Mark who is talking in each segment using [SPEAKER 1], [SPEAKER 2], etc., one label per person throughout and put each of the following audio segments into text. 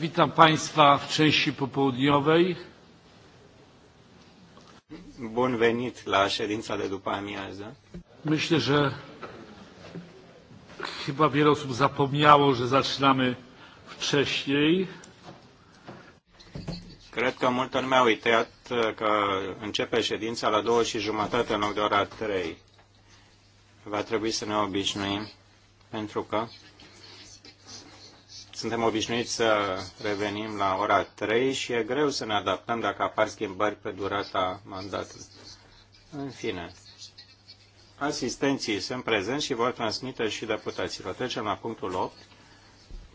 [SPEAKER 1] Witam Państwa w części popołudniowej.
[SPEAKER 2] Bun venit la ședința de după amiază.
[SPEAKER 1] Myślę, że chyba wiele osób zapomniało, że zaczynamy wcześniej.
[SPEAKER 2] Cred că multă lume a uitat că începe ședința la două și jumătate în loc de ora trei. Va trebui să ne obișnuim, pentru că suntem obișnuiți să revenim la ora 3 și e greu să ne adaptăm dacă apar schimbări pe durata mandatului. În fine, asistenții sunt prezenți și vor transmite și deputaților. Trecem la punctul 8,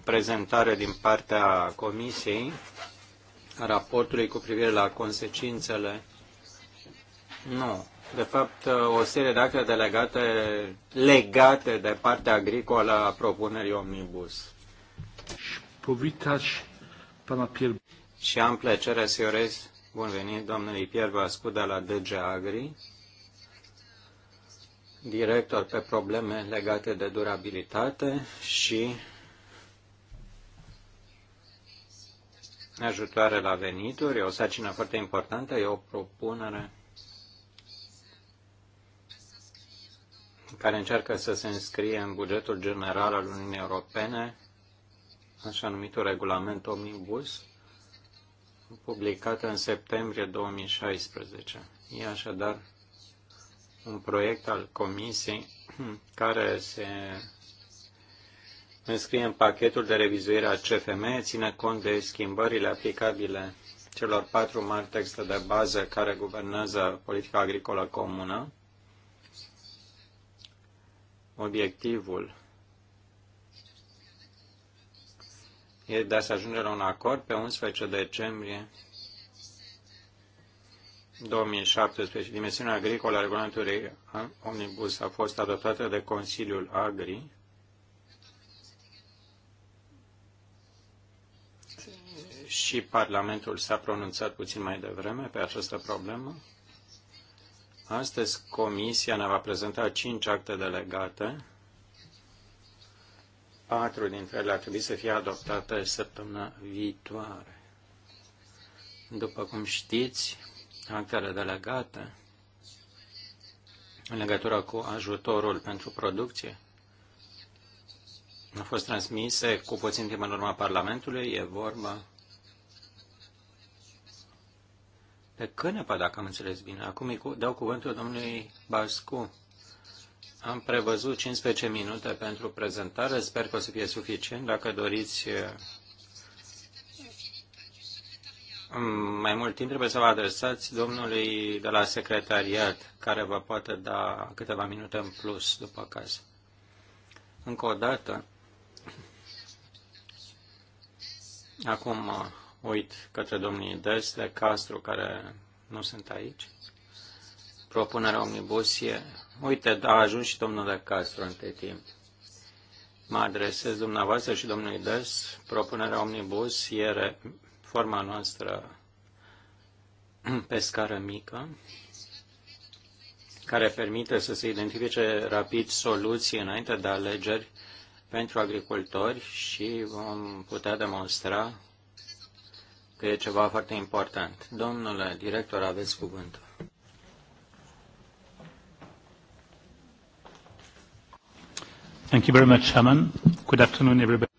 [SPEAKER 2] prezentare din partea Comisiei a raportului cu privire la consecințele. Nu, de fapt, o serie de acte delegate legate de partea agricolă a propunerii Omnibus
[SPEAKER 1] powitać pana Pierre.
[SPEAKER 2] Și am plăcerea să-i urez bun venit domnului Pierre de la DG Agri, director pe probleme legate de durabilitate și ajutoare la venituri. E o sacină foarte importantă, e o propunere care încearcă să se înscrie în bugetul general al Uniunii Europene așa numitul regulament Omnibus, publicat în septembrie 2016. E așadar un proiect al Comisiei care se înscrie în pachetul de revizuire a CFM, ține cont de schimbările aplicabile celor patru mari texte de bază care guvernează politica agricolă comună. Obiectivul e de a se ajunge la un acord pe 11 decembrie 2017. Dimensiunea agricolă a regulamentului Omnibus a fost adoptată de Consiliul Agri. Și Parlamentul s-a pronunțat puțin mai devreme pe această problemă. Astăzi, Comisia ne va prezenta cinci acte delegate patru dintre ele ar trebui să fie adoptate săptămâna viitoare. După cum știți, actele delegate în legătură cu ajutorul pentru producție au fost transmise cu puțin timp în urma Parlamentului. E vorba de cânepă, dacă am înțeles bine. Acum îi dau cuvântul domnului Bascu am prevăzut 15 minute pentru prezentare. Sper că o să fie suficient. Dacă doriți mm, mai mult timp, trebuie să vă adresați domnului de la secretariat, care vă poate da câteva minute în plus după caz. Încă o dată, acum uit către domnii Des de Castro, care nu sunt aici. Propunerea omnibusie Uite, da, a ajuns și domnul de Castro între timp. Mă adresez dumneavoastră și domnului Des. Propunerea Omnibus e forma noastră pe scară mică, care permite să se identifice rapid soluții înainte de alegeri pentru agricultori și vom putea demonstra că e ceva foarte important. Domnule director, aveți cuvântul.
[SPEAKER 1] Thank you very much, Chairman. Good afternoon, everybody.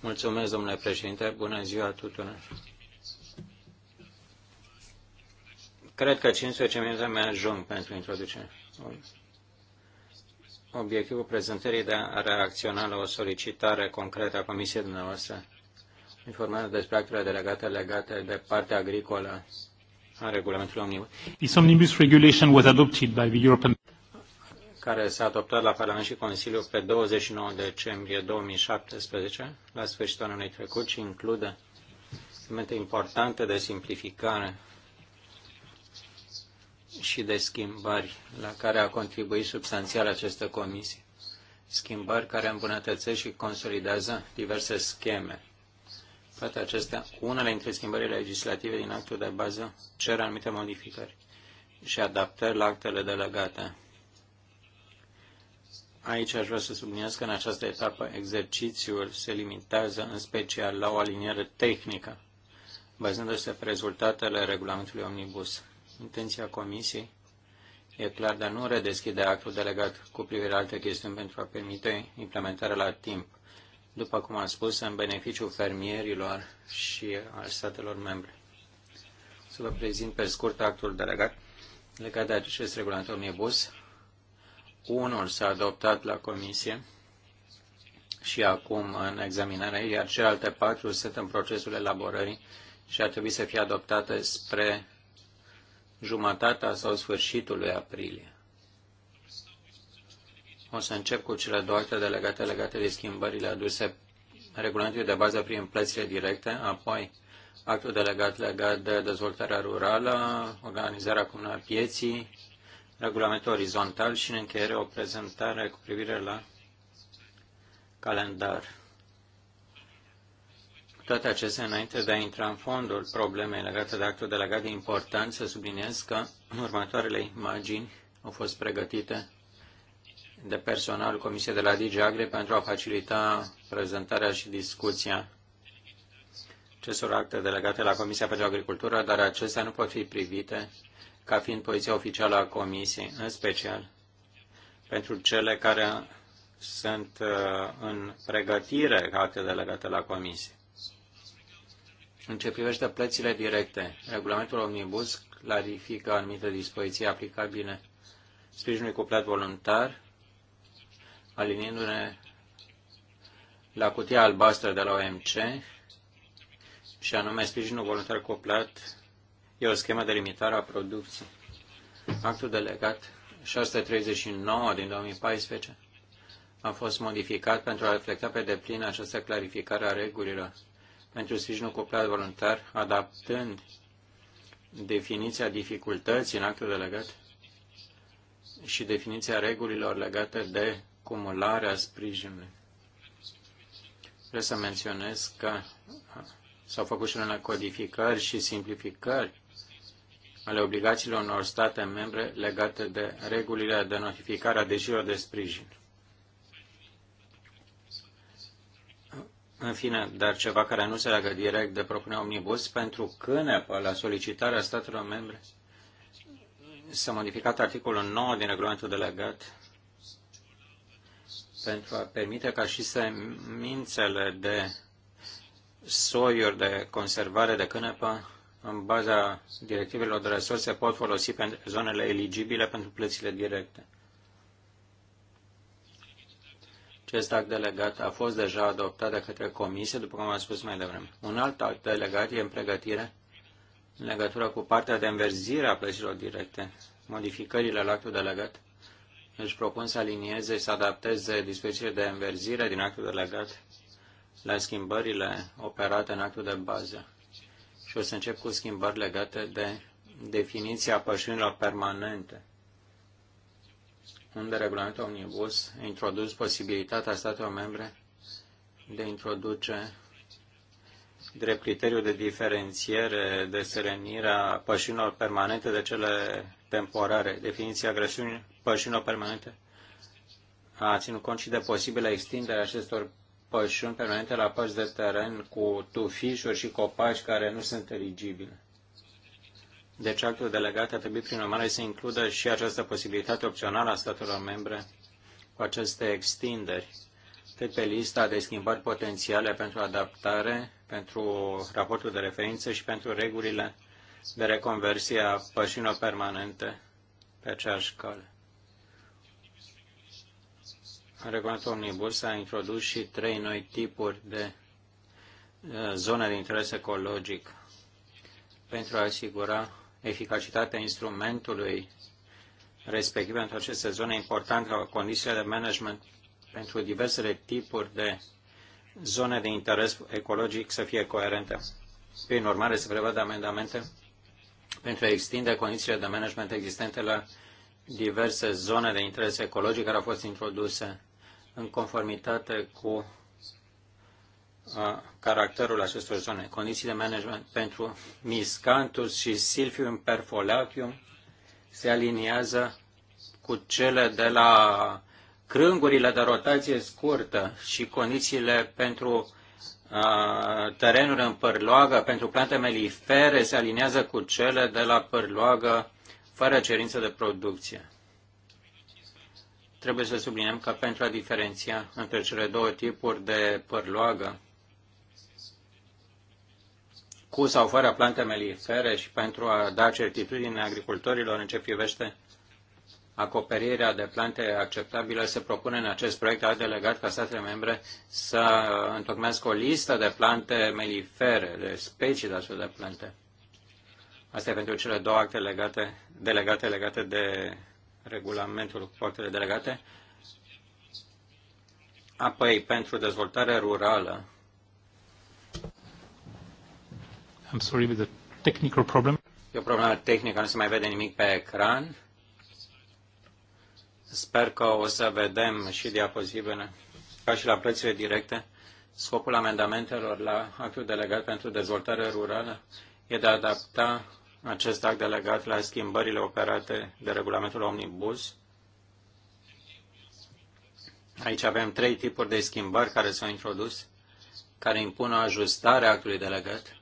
[SPEAKER 2] Mulțumesc, domnule președinte. Bună ziua tuturor. Cred că 15 minute mai ajung pentru introducere. Obiectivul prezentării de a reacționa la o solicitare concretă a Comisiei dumneavoastră, informată despre actele delegate legate de partea agricolă a regulamentului omnibus.
[SPEAKER 1] The omnibus regulation was adopted by the European
[SPEAKER 2] care s-a adoptat la Parlament și Consiliu pe 29 decembrie 2017, la sfârșitul anului trecut, și include elemente importante de simplificare și de schimbări la care a contribuit substanțial această comisie. Schimbări care îmbunătățesc și consolidează diverse scheme. Toate acestea, unele dintre schimbările legislative din actul de bază cer anumite modificări și adaptări la actele delegate Aici aș vrea să subliniez că în această etapă exercițiul se limitează în special la o aliniere tehnică, bazându-se pe rezultatele regulamentului Omnibus. Intenția Comisiei e clar de a nu redeschide actul delegat cu privire la alte chestiuni pentru a permite implementarea la timp, după cum am spus, în beneficiul fermierilor și al statelor membre. Să vă prezint pe scurt actul delegat legat de acest regulament omnibus, unul s-a adoptat la comisie și acum în examinare, iar celelalte patru sunt în procesul elaborării și ar trebui să fie adoptate spre jumătatea sau sfârșitul lui aprilie. O să încep cu cele două acte delegate legate de schimbările aduse regulamentului de bază prin plățile directe, apoi actul delegat legat de dezvoltarea rurală, organizarea comună a pieții, regulamentul orizontal și în încheiere o prezentare cu privire la calendar. Toate acestea, înainte de a intra în fondul problemei legate de actul delegat de importanță, subliniez că următoarele imagini au fost pregătite de personal Comisiei de la DG pentru a facilita prezentarea și discuția acestor acte delegate la Comisia pentru Agricultură, dar acestea nu pot fi privite ca fiind poziția oficială a Comisiei, în special pentru cele care sunt uh, în pregătire ca acte delegate la Comisie. În ce privește plățile directe, regulamentul Omnibus clarifică anumite dispoziții aplicabile sprijinului plat voluntar, alinindu-ne la cutia albastră de la OMC, și anume sprijinul voluntar plat E o schemă de limitare a producției. Actul delegat 639 din 2014 a fost modificat pentru a reflecta pe deplin această clarificare a regulilor pentru sprijinul cuplat voluntar, adaptând definiția dificultății în actul delegat și definiția regulilor legate de cumularea sprijinului. Trebuie să menționez că s-au făcut și unele codificări și simplificări ale obligațiilor unor state membre legate de regulile de notificare a deșeurilor de sprijin. În fine, dar ceva care nu se leagă direct de propunerea omnibus, pentru cânepă la solicitarea statelor membre s-a modificat articolul 9 din regulamentul delegat pentru a permite ca și semințele de soiuri de conservare de cânepă în baza directivelor de resurse pot folosi pentru zonele eligibile pentru plățile directe. Acest act delegat a fost deja adoptat de către comisie, după cum am spus mai devreme. Un alt act delegat e în pregătire în legătură cu partea de înverzire a plăților directe. Modificările la actul delegat își propun să alinieze și să adapteze dispoziția de înverzire din actul delegat la schimbările operate în actul de bază și o să încep cu schimbări legate de definiția pășunilor permanente, unde regulamentul omnibus a introdus posibilitatea statelor membre de a introduce drept criteriu de diferențiere, de serenire a pășinilor permanente de cele temporare. Definiția grășunii pășinilor permanente a ținut cont și de posibilă extindere acestor pășuni permanente la părți de teren cu tufișuri și copaci care nu sunt eligibile. Deci actul delegat a trebuit prin urmare să includă și această posibilitate opțională a statelor membre cu aceste extinderi, cât pe lista de schimbări potențiale pentru adaptare, pentru raportul de referință și pentru regulile de reconversie a pășinilor permanente pe aceeași cale regulamentul Omnibus a introdus și trei noi tipuri de uh, zone de interes ecologic pentru a asigura eficacitatea instrumentului respectiv pentru aceste zone importante ca condițiile de management pentru diversele tipuri de zone de interes ecologic să fie coerente. Prin urmare, se prevăd amendamente pentru a extinde condițiile de management existente la diverse zone de interes ecologic care au fost introduse în conformitate cu caracterul acestor zone. Condiții de management pentru Miscanthus și Silphium perfolacium se aliniază cu cele de la crângurile de rotație scurtă și condițiile pentru terenuri în pârloagă, pentru plante melifere, se aliniază cu cele de la pârloagă fără cerință de producție trebuie să subliniem că pentru a diferenția între cele două tipuri de părloagă, cu sau fără plante melifere și pentru a da certitudine agricultorilor în ce privește acoperirea de plante acceptabile, se propune în acest proiect a delegat ca statele membre să întocmească o listă de plante melifere, de specii de astfel de plante. Asta e pentru cele două acte legate, delegate legate de regulamentul cu actele delegate, apoi pentru dezvoltare rurală.
[SPEAKER 1] I'm sorry with the technical problem.
[SPEAKER 2] E o problemă tehnică, nu se mai vede nimic pe ecran. Sper că o să vedem și diapozitivele, ca și la plățile directe. Scopul amendamentelor la actul delegat pentru dezvoltare rurală e de a adapta acest act delegat la schimbările operate de regulamentul Omnibus. Aici avem trei tipuri de schimbări care s-au introdus, care impun o ajustare a actului delegat.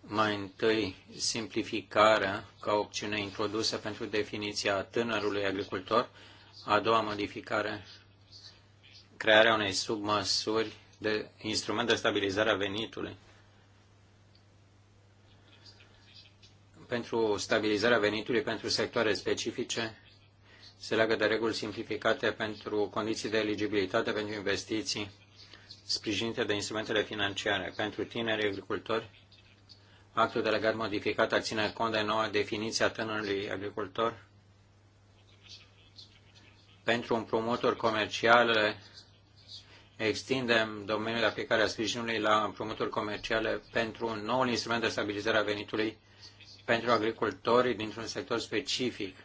[SPEAKER 2] Mai întâi, simplificarea ca opțiune introdusă pentru definiția tânărului agricultor. A doua modificare, crearea unei submăsuri de instrument de stabilizare a venitului pentru stabilizarea venitului pentru sectoare specifice se leagă de reguli simplificate pentru condiții de eligibilitate pentru investiții sprijinite de instrumentele financiare. Pentru tineri agricultori, actul delegat modificat ar ține cont de noua definiție a tânărului agricultor. Pentru împrumuturi comerciale, extindem domeniul de aplicare a sprijinului la împrumuturi comerciale pentru un nou instrument de stabilizare a venitului pentru agricultori, dintr-un sector specific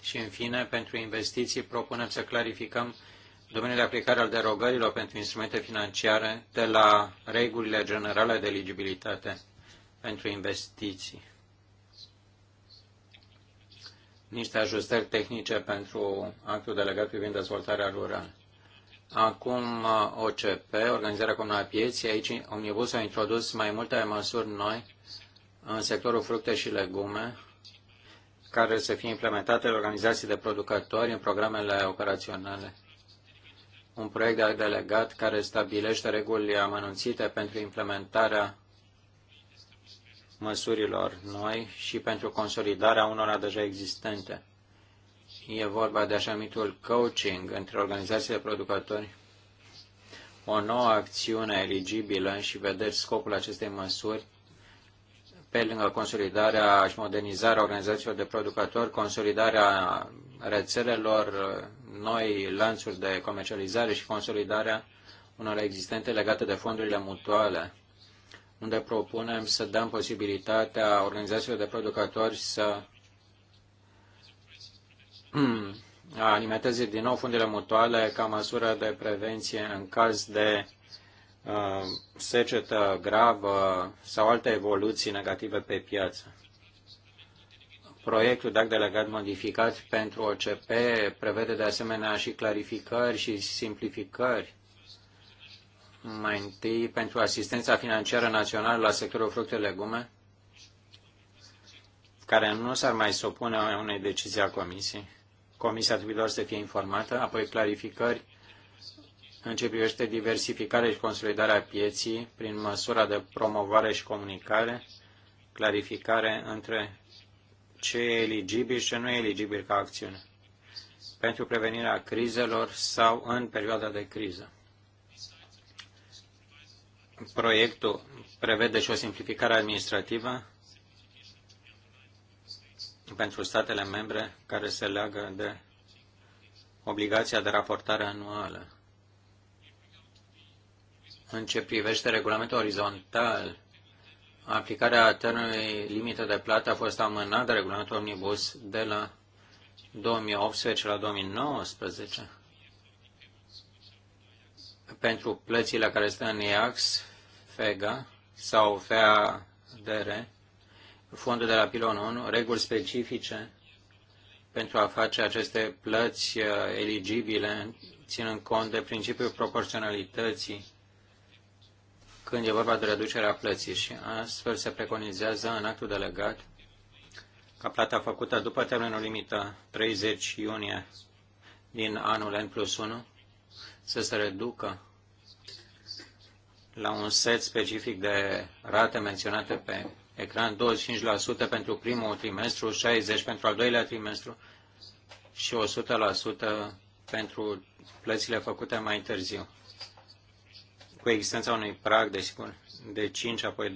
[SPEAKER 2] și, în fine, pentru investiții propunem să clarificăm domeniul de aplicare al derogărilor pentru instrumente financiare de la regulile generale de eligibilitate pentru investiții. Niște ajustări tehnice pentru actul delegat privind dezvoltarea rurală. Acum uh, OCP, Organizarea Comună a Pieții, aici Omnibus a introdus mai multe măsuri noi în sectorul fructe și legume, care să fie implementate în organizații de producători în programele operaționale. Un proiect de delegat care stabilește reguli amănunțite pentru implementarea măsurilor noi și pentru consolidarea unora deja existente. E vorba de așa numitul coaching între organizații de producători, o nouă acțiune eligibilă și vedeți scopul acestei măsuri pe lângă consolidarea și modernizarea organizațiilor de producători, consolidarea rețelelor, noi lanțuri de comercializare și consolidarea unor existente legate de fondurile mutuale, unde propunem să dăm posibilitatea organizațiilor de producători să alimenteze din nou fundurile mutuale ca măsură de prevenție în caz de Uh, secetă gravă sau alte evoluții negative pe piață. Proiectul DAC delegat modificat pentru OCP prevede de asemenea și clarificări și simplificări. Mai întâi, pentru asistența financiară națională la sectorul fructe legume, care nu s-ar mai supune unei decizii a Comisiei. Comisia trebuie doar să fie informată, apoi clarificări în ce privește diversificarea și consolidarea pieții prin măsura de promovare și comunicare, clarificare între ce e eligibil și ce nu e eligibil ca acțiune pentru prevenirea crizelor sau în perioada de criză. Proiectul prevede și o simplificare administrativă pentru statele membre care se leagă de obligația de raportare anuală. În ce privește regulamentul orizontal, aplicarea termenului limită de plată a fost amânată de regulamentul omnibus de la 2018 la 2019 pentru plățile care stă în IAX, FEGA sau FEADR, fondul de la pilon 1, reguli specifice pentru a face aceste plăți uh, eligibile, ținând cont de principiul proporționalității când e vorba de reducerea plății și astfel se preconizează în actul delegat ca plata făcută după termenul limită 30 iunie din anul N plus 1 să se reducă la un set specific de rate menționate pe ecran, 25% pentru primul trimestru, 60% pentru al doilea trimestru și 100% pentru plățile făcute mai târziu cu existența unui prag, de, de 5, apoi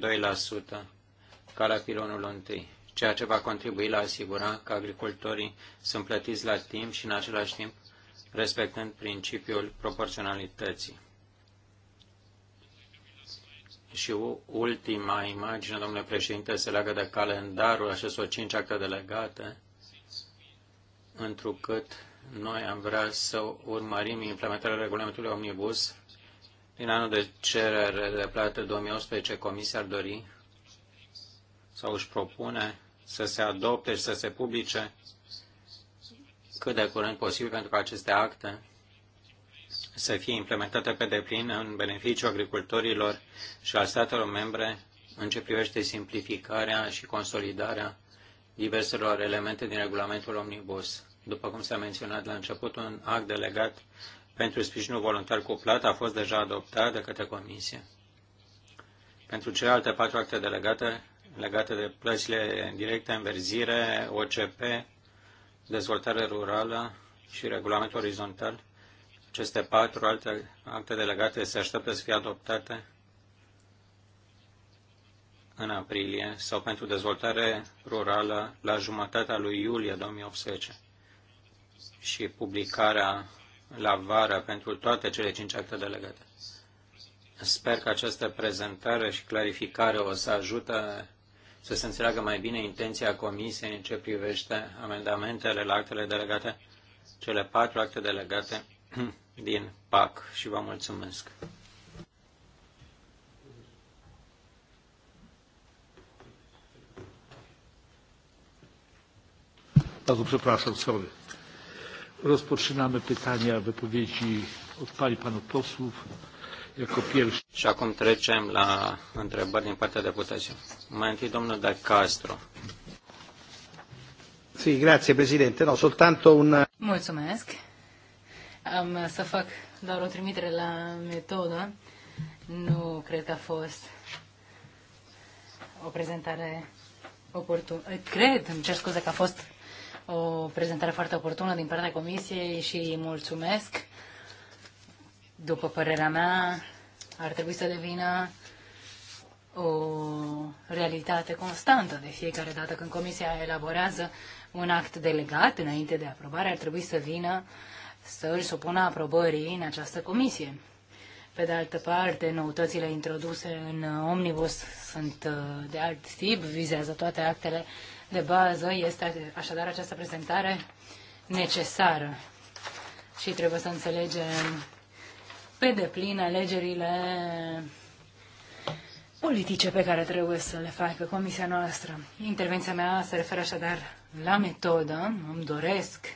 [SPEAKER 2] 2% ca la pilonul 1, ceea ce va contribui la asigura că agricultorii sunt plătiți la timp și în același timp respectând principiul proporționalității. Și ultima imagine, domnule președinte, se legă de calendarul acestor cinci acte delegate, întrucât noi am vrea să urmărim implementarea regulamentului Omnibus din anul de cerere de plată 2018, Comisia ar dori sau își propune să se adopte și să se publice cât de curând posibil pentru că aceste acte să fie implementate pe deplin în beneficiu agricultorilor și al statelor membre în ce privește simplificarea și consolidarea diverselor elemente din regulamentul Omnibus. După cum s-a menționat la început, un act delegat pentru sprijinul voluntar cuplat a fost deja adoptat de către Comisie. Pentru celelalte patru acte delegate, legate de plățile directe, înverzire, OCP, dezvoltare rurală și regulament orizontal, aceste patru alte acte delegate se așteaptă să fie adoptate în aprilie sau pentru dezvoltare rurală la jumătatea lui iulie 2018 și publicarea la vară pentru toate cele cinci acte delegate. Sper că această prezentare și clarificare o să ajute să se înțeleagă mai bine intenția Comisiei în ce privește amendamentele la actele delegate, cele patru acte delegate din PAC și vă mulțumesc.
[SPEAKER 1] Bardzo przepraszam, sorry. Rozpoczynamy pytania, wypowiedzi od pani panów posłów. Jako pierwszy.
[SPEAKER 2] Și acum trecem la întrebări din partea deputaților. Mai întâi domnul De Castro.
[SPEAKER 1] Sì, grazie Presidente.
[SPEAKER 2] No, soltanto un...
[SPEAKER 3] Mulțumesc. Am să fac doar o trimitere la metodă. Nu cred că a fost o prezentare oportună. Cred, îmi cer scuze că a fost o prezentare foarte oportună din partea comisiei și îi mulțumesc. După părerea mea, ar trebui să devină o realitate constantă de fiecare dată când comisia elaborează un act delegat înainte de aprobare, ar trebui să vină să îl supună aprobării în această comisie. Pe de altă parte, noutățile introduse în Omnibus sunt uh, de alt tip, vizează toate actele de bază este așadar această prezentare necesară și trebuie să înțelegem pe deplin alegerile politice pe care trebuie să le facă comisia noastră. Intervenția mea se referă așadar la metodă. Îmi doresc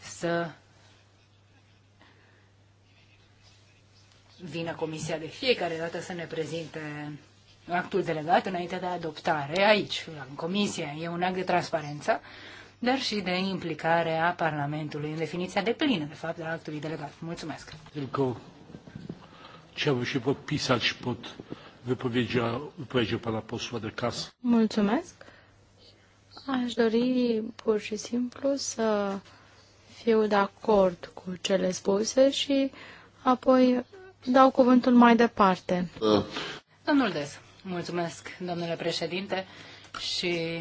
[SPEAKER 3] să vină comisia de fiecare dată să ne prezinte actul delegat înainte de adoptare aici, în comisie. E un act de transparență, dar și de implicare a Parlamentului în definiția de plină, de fapt, a actului delegat. Mulțumesc.
[SPEAKER 1] ce Tylko pot się pot pod wypowiedzią, pe la postul de casă?
[SPEAKER 4] Mulțumesc. Aș dori pur și simplu să fiu de acord cu cele spuse și apoi dau cuvântul mai departe.
[SPEAKER 3] Uh. Domnul Des. Mulțumesc, domnule președinte, și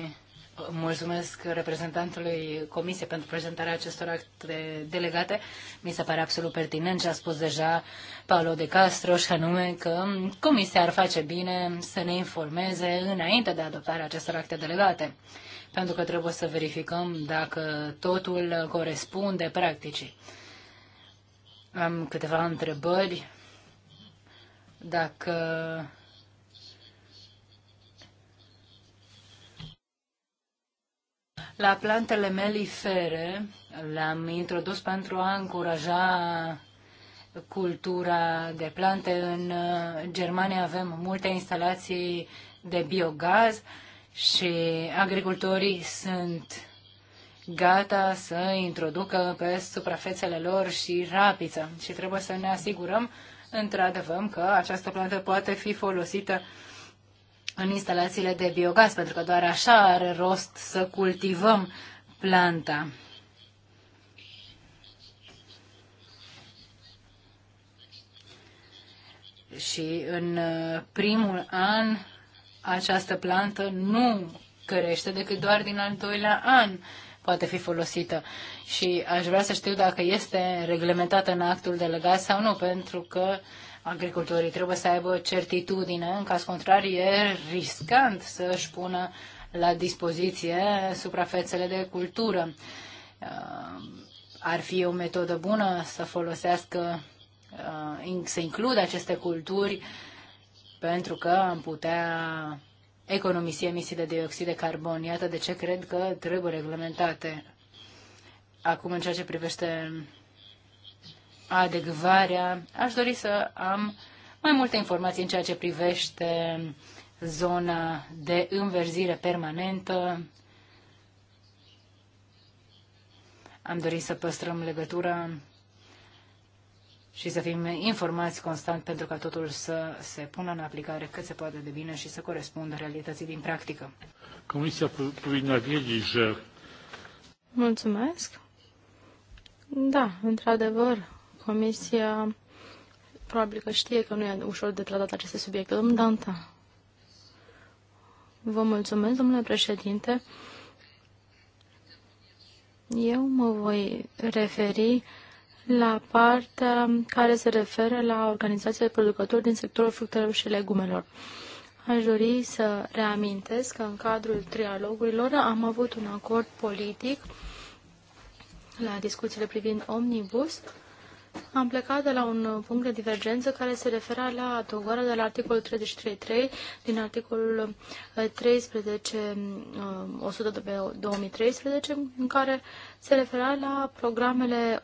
[SPEAKER 3] mulțumesc reprezentantului Comisiei pentru prezentarea acestor acte delegate. Mi se pare absolut pertinent ce a spus deja Paolo de Castro, și anume că Comisia ar face bine să ne informeze înainte de adoptarea acestor acte delegate, pentru că trebuie să verificăm dacă totul corespunde practicii. Am câteva întrebări. Dacă La plantele melifere le-am introdus pentru a încuraja cultura de plante. În uh, Germania avem multe instalații de biogaz și agricultorii sunt gata să introducă pe suprafețele lor și rapiță. Și trebuie să ne asigurăm, într-adevăr, că această plantă poate fi folosită în instalațiile de biogaz, pentru că doar așa are rost să cultivăm planta. Și în uh, primul an această plantă nu crește decât doar din al doilea an poate fi folosită. Și aș vrea să știu dacă este reglementată în actul delegat sau nu, pentru că uh, Agricultorii trebuie să aibă certitudine, în caz contrar e riscant să își pună la dispoziție suprafețele de cultură. Uh, ar fi o metodă bună să folosească, uh, să includă aceste culturi, pentru că am putea economisi emisii de dioxid de carbon. Iată de ce cred că trebuie reglementate. Acum, în ceea ce privește adecvarea. Aș dori să am mai multe informații în ceea ce privește zona de înverzire permanentă. Am dorit să păstrăm legătura și să fim informați constant pentru ca totul să se pună în aplicare cât se poate de bine și să corespundă realității din practică.
[SPEAKER 1] Comisia powinna
[SPEAKER 3] Mulțumesc. Da, într-adevăr, Comisia
[SPEAKER 4] probabil că știe că nu e ușor de tratat aceste subiecte. Domnul Danta. Vă mulțumesc, domnule președinte. Eu mă voi referi la partea care se referă la organizația de producători din sectorul fructelor și legumelor. Aș dori să reamintesc că în cadrul trialogurilor am avut un acord politic la discuțiile privind omnibus am plecat de la un punct de divergență care se refera la adăugarea de la articolul 33.3 din articolul 13 100 2013, în care se refera la programele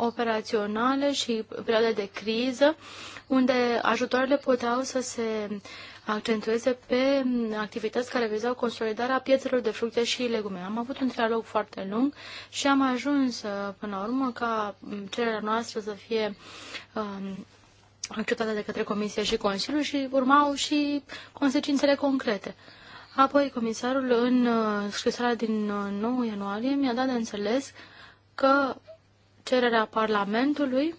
[SPEAKER 4] operaționale și perioade de criză, unde ajutoarele puteau să se accentueze pe activități care vizau consolidarea piețelor de fructe și legume. Am avut un trialog foarte lung și am ajuns uh, până la urmă ca mm, cererea noastră să fie um, acceptată de către Comisie și Consiliu și urmau și consecințele concrete. Apoi, comisarul, în uh, scrisoarea din 9 uh, ianuarie, mi-a dat de înțeles că cererea Parlamentului,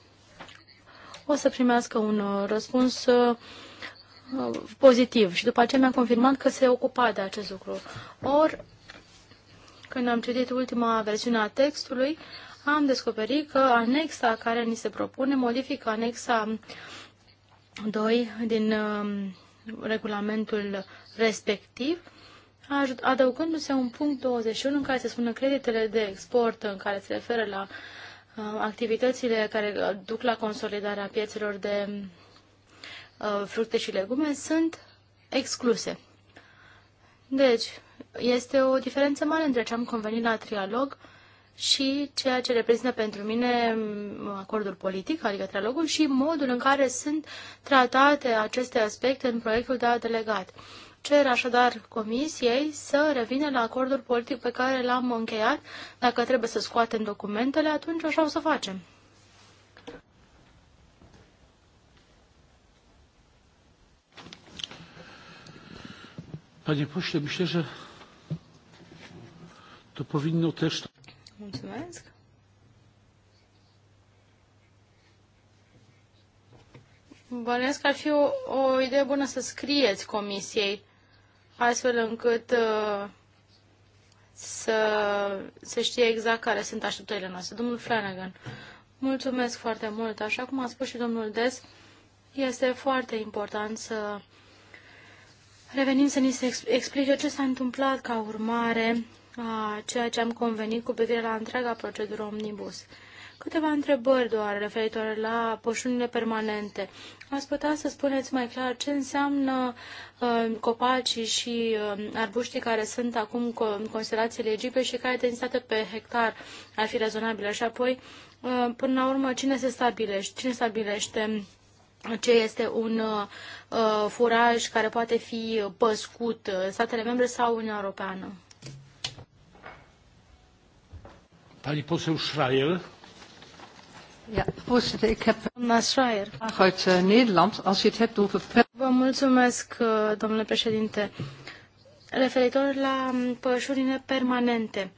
[SPEAKER 4] o să primească un uh, răspuns uh, pozitiv. Și după aceea mi-a confirmat că se ocupa de acest lucru. Or, când am citit ultima versiune a textului, am descoperit că anexa care ni se propune modifică anexa 2 din um, regulamentul respectiv, adăugându-se un punct 21 în care se spună creditele de export în care se referă la uh, Uh, activitățile care uh, duc la consolidarea piețelor de uh, fructe și legume sunt excluse. Deci, este o diferență mare între ce am convenit la trialog și ceea ce reprezintă pentru mine mm, acordul politic, adică trialogul, și modul în care sunt tratate aceste aspecte în proiectul de delegat. Cer așadar Comisiei să revină la acordul politic pe care l-am încheiat. Dacă trebuie să scoatem documentele, atunci așa o să facem.
[SPEAKER 1] Panie pośle, myślę, że to powinno też...
[SPEAKER 4] Mulțumesc. Bănuiesc că ar fi o, o idee bună să scrieți comisiei astfel încât uh, să se știe exact care sunt așteptările noastre. Domnul Flanagan, mulțumesc foarte mult. Așa cum a spus și domnul Des, este foarte important să revenim să ni se explice ce s-a întâmplat ca urmare a ceea ce am convenit cu privire la întreaga procedură omnibus. Câteva întrebări doar referitoare la pășunile permanente. Ați putea să spuneți mai clar ce înseamnă uh, copacii și uh, arbuștii care sunt acum în constelațiile Egipte și care densitate pe hectar ar fi rezonabilă și apoi uh, până la urmă cine se stabilește, cine stabilește ce este un uh, furaj care poate fi păscut, statele membre sau Uniunea Europeană?
[SPEAKER 1] Pani poseł Schreier.
[SPEAKER 4] Vă mulțumesc, eh, domnule președinte. Referitor la mm, pășurile permanente,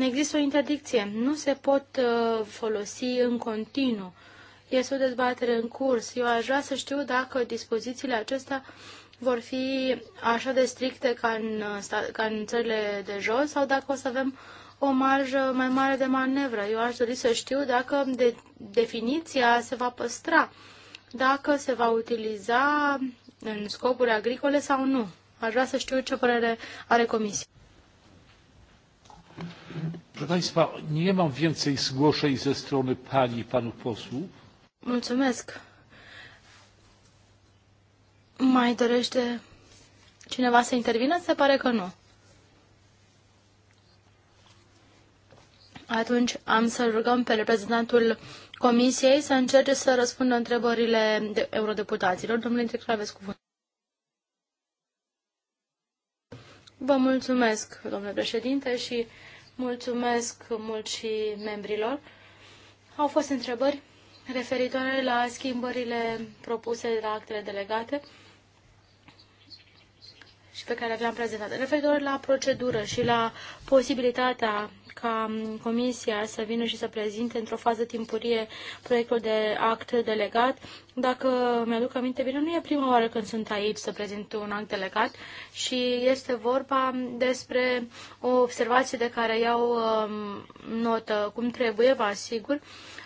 [SPEAKER 4] există o interdicție. Nu se pot eh, folosi în continuu. Este o dezbatere în curs. Eu aș vrea să știu dacă dispozițiile acestea vor fi așa de stricte ca în, eh, ca în țările de jos sau dacă o să avem uh, o marjă mai mare de manevră. Eu aș dori să știu dacă de, definiția se va păstra, dacă se va utiliza în scopuri agricole sau nu. Aș vrea să știu ce părere are Comisia.
[SPEAKER 1] Proszę Państwa, nie mam więcej zgłoszeń ze strony Pani i Panów posłów. Mulțumesc.
[SPEAKER 4] Mai dorește cineva să intervină? Se pare că nu. atunci am să rugăm pe reprezentantul Comisiei să încerce să răspundă întrebările de eurodeputaților. Domnule Trecla, aveți cuvânt. Vă mulțumesc, domnule președinte, și mulțumesc mult și membrilor. Au fost întrebări referitoare la schimbările propuse la actele delegate și pe care le am prezentat. Referitor la procedură și la posibilitatea ca Comisia să vină și să prezinte într-o fază timpurie proiectul de act delegat. Dacă mi-aduc aminte bine, nu e prima oară când sunt aici să prezint un act delegat și este vorba despre o observație de care iau um, notă cum trebuie, vă asigur,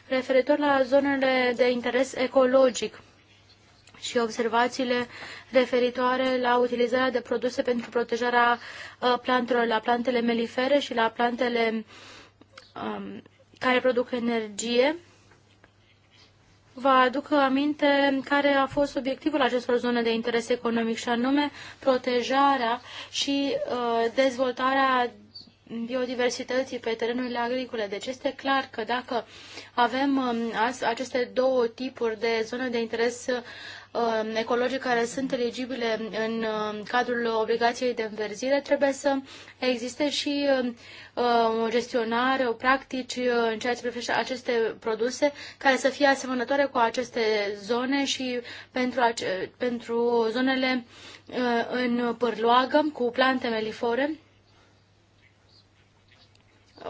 [SPEAKER 4] referitor la zonele de interes ecologic și observațiile referitoare la utilizarea de produse pentru protejarea uh, plantelor, la plantele melifere și la plantele um, care produc energie. Vă aduc aminte care a fost obiectivul acestor zone de interes economic și anume protejarea și uh, dezvoltarea biodiversității pe terenurile agricole. Deci este clar că dacă avem um, aceste două tipuri de zone de interes uh, Um, ecologice care sunt eligibile în um, cadrul obligației de înverzire, trebuie să existe și um, o gestionare, o practici uh, în ceea ce privește aceste produse care să fie asemănătoare cu aceste zone și pentru, ace- pentru zonele uh, în pârloagă cu plante melifore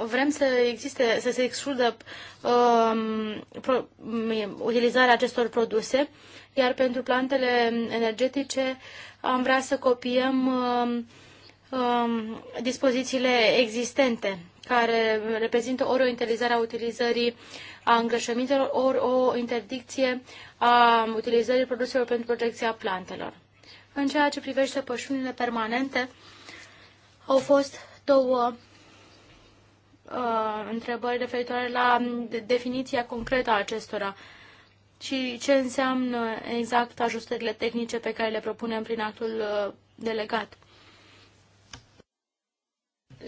[SPEAKER 4] vrem să existe, să se excludă um, pro, utilizarea acestor produse iar pentru plantele energetice am vrea să copiem um, um, dispozițiile existente, care reprezintă ori o utilizare a utilizării a îngrășămintelor, ori o interdicție a utilizării produselor pentru protecția plantelor. În ceea ce privește pășunile permanente, au fost două uh, întrebări referitoare la definiția concretă a acestora și ce înseamnă exact ajustările tehnice pe care le propunem prin actul uh, delegat.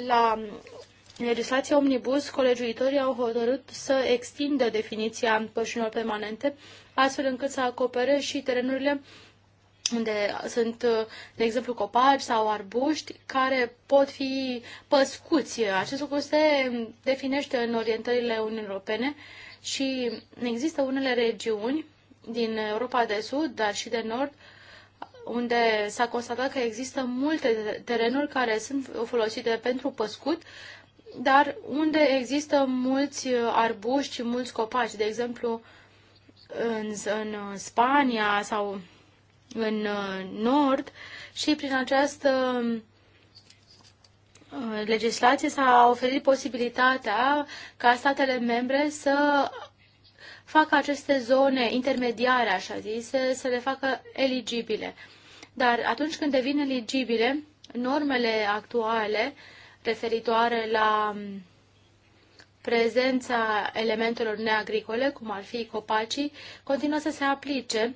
[SPEAKER 4] La legislația omnibus, colegiuitorii au hotărât să extindă definiția pășinilor permanente, astfel încât să acopere și terenurile unde sunt, uh, de exemplu, copaci sau arbuști care pot fi păscuți. Acest lucru se definește în orientările Uniunii Europene și există unele regiuni din Europa de Sud, dar și de Nord, unde s-a constatat că există multe terenuri care sunt folosite pentru păscut, dar unde există mulți uh, arbuști și mulți copaci, de exemplu în, în uh, Spania sau în uh, nord și prin această legislație s-a oferit posibilitatea ca statele membre să facă aceste zone intermediare, așa zise, să le facă eligibile. Dar atunci când devin eligibile, normele actuale referitoare la mm, prezența elementelor neagricole, cum ar fi copacii, continuă să se aplice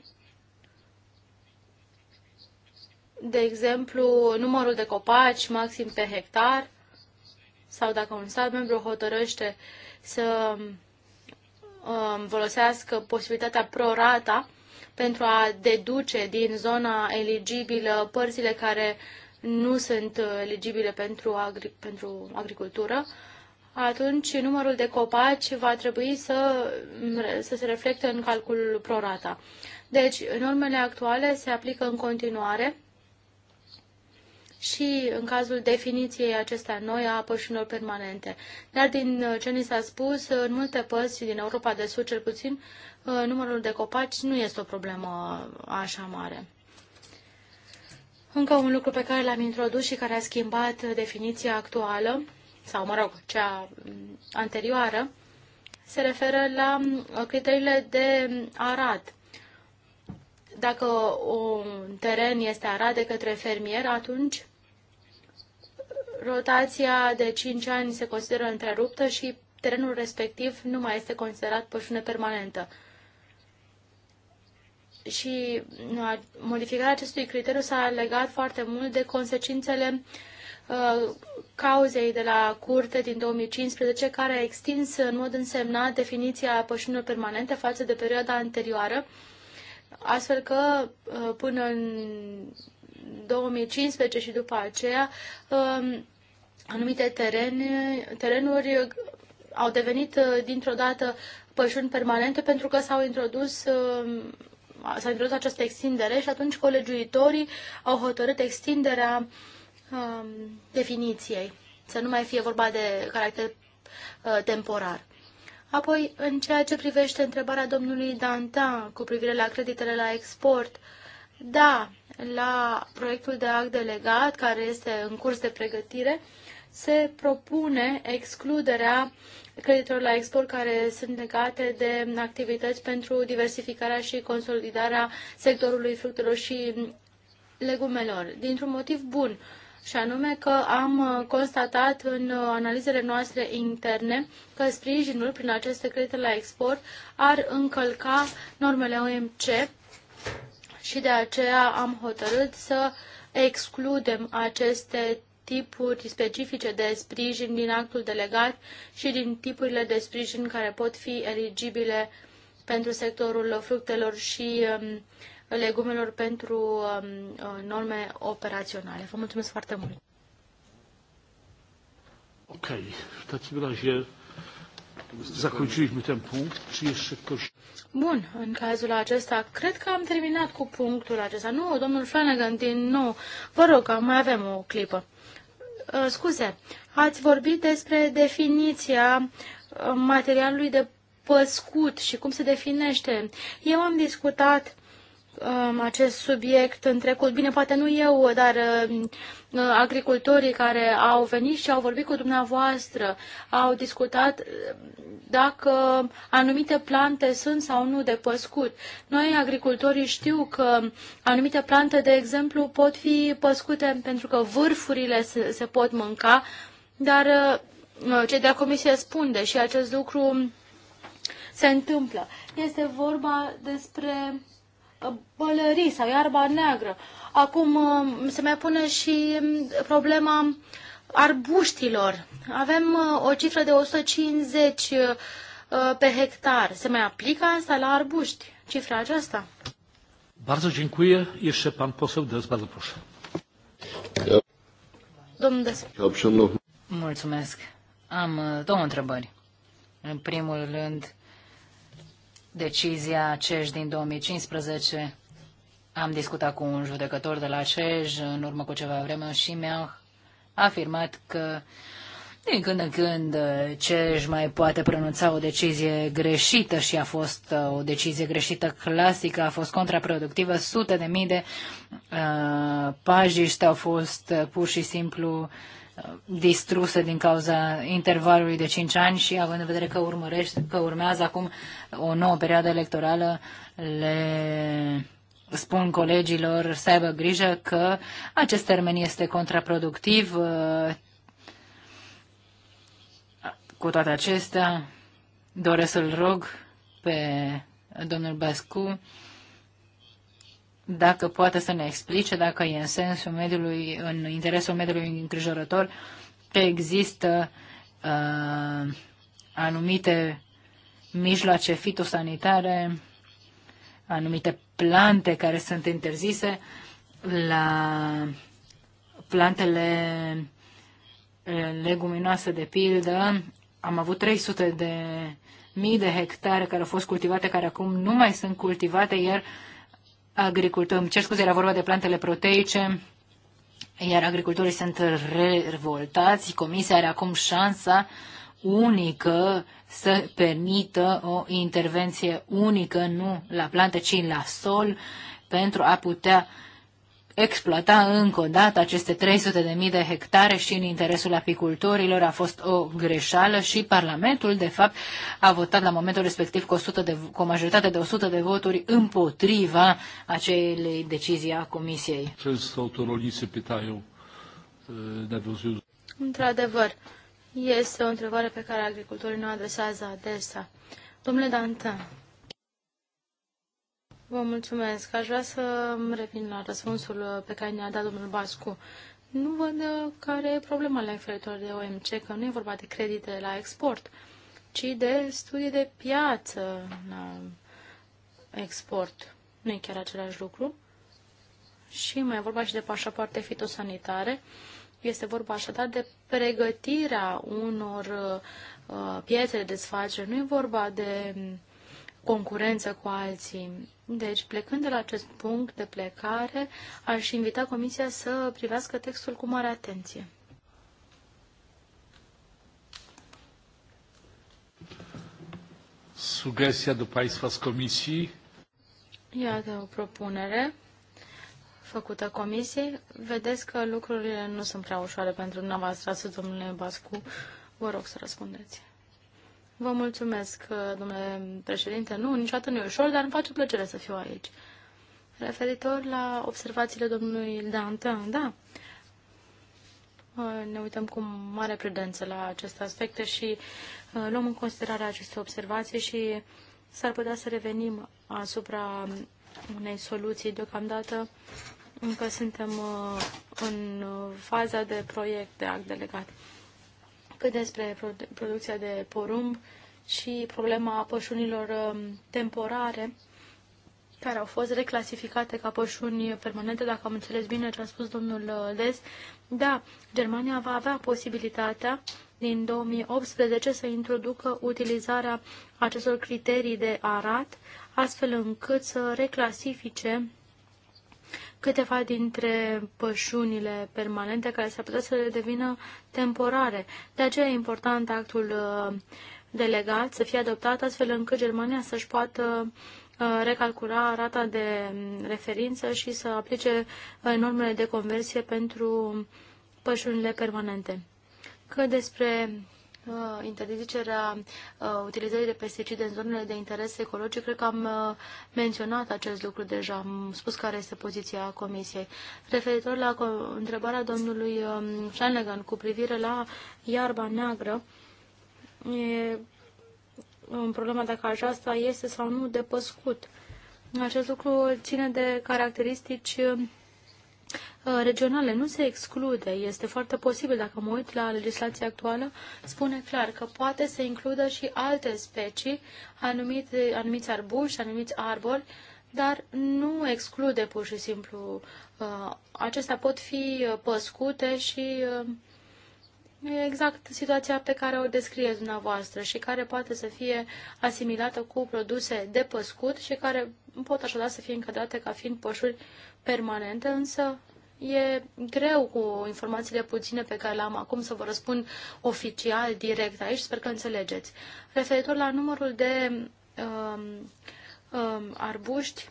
[SPEAKER 4] de exemplu, numărul de copaci maxim pe hectar sau dacă un stat membru hotărăște să um, folosească posibilitatea prorata pentru a deduce din zona eligibilă părțile care nu sunt eligibile pentru, agri- pentru agricultură, atunci numărul de copaci va trebui să, să se reflecte în calculul prorata. Deci, normele actuale se aplică în continuare și în cazul definiției acestea noi a pășunilor permanente. Dar din uh, ce ni s-a spus, uh, în multe părți din Europa de Sud, cel puțin, uh, numărul de copaci nu este o problemă așa mare. Încă un lucru pe care l-am introdus și care a schimbat definiția actuală, sau, mă rog, cea mm, anterioară, se referă la criteriile de mm, arat dacă un teren este arat de către fermier, atunci rotația de 5 ani se consideră întreruptă și terenul respectiv nu mai este considerat pășune permanentă. Și modificarea acestui criteriu s-a legat foarte mult de consecințele ă, cauzei de la curte din 2015, care a extins în mod însemnat definiția pășunilor permanente față de perioada anterioară, astfel că ă, până în 2015 și după aceea ă, anumite terene, terenuri au devenit uh, dintr-o dată pășuni permanente pentru că s-au introdus uh, s-a introdus această extindere și atunci colegiuitorii au hotărât extinderea um, definiției, să nu mai fie vorba de caracter uh, temporar. Apoi, în ceea ce privește întrebarea domnului Dantin cu privire la creditele la export, da, la proiectul de act delegat care este în curs de pregătire, uh, se propune excluderea creditelor la export care sunt legate de activități pentru diversificarea și consolidarea sectorului fructelor și legumelor, dintr-un motiv bun, și anume că am constatat în analizele noastre interne că sprijinul prin aceste credite la export ar încălca normele OMC și de aceea am hotărât să excludem aceste tipuri specifice de sprijin din actul delegat și din tipurile de sprijin care pot fi eligibile pentru sectorul fructelor și um, legumelor pentru um, uh, norme operaționale. Vă mulțumesc foarte mult!
[SPEAKER 1] Ok, w takim razie zakończyliśmy ten punkt. Czy jeszcze ktoś...
[SPEAKER 4] Bun, în cazul acesta, cred că am terminat cu punctul acesta. Nu, domnul Flanagan, din nou, vă rog, mai avem o clipă. Uh, scuze, ați vorbit despre definiția uh, materialului de păscut și cum se definește. Eu am discutat Um, acest subiect în trecut. Bine, poate nu eu, dar um, uh, agricultorii care au venit și au vorbit cu dumneavoastră au discutat uh, dacă anumite plante sunt sau nu de păscut. Noi, agricultorii, știu că anumite plante, de exemplu, pot fi păscute pentru că vârfurile se, se pot mânca, dar uh, cei de la comisie spun, și acest lucru se întâmplă. Este vorba despre bălării sau iarba neagră. Acum um, se mai pune și um, problema arbuștilor. Avem uh, o cifră de 150 uh, pe hectar. Se mai aplică asta la arbuști, cifra aceasta?
[SPEAKER 1] Bardzo dziękuję. Jeszcze pan poseł Des, bardzo proszę.
[SPEAKER 3] Domnul Des. Mulțumesc. Am uh, două întrebări. În primul rând, decizia CEJ din 2015. Am discutat cu un judecător de la CEJ în urmă cu ceva vreme și mi-a afirmat că din când în când CEJ mai poate pronunța o decizie greșită și a fost uh, o decizie greșită clasică, a fost contraproductivă, sute de mii de uh, pagiști au fost pur și simplu uh, distruse din cauza intervalului de 5 ani și având în vedere că, urmărește, că urmează acum o nouă perioadă electorală, le spun colegilor să aibă grijă că acest termen este contraproductiv. Cu toate acestea, doresc să-l rog pe domnul Bascu dacă poate să ne explice dacă e în sensul mediului, în interesul mediului îngrijorător, că există uh, anumite mijloace fitosanitare, anumite plante care sunt interzise la plantele uh, leguminoase de pildă. Am avut 300 de mii de hectare care au fost cultivate, care acum nu mai sunt cultivate, iar uh, agricultori, îmi cer scuze, era vorba de plantele proteice, iar agricultorii sunt revoltați. Comisia are acum șansa unică să permită o intervenție unică, nu la plantă, ci la sol, pentru a putea uh, exploata încă o dată aceste 300.000 de hectare și în interesul apicultorilor a fost o greșeală și Parlamentul, de fapt, a votat la momentul respectiv cu, 100 de, cu o majoritate de 100 de voturi împotriva acelei decizii a
[SPEAKER 1] Comisiei.
[SPEAKER 3] Într-adevăr,
[SPEAKER 4] este o întrebare pe care agricultorii nu adresează adesea. Domnule Dantan, Vă mulțumesc. Aș vrea să revin la răspunsul pe care ne-a dat domnul Bascu. Nu văd uh, care e problema la inferitor de OMC, că nu e vorba de credite la export, ci de studii de piață la export. Nu e chiar același lucru. Și mai e vorba și de pașapoarte fitosanitare. Este vorba așadar de pregătirea unor uh, piețe de desfacere. Nu e vorba de concurență cu alții. Deci, plecând de la acest punct de plecare, aș invita Comisia să privească textul cu mare atenție.
[SPEAKER 1] Sugestia după aici z Comisiei?
[SPEAKER 4] Iată o propunere făcută Comisiei. Vedeți că lucrurile nu sunt prea ușoare pentru dumneavoastră, domnule Bascu. Vă rog să răspundeți. Vă mulțumesc, uh, domnule președinte. Nu, niciodată nu e ușor, dar îmi face plăcere să fiu aici. Referitor la observațiile domnului Dantan, da, uh, ne uităm cu mare prudență la aceste aspecte și uh, luăm în considerare aceste observații și s-ar putea să revenim asupra unei soluții. Deocamdată încă suntem în faza de proiect de act delegat cât despre producția de porumb și problema pășunilor um, temporare, care au fost reclasificate ca pășuni permanente, dacă am înțeles bine ce a spus domnul uh, Des. Da, Germania va avea posibilitatea din 2018 să introducă utilizarea acestor criterii de arat, astfel încât să reclasifice câteva dintre pășunile permanente care s-ar putea să le devină temporare. De aceea e important actul uh, delegat să fie adoptat astfel încât Germania să-și poată uh, recalcula rata de mm, referință și să aplice uh, normele de conversie pentru pășunile permanente. Că despre Uh, interzicerea uh, utilizării de pesticide în zonele de interes ecologic, cred că am uh, menționat acest lucru deja, am spus care este poziția Comisiei. Referitor la întrebarea domnului Flanagan um, cu privire la iarba neagră, e un um, problema dacă aceasta este sau nu de păscut. Acest lucru ține de caracteristici um, Uh, regionale nu se exclude. Este foarte posibil, dacă mă uit la legislația actuală, spune clar că poate să includă și alte specii, anumite, anumiți arbuși, anumiți arbori, dar nu exclude pur și simplu. Uh, acestea pot fi uh, păscute și exact situația pe care o descrieți dumneavoastră și care poate să fie asimilată cu produse de păscut și care pot așadar să fie încadrate ca fiind pășuri permanente, însă e greu cu informațiile puține pe care le-am acum să vă răspund oficial, direct aici, sper că înțelegeți. Referitor la numărul de um, um, arbuști,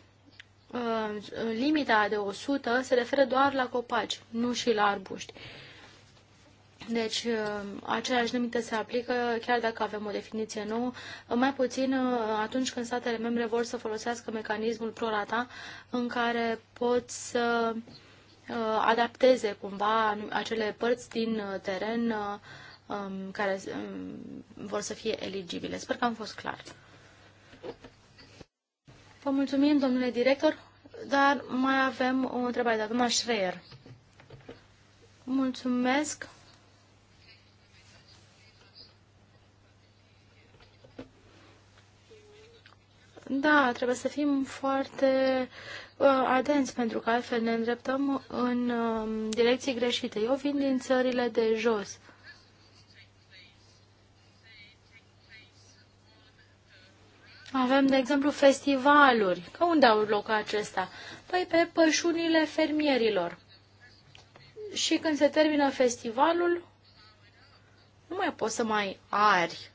[SPEAKER 4] um, limita de 100 se referă doar la copaci, nu și la arbuști. Uh, deci, uh, aceleași limite se aplică chiar dacă avem o definiție nouă, uh, mai puțin uh, atunci când statele membre vor să folosească mecanismul prorata în care pot să adapteze cumva acele părți din teren um, care um, vor să fie eligibile. Sper că am fost clar. Vă mulțumim, domnule director, dar mai avem o întrebare de la Schreier. Mulțumesc. Da, trebuie să fim foarte uh, atenți, pentru că altfel ne îndreptăm în uh, direcții greșite. Eu vin din țările de jos. Avem, de exemplu, festivaluri. Că unde au loc acesta? Păi pe pășunile fermierilor. Și când se termină festivalul, nu mai poți să mai ari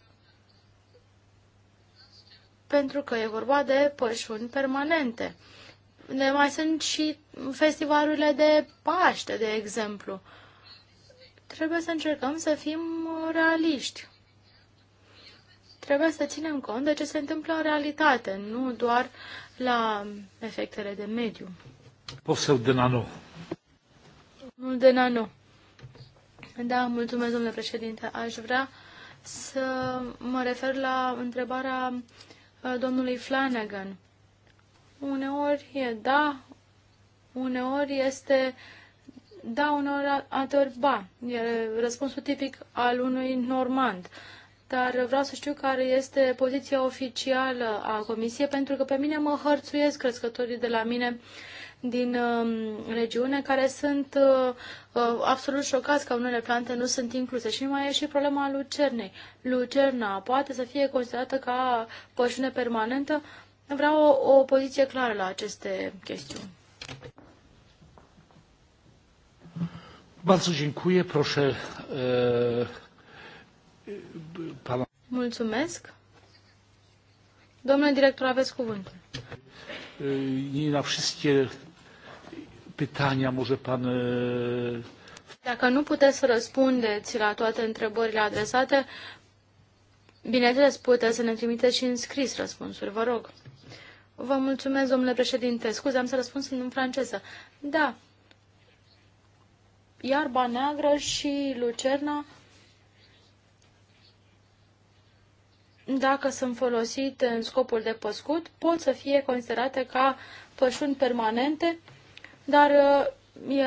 [SPEAKER 4] pentru că e vorba de pășuni permanente. De mai sunt și festivalurile de Paște, de exemplu. Trebuie să încercăm să fim realiști. Trebuie să ținem cont de ce se întâmplă în realitate, nu doar la efectele de mediu.
[SPEAKER 1] Posel de nano.
[SPEAKER 4] Nu de nano. Da, mulțumesc, domnule președinte. Aș vrea să mă refer la întrebarea uh, domnului Flanagan. Uneori e da, uneori este da, uneori ador ba. E răspunsul tipic al unui normand. Dar vreau să știu care este poziția oficială a comisiei, pentru că pe mine mă hărțuiesc crescătorii de la mine uh, din um, regiune care sunt uh, uh, absolut șocați că unele plante nu sunt incluse. Și mai e și problema lucernei. Lucerna poate să fie considerată ca pășune permanentă. Vreau o, o poziție clară la aceste chestiuni.
[SPEAKER 1] Bardzo dziękuję. Proszę pana.
[SPEAKER 4] Mulțumesc. Domnule director, aveți cuvântul.
[SPEAKER 1] Nie na wszystkie pytania może pan...
[SPEAKER 4] Dacă nu puteți să răspundeți la toate întrebările adresate, bineînțeles, puteți să ne trimiteți și în scris răspunsuri, vă rog. Vă mulțumesc, domnule președinte. Scuze, am să răspund în franceză. Da. Iarba neagră și lucerna, dacă sunt folosite în scopul de păscut, pot să fie considerate ca pășuni permanente dar uh,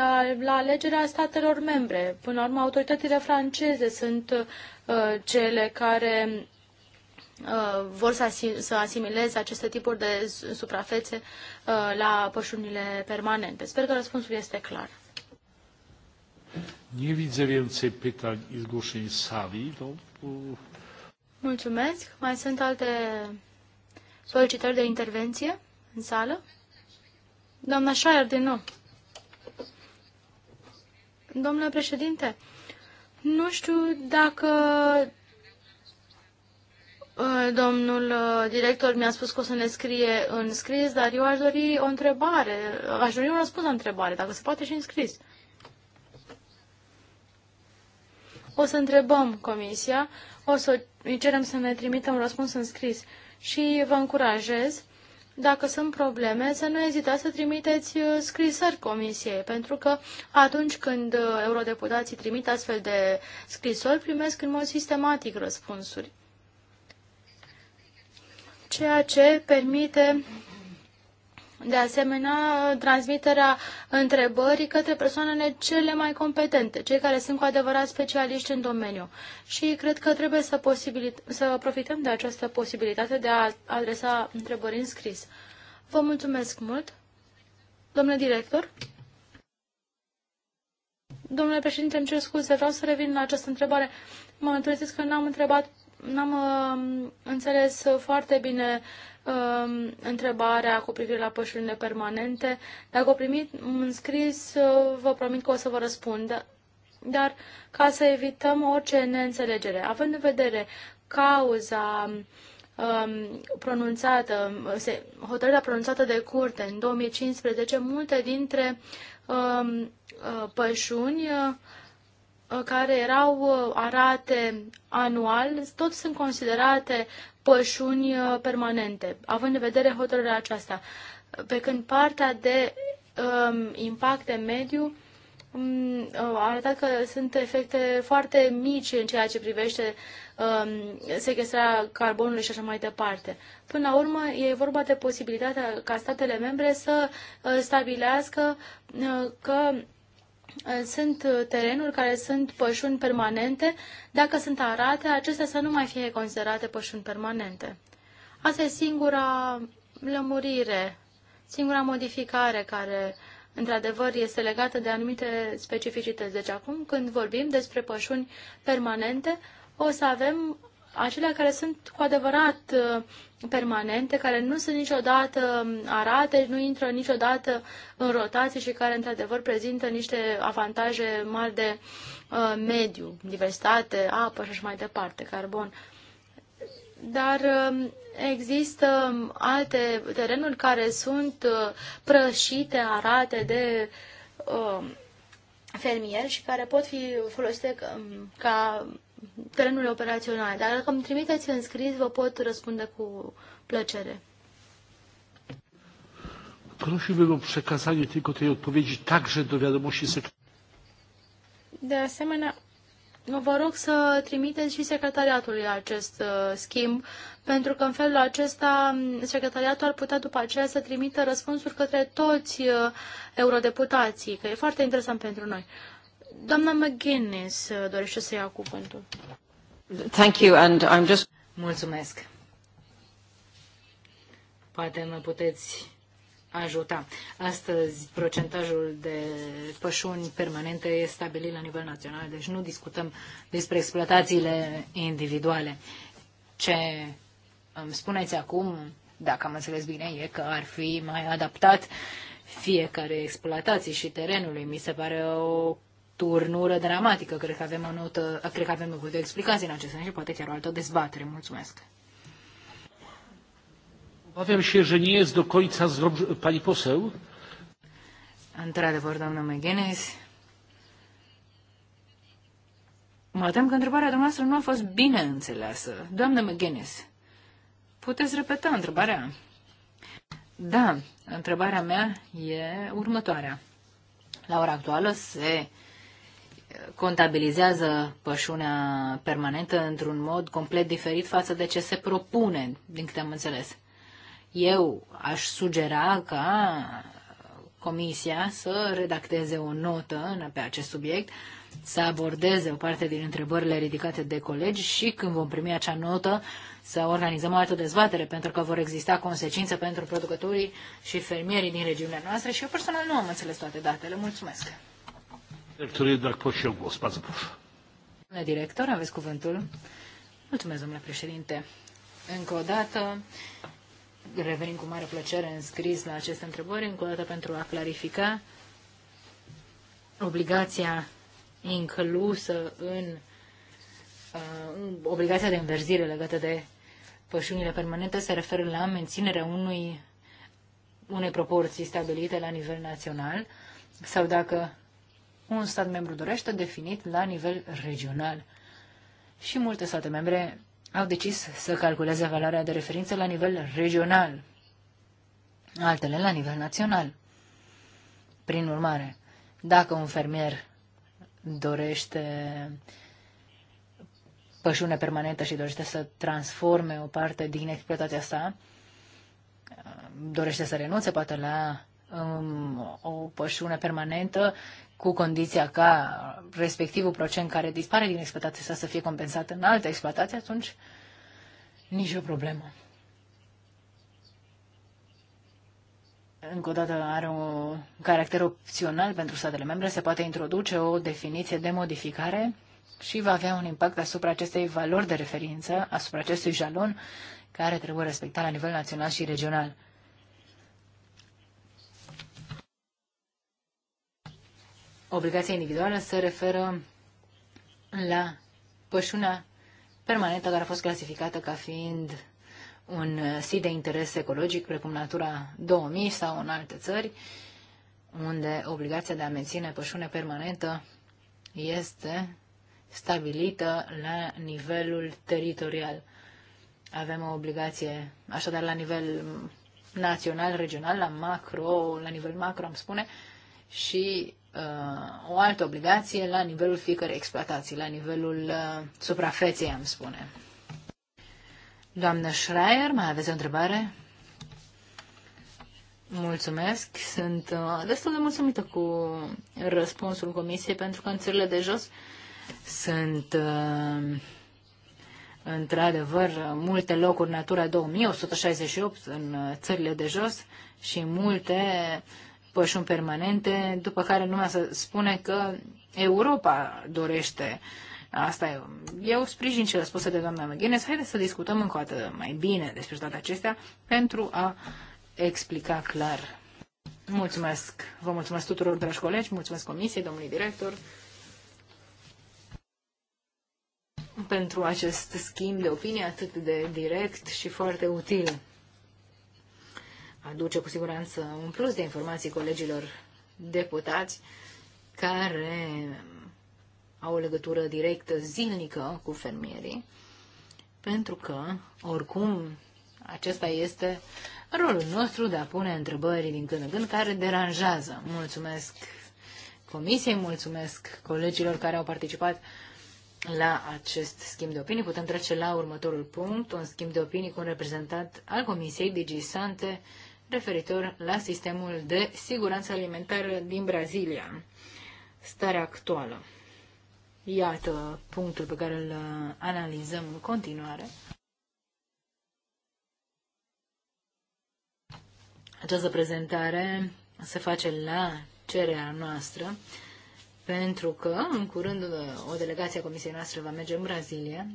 [SPEAKER 4] la alegerea statelor membre. Până la urmă, autoritățile franceze sunt uh, cele care uh, vor să, asim- să asimileze aceste tipuri de suprafețe la pășunile permanente. Sper că răspunsul este clar.
[SPEAKER 1] Nie widzę więcej pytań i zgłoszeń z sali.
[SPEAKER 4] Mulțumesc. Mai sunt alte solicitări de intervenție în sală? Doamna Shire, din nou. Domnule președinte, nu știu dacă uh, domnul uh, director mi-a spus că o să ne scrie în scris, dar eu aș dori o întrebare, aș dori un răspuns la întrebare, dacă se poate și în scris. O să întrebăm comisia, o să îi cerem să ne trimită un răspuns în scris și vă încurajez dacă sunt probleme, să nu ezitați să trimiteți uh, scrisări comisiei, pentru că atunci când uh, eurodeputații trimit astfel de scrisori, primesc în mod sistematic răspunsuri ceea ce permite de asemenea, transmiterea întrebării către persoanele cele mai competente, cei care sunt cu adevărat specialiști în domeniu. Și cred că trebuie să, să profităm de această posibilitate de a adresa întrebări în scris. Vă mulțumesc mult. Domnule director? Domnule președinte, îmi cer scuze, vreau să revin la această întrebare. Mă întrebesc că n-am întrebat, n-am uh, înțeles foarte bine Um, întrebarea cu privire la pășurile permanente. Dacă o primit în scris, uh, vă promit că o să vă răspund. Da, dar ca să evităm orice neînțelegere, având în vedere cauza um, pronunțată, hotărârea pronunțată de curte în 2015, multe dintre um, uh, pășuni uh, Uh, care erau uh, arate anual, tot sunt considerate pășuni uh, permanente, având în vedere hotărârea aceasta. Pe când partea de um, impact de mediu um, arătat că sunt efecte foarte mici în ceea ce privește um, sequestrarea carbonului și așa mai departe. Până la urmă, e vorba de posibilitatea ca statele membre să stabilească uh, că Eh, sunt eh, terenuri care sunt pășuni permanente, dacă sunt arate, acestea să nu mai fie considerate pășuni permanente. Asta e singura lămurire, singura modificare care, într-adevăr, este legată de anumite specificități. Deci acum, când vorbim despre pășuni permanente, o să avem acelea care sunt cu adevărat uh, permanente, care nu sunt niciodată um, arate, nu intră niciodată în rotație și care într-adevăr prezintă niște avantaje mari de uh, mediu, diversitate, apă și așa mai departe, carbon. Dar uh, există um, alte terenuri care sunt uh, prășite, arate de fermieri și care pot fi folosite ca terenul operațional. Dar dacă îmi trimiteți în scris, vă pot răspunde cu plăcere.
[SPEAKER 1] Prosiłbym o przekazanie tylko tej odpowiedzi także do wiadomości
[SPEAKER 4] De asemenea, vă rog să trimiteți și secretariatului acest uh, schimb, pentru că în felul acesta secretariatul ar putea după aceea să trimită răspunsuri către toți uh, eurodeputații, că e foarte interesant pentru noi. Doamna McGuinness uh, dorește să ia cuvântul.
[SPEAKER 3] Thank you and I'm just... Mulțumesc. Poate mă puteți ajuta. Astăzi, procentajul de pășuni permanente este stabilit la nivel național, deci nu discutăm despre exploatațiile individuale. Ce îmi spuneți acum, dacă am înțeles bine, e că ar fi mai adaptat fiecare exploatație și terenului. Mi se pare o turnură dramatică. Cred că avem o notă, cred că avem nevoie de explicații în acest sens și poate chiar o altă dezbatere. Mulțumesc.
[SPEAKER 1] Obawiam się, że nie jest do końca zrobione. Pani poseł?
[SPEAKER 3] Într-adevăr, doamnă McGuinness, mă tem că întrebarea dumneavoastră nu a fost bine înțeleasă. Doamnă McGuinness, puteți repeta întrebarea? Da, întrebarea mea e următoarea. La ora actuală se contabilizează pășunea permanentă într-un mod complet diferit față de ce se propune, din câte am înțeles. Eu aș sugera ca Comisia să redacteze o notă pe acest subiect, să abordeze o parte din întrebările ridicate de colegi și când vom primi acea notă să organizăm o altă dezbatere, pentru că vor exista consecințe pentru producătorii și fermierii din regiunea noastră și eu personal nu am înțeles toate datele. Mulțumesc!
[SPEAKER 1] Director, jednak prosił głos. Bardzo proszę.
[SPEAKER 3] aveți cuvântul. Mulțumesc, domnule președinte. Încă o dată, revenim cu mare plăcere în scris la aceste întrebări, încă o dată pentru a clarifica obligația inclusă în uh, obligația de înverzire legată de pășunile permanente se referă la menținerea unui, unei proporții stabilite la nivel național sau dacă un stat membru dorește, definit la nivel regional. Și multe state membre au decis să calculeze valoarea de referință la nivel regional, altele la nivel național. Prin urmare, dacă un fermier dorește pășune permanentă și dorește să transforme o parte din exploatația sa, dorește să renunțe poate la um, o pășune permanentă, cu condiția ca respectivul procent care dispare din exploatație să, fie compensat în altă exploatație, atunci nici o problemă. Încă o dată are un caracter opțional pentru statele membre, se poate introduce o definiție de modificare și va avea un impact asupra acestei valori de referință, asupra acestui jalon care trebuie respectat la nivel național și regional. Obligația individuală se referă la pășuna permanentă care a fost clasificată ca fiind un sit de interes ecologic, precum Natura 2000 sau în alte țări, unde obligația de a menține pășune permanentă este stabilită la nivelul teritorial. Avem o obligație, așadar, la nivel național, regional, la macro, la nivel macro, am spune, și Uh, o altă obligație la nivelul fiecărei exploatații, la nivelul uh, suprafeței, am spune. Doamnă Schreier, mai aveți o întrebare? Mulțumesc. Sunt uh, destul de mulțumită cu răspunsul comisiei pentru că în țările de jos sunt într-adevăr multe locuri Natura 2168 în țările de jos și multe pășuni permanente, după care lumea să spune că Europa dorește Asta e. Eu sprijin cele spuse de doamna McGuinness. Haideți să discutăm încă o dată mai bine despre toate acestea pentru a explica clar. Mulțumesc. Vă mulțumesc tuturor, dragi colegi, mulțumesc comisiei, domnului director, pentru acest schimb de opinie atât de direct și foarte util aduce cu siguranță un plus de informații colegilor deputați care au o legătură directă zilnică cu fermierii, pentru că, oricum, acesta este rolul nostru de a pune întrebări din când în când care deranjează. Mulțumesc comisiei, mulțumesc colegilor care au participat la acest schimb de opinii. Putem trece la următorul punct, un schimb de opinii cu un reprezentant al Comisiei Digi Sante referitor la sistemul de siguranță alimentară din Brazilia, starea actuală. Iată punctul pe care îl uh, analizăm în continuare. Această prezentare se face la cererea noastră, pentru că în curând o delegație a comisiei noastre va merge în Brazilia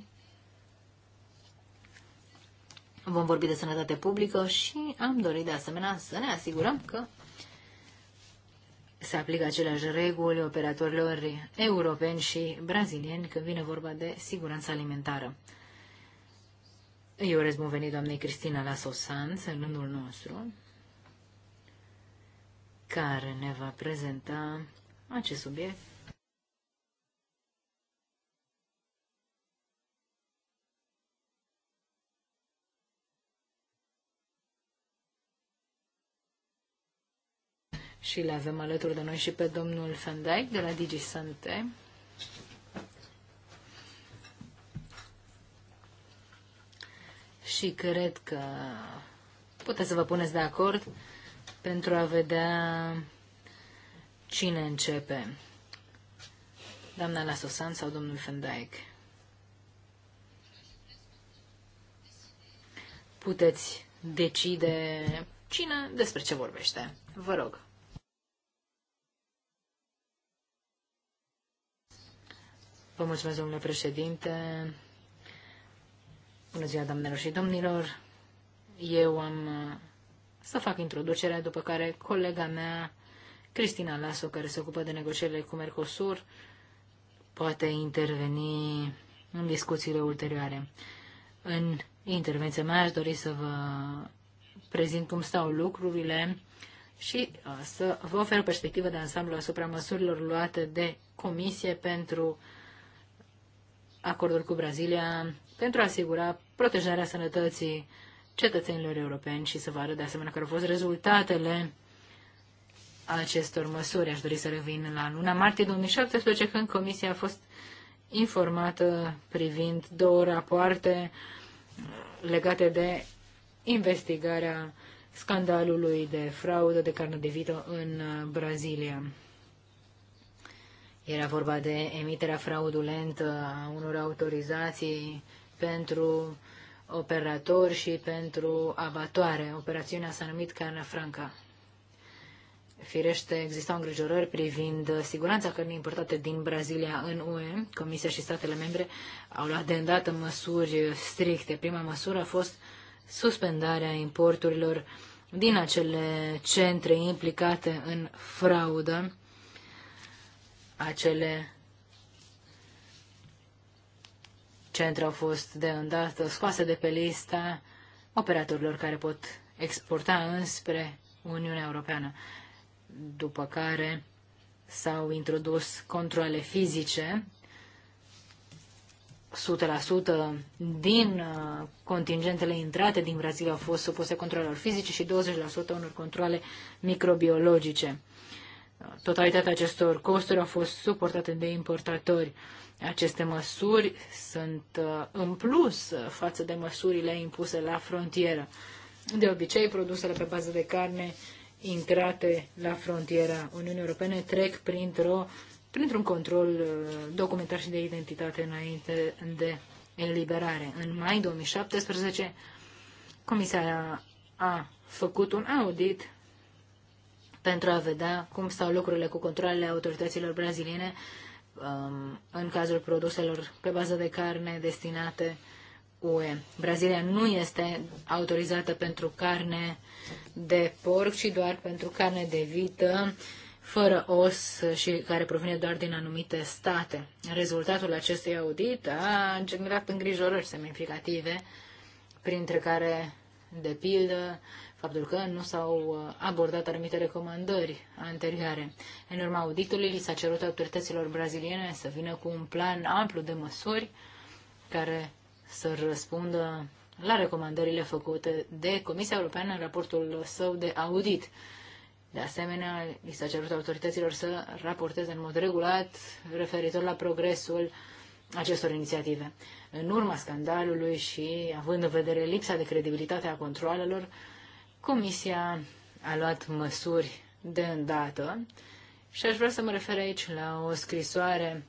[SPEAKER 3] Vom vorbi de sănătate publică și am dorit de asemenea să ne asigurăm că se aplică aceleași reguli operatorilor europeni și brazilieni când vine vorba de siguranța alimentară. Eu urez bun venit doamnei Cristina la Sosanț, în rândul nostru, care ne va prezenta acest subiect și le avem alături de noi și pe domnul Fendaic de la DigiSante. Și cred că puteți să vă puneți de acord pentru a vedea cine începe. Doamna Lasosan sau domnul Fendaic. Puteți decide cine despre ce vorbește. Vă rog. Vă mulțumesc, domnule președinte. Bună ziua, doamnelor și domnilor. Eu am uh, să fac introducerea, după care colega mea, Cristina Laso, care se ocupă de negocierile cu Mercosur, poate interveni în discuțiile ulterioare. În intervenția mea aș dori să vă prezint cum stau lucrurile și uh, să vă ofer o perspectivă de ansamblu asupra măsurilor luate de Comisie pentru acordul cu Brazilia pentru a asigura protejarea sănătății cetățenilor europeni și să vă arăt de asemenea care au fost rezultatele acestor măsuri. Aș dori să revin la luna martie 2017, când Comisia a fost informată privind două rapoarte legate de investigarea scandalului de fraudă de carne de vită în Brazilia. Era vorba de emiterea fraudulentă a unor autorizații pentru operatori și pentru abatoare. Operațiunea s-a numit Carna Franca. Firește, existau îngrijorări privind siguranța cărnii importate din Brazilia în UE. Comisia și statele membre au luat de îndată măsuri stricte. Prima măsură a fost suspendarea importurilor din acele centre implicate în fraudă acele centre au fost de îndată scoase de pe lista operatorilor care pot exporta înspre Uniunea Europeană, după care s-au introdus controle fizice 100% din uh, contingentele intrate din Brazilia au fost supuse controlelor fizice și 20% unor controle microbiologice. Totalitatea acestor costuri au fost suportate de importatori. Aceste măsuri sunt uh, în plus față de măsurile impuse la frontieră. De obicei, produsele pe bază de carne intrate la frontiera Uniunii Europene trec printr-o, printr-un control uh, documentar și de identitate înainte de eliberare. În mai 2017, Comisia a făcut un audit pentru a vedea cum stau lucrurile cu controlele autorităților braziliene um, în cazul produselor pe bază de carne destinate UE. Brazilia nu este autorizată pentru carne de porc, ci doar pentru carne de vită, fără os și care provine doar din anumite state. Rezultatul acestui audit a generat îngrijorări semnificative, printre care, de pildă, faptul că nu s-au uh, abordat anumite recomandări anterioare. În urma auditului li s-a cerut autorităților braziliene să vină cu un plan amplu de măsuri care să răspundă la recomandările făcute de Comisia Europeană în raportul său de audit. De asemenea, li s-a cerut autorităților să raporteze în mod regulat referitor la progresul acestor inițiative. În urma scandalului și având în vedere lipsa de credibilitate a controalelor, Comisia a luat măsuri de îndată și aș vrea să mă refer aici la o scrisoare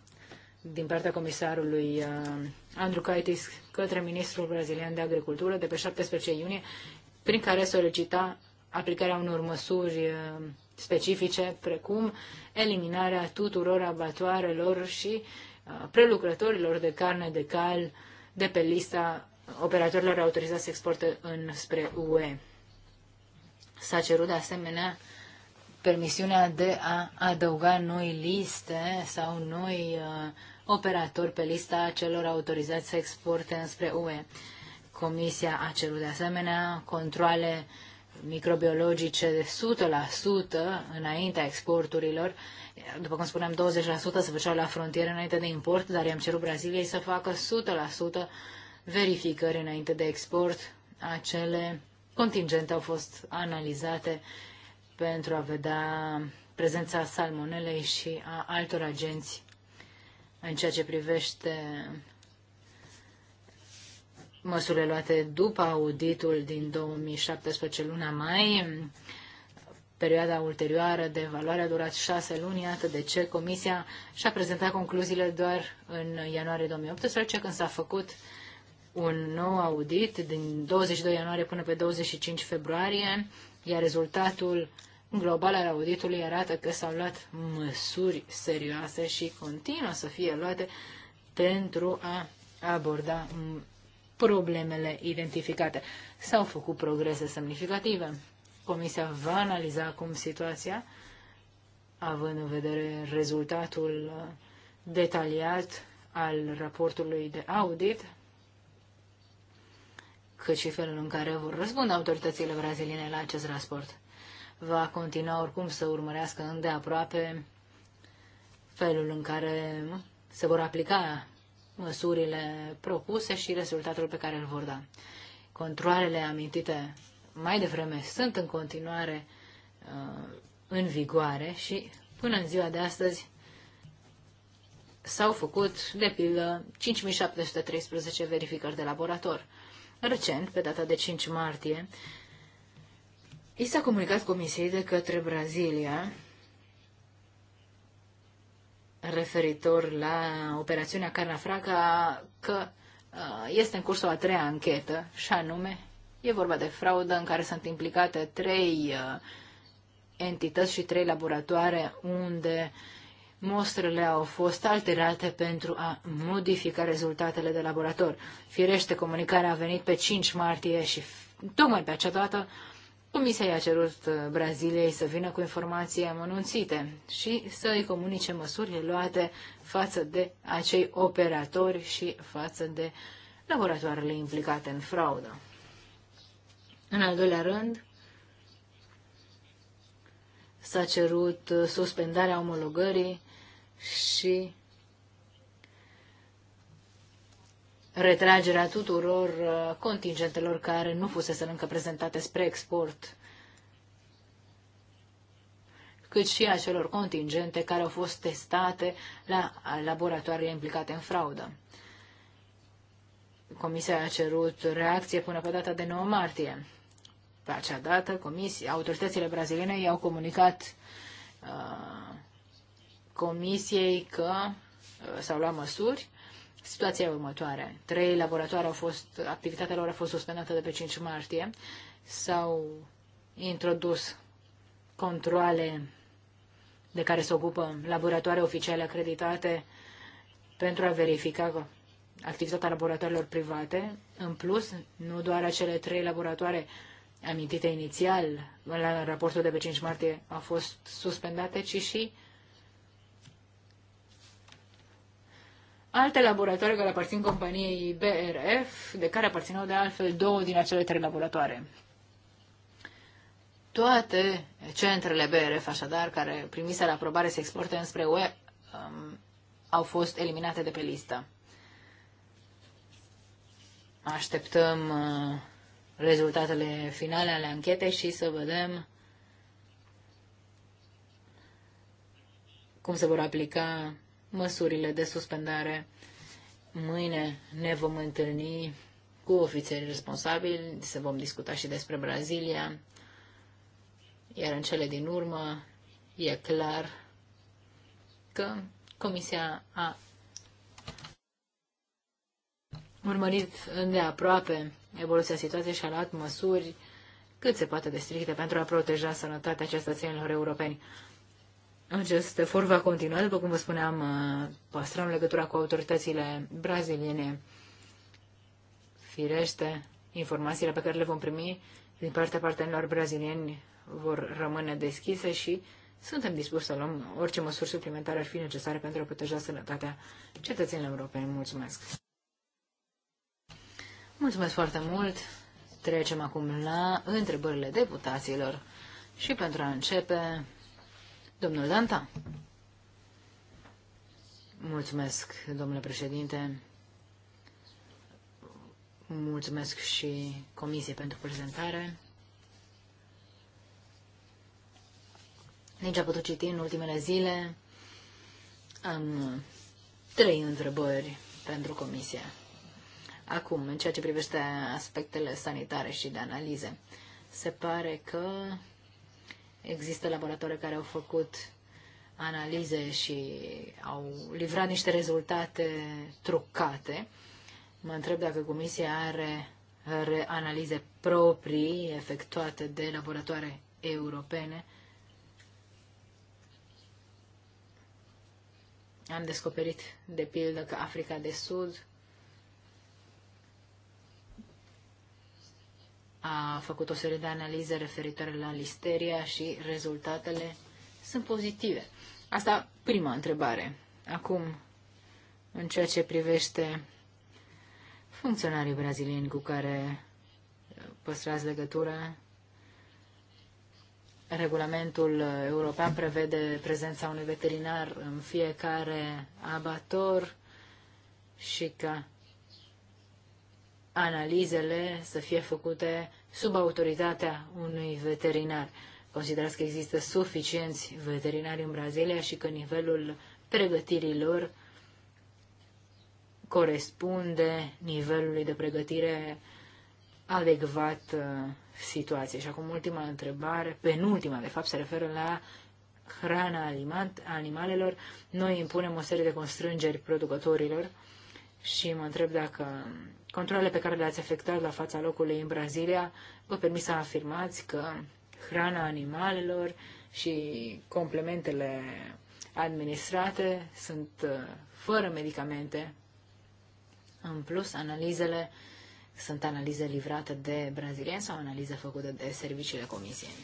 [SPEAKER 3] din partea comisarului uh, Andrew Caitis către ministrul brazilian de agricultură de pe 17 iunie, prin care solicita aplicarea unor măsuri uh, specifice, precum eliminarea tuturor abatoarelor și uh, prelucrătorilor de carne de cal de pe lista operatorilor autorizați să exporte înspre UE. S-a cerut de asemenea permisiunea de a adăuga noi liste sau noi uh, operatori pe lista celor autorizați să exporte înspre UE. Comisia a cerut de asemenea controle microbiologice de 100% înaintea exporturilor. După cum spuneam, 20% se făceau la frontieră înainte de import, dar i-am cerut Braziliei să facă 100% verificări înainte de export acele contingente au fost analizate pentru a vedea prezența salmonelei și a altor agenți în ceea ce privește măsurile luate după auditul din 2017 luna mai. Perioada ulterioară de evaluare a durat șase luni, iată de ce Comisia și-a prezentat concluziile doar în ianuarie 2018, când s-a făcut uh, un nou audit din 22 ianuarie până pe 25 februarie, iar rezultatul global al auditului arată că s-au luat măsuri serioase și continuă să fie luate pentru a aborda problemele identificate. S-au făcut progrese semnificative. Comisia va analiza acum situația, având în vedere rezultatul uh, detaliat al raportului de audit cât și felul în care vor răspunde autoritățile braziliene la acest raport. Va continua oricum să urmărească îndeaproape felul în care se vor aplica măsurile propuse și rezultatul pe care îl vor da. Controlele amintite mai devreme sunt în continuare uh, în vigoare și până în ziua de astăzi s-au făcut, de pildă, 5713 verificări de laborator recent, pe data de 5 martie, i s-a comunicat Comisiei de către Brazilia referitor la operațiunea Carnafraca că uh, este în curs o a treia anchetă, și anume e vorba de fraudă în care sunt implicate trei uh, entități și trei laboratoare unde uh, mostrele au fost alterate pentru a modifica rezultatele de laborator. Firește, comunicarea a venit pe 5 martie și tocmai pe acea dată Comisia i-a cerut uh, Braziliei să vină cu informații amănunțite și să îi comunice măsurile luate față de acei operatori și față de laboratoarele implicate în fraudă. În al doilea rând, s-a cerut uh, suspendarea omologării și retragerea tuturor uh, contingentelor care nu fusese încă prezentate spre export, cât și a celor contingente care au fost testate la laboratoarele implicate în fraudă. Comisia a cerut reacție până pe data de 9 martie. Pe acea dată, comisia, autoritățile braziliene i-au comunicat uh, Comisiei că uh, s-au luat măsuri. Situația e următoare. Trei laboratoare au fost, activitatea lor a fost suspendată de pe 5 martie. S-au introdus controle de care se ocupă laboratoare oficiale acreditate pentru a verifica activitatea laboratoarelor private. În plus, nu doar acele trei laboratoare amintite inițial la raportul de pe 5 martie au fost suspendate, ci și alte laboratoare care aparțin companiei BRF, de care aparțineau de altfel două din acele trei laboratoare. Toate centrele BRF, așadar, care la aprobare să exporte înspre UE, um, au fost eliminate de pe listă. Așteptăm uh, rezultatele finale ale anchetei și să vedem cum se vor aplica măsurile de suspendare. Mâine ne vom întâlni cu ofițerii responsabili, Să vom discuta și despre Brazilia, iar în cele din urmă e clar că Comisia a urmărit îndeaproape evoluția situației și a luat măsuri cât se poate de stricte pentru a proteja sănătatea acestor cetățenilor europeni. Acest efort va continua, după cum vă spuneam, uh, păstrăm legătura cu autoritățile braziliene. Firește, informațiile pe care le vom primi din partea partenerilor brazilieni vor rămâne deschise și suntem dispuși să luăm orice măsuri suplimentare ar fi necesare pentru a proteja sănătatea cetățenilor europeni. Mulțumesc! Mulțumesc foarte mult! Trecem acum la întrebările deputaților și pentru a începe Domnul Danta. Mulțumesc, domnule președinte. Mulțumesc și comisiei pentru prezentare. Nici a putut citi în ultimele zile. Am trei întrebări pentru comisie. Acum, în ceea ce privește aspectele sanitare și de analize, se pare că Există laboratoare care au făcut analize și au livrat niște rezultate trucate. Mă întreb dacă Comisia are analize proprii efectuate de laboratoare europene. Am descoperit, de pildă, că Africa de Sud a făcut o serie de analize referitoare la listeria și rezultatele sunt pozitive. Asta prima întrebare. Acum, în ceea ce privește funcționarii brazilieni cu care uh, păstrați legătura, regulamentul european prevede prezența unui veterinar în fiecare abator și că analizele să fie făcute sub autoritatea unui veterinar. Considerați că există suficienți veterinari în Brazilia și că nivelul pregătirilor corespunde nivelului de pregătire adecvat uh, situației. Și acum ultima întrebare, penultima de fapt, se referă la hrana animalelor. Noi impunem o serie de constrângeri producătorilor și mă întreb dacă Controlele pe care le-ați efectuat la fața locului în Brazilia vă permis să afirmați că hrana animalelor și complementele administrate sunt uh, fără medicamente. În plus, analizele sunt analize livrate de brazilieni sau analize făcute de serviciile comisiei.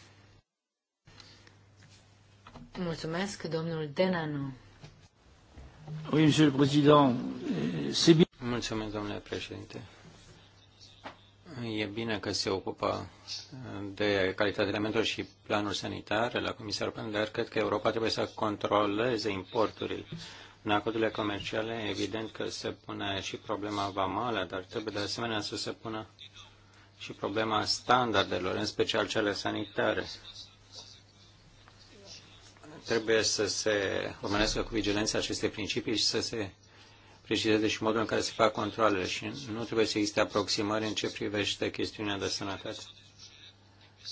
[SPEAKER 3] Mulțumesc, domnul Denanu.
[SPEAKER 1] Oui, monsieur le président, eh, c'est bien.
[SPEAKER 2] Mulțumesc, domnule președinte. E bine că se ocupă uh, de calitatea elementelor și planul sanitar la Comisia Europeană, dar cred că Europa trebuie să controleze importurile. În acordurile comerciale, evident că se pune și problema vamală, dar trebuie de asemenea să se pună și problema standardelor, în special cele sanitare. Trebuie să se urmărească cu vigilență aceste principii și să se precizeze și modul în care se fac controlele și nu trebuie să existe aproximări în ce privește chestiunea de sănătate.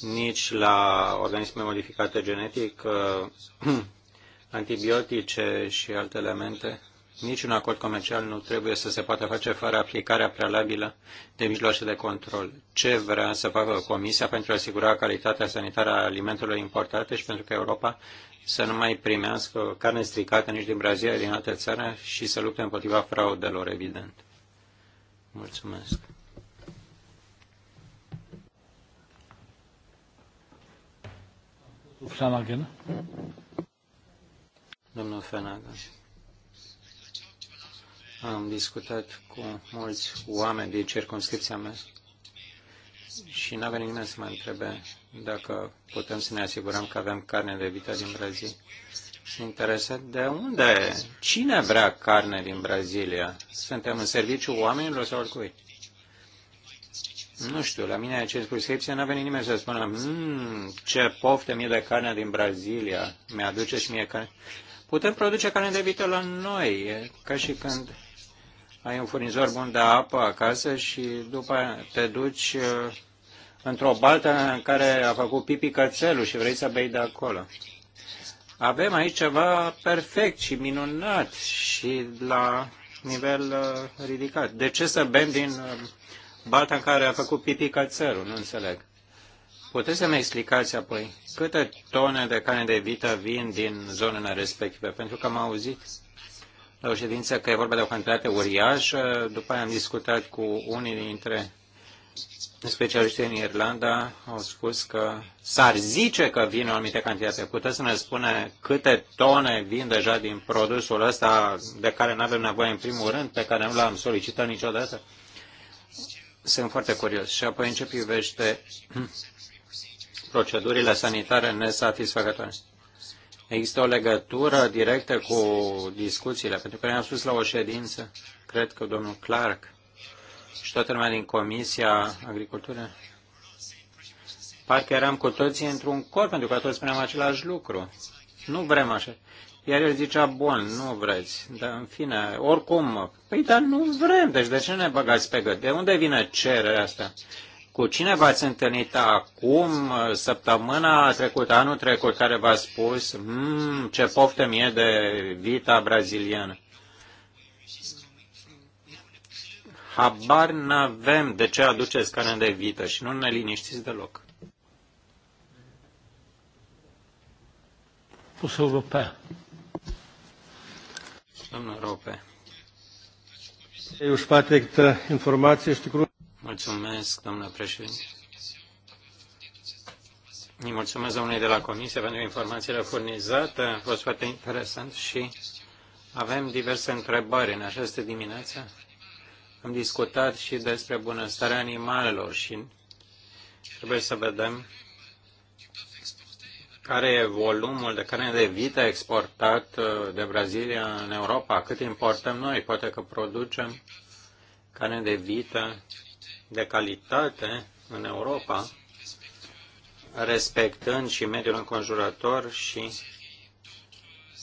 [SPEAKER 2] Nici la organisme modificate genetic, antibiotice și alte elemente, niciun acord comercial nu trebuie să se poată face fără aplicarea prealabilă de mijloace de control. Ce vrea să facă Comisia pentru a asigura calitatea sanitară a alimentelor importate și pentru că Europa să nu mai primească carne stricată nici din Brazilia, din altă țară și să lupte împotriva fraudelor, evident.
[SPEAKER 1] Mulțumesc. Flanagan. Domnul
[SPEAKER 2] Fenaga. Am discutat cu mulți oameni din circunscripția mea și n-a venit nimeni să mă întrebe dacă putem să ne asigurăm că avem carne de vită din Brazilia. Sunt interesat de unde, cine vrea carne din Brazilia? Suntem în serviciu oamenilor sau oricui? Nu știu, la mine acest prescripție n-a venit nimeni să spună mmm, ce poftă mie de carne din Brazilia, mi-aduce și mie carne. Putem produce carne de vită la noi, e ca și când ai un furnizor bun de apă acasă și după te duci uh, într-o baltă în care a făcut pipi cățelul și vrei să bei de acolo. Avem aici ceva perfect și minunat și la nivel uh, ridicat. De ce să bem din uh, balta în care a făcut pipi cățelul? Nu înțeleg. Puteți să-mi explicați apoi câte tone de carne de vită vin din zonele respective? Pentru că am auzit la o ședință că e vorba de o cantitate uriașă, după aia am discutat cu unii dintre specialiștii în Irlanda au spus că s-ar zice că vin o anumită cantitate. Puteți să ne spune câte tone vin deja din produsul ăsta de care nu avem nevoie în primul rând, pe care nu l-am solicitat niciodată? Sunt foarte curios. Și apoi în ce privește procedurile sanitare nesatisfăcătoare. Există o legătură directă cu discuțiile, pentru că ne-am spus la o ședință, cred că domnul Clark, și toată lumea din Comisia Agricultură, parcă eram cu toții într-un cor, pentru că toți spuneam același lucru. Nu vrem așa. Iar el zicea, bun, nu vreți, dar în fine, oricum, păi dar nu vrem, deci de ce ne băgați pe gât? De unde vine cererea asta? Cu cine v-ați întâlnit acum, săptămâna trecută, anul trecut, care v-a spus, mmm, ce poftă mie de vita braziliană? habar n-avem de ce aduceți carne de vită și nu ne liniștiți deloc.
[SPEAKER 1] Pusul europea.
[SPEAKER 2] Domnul Rope.
[SPEAKER 1] Eu își câtă informație și
[SPEAKER 2] Mulțumesc, domnule președinte. Îi mulțumesc domnului de la Comisie pentru informațiile furnizate. A fost foarte interesant și avem diverse întrebări în această dimineață. Am discutat și despre bunăstarea animalelor și trebuie să vedem care e volumul de carne de vită exportat uh, de Brazilia în Europa, cât importăm noi. Poate că producem carne de vită de calitate în Europa, respectând și mediul înconjurător și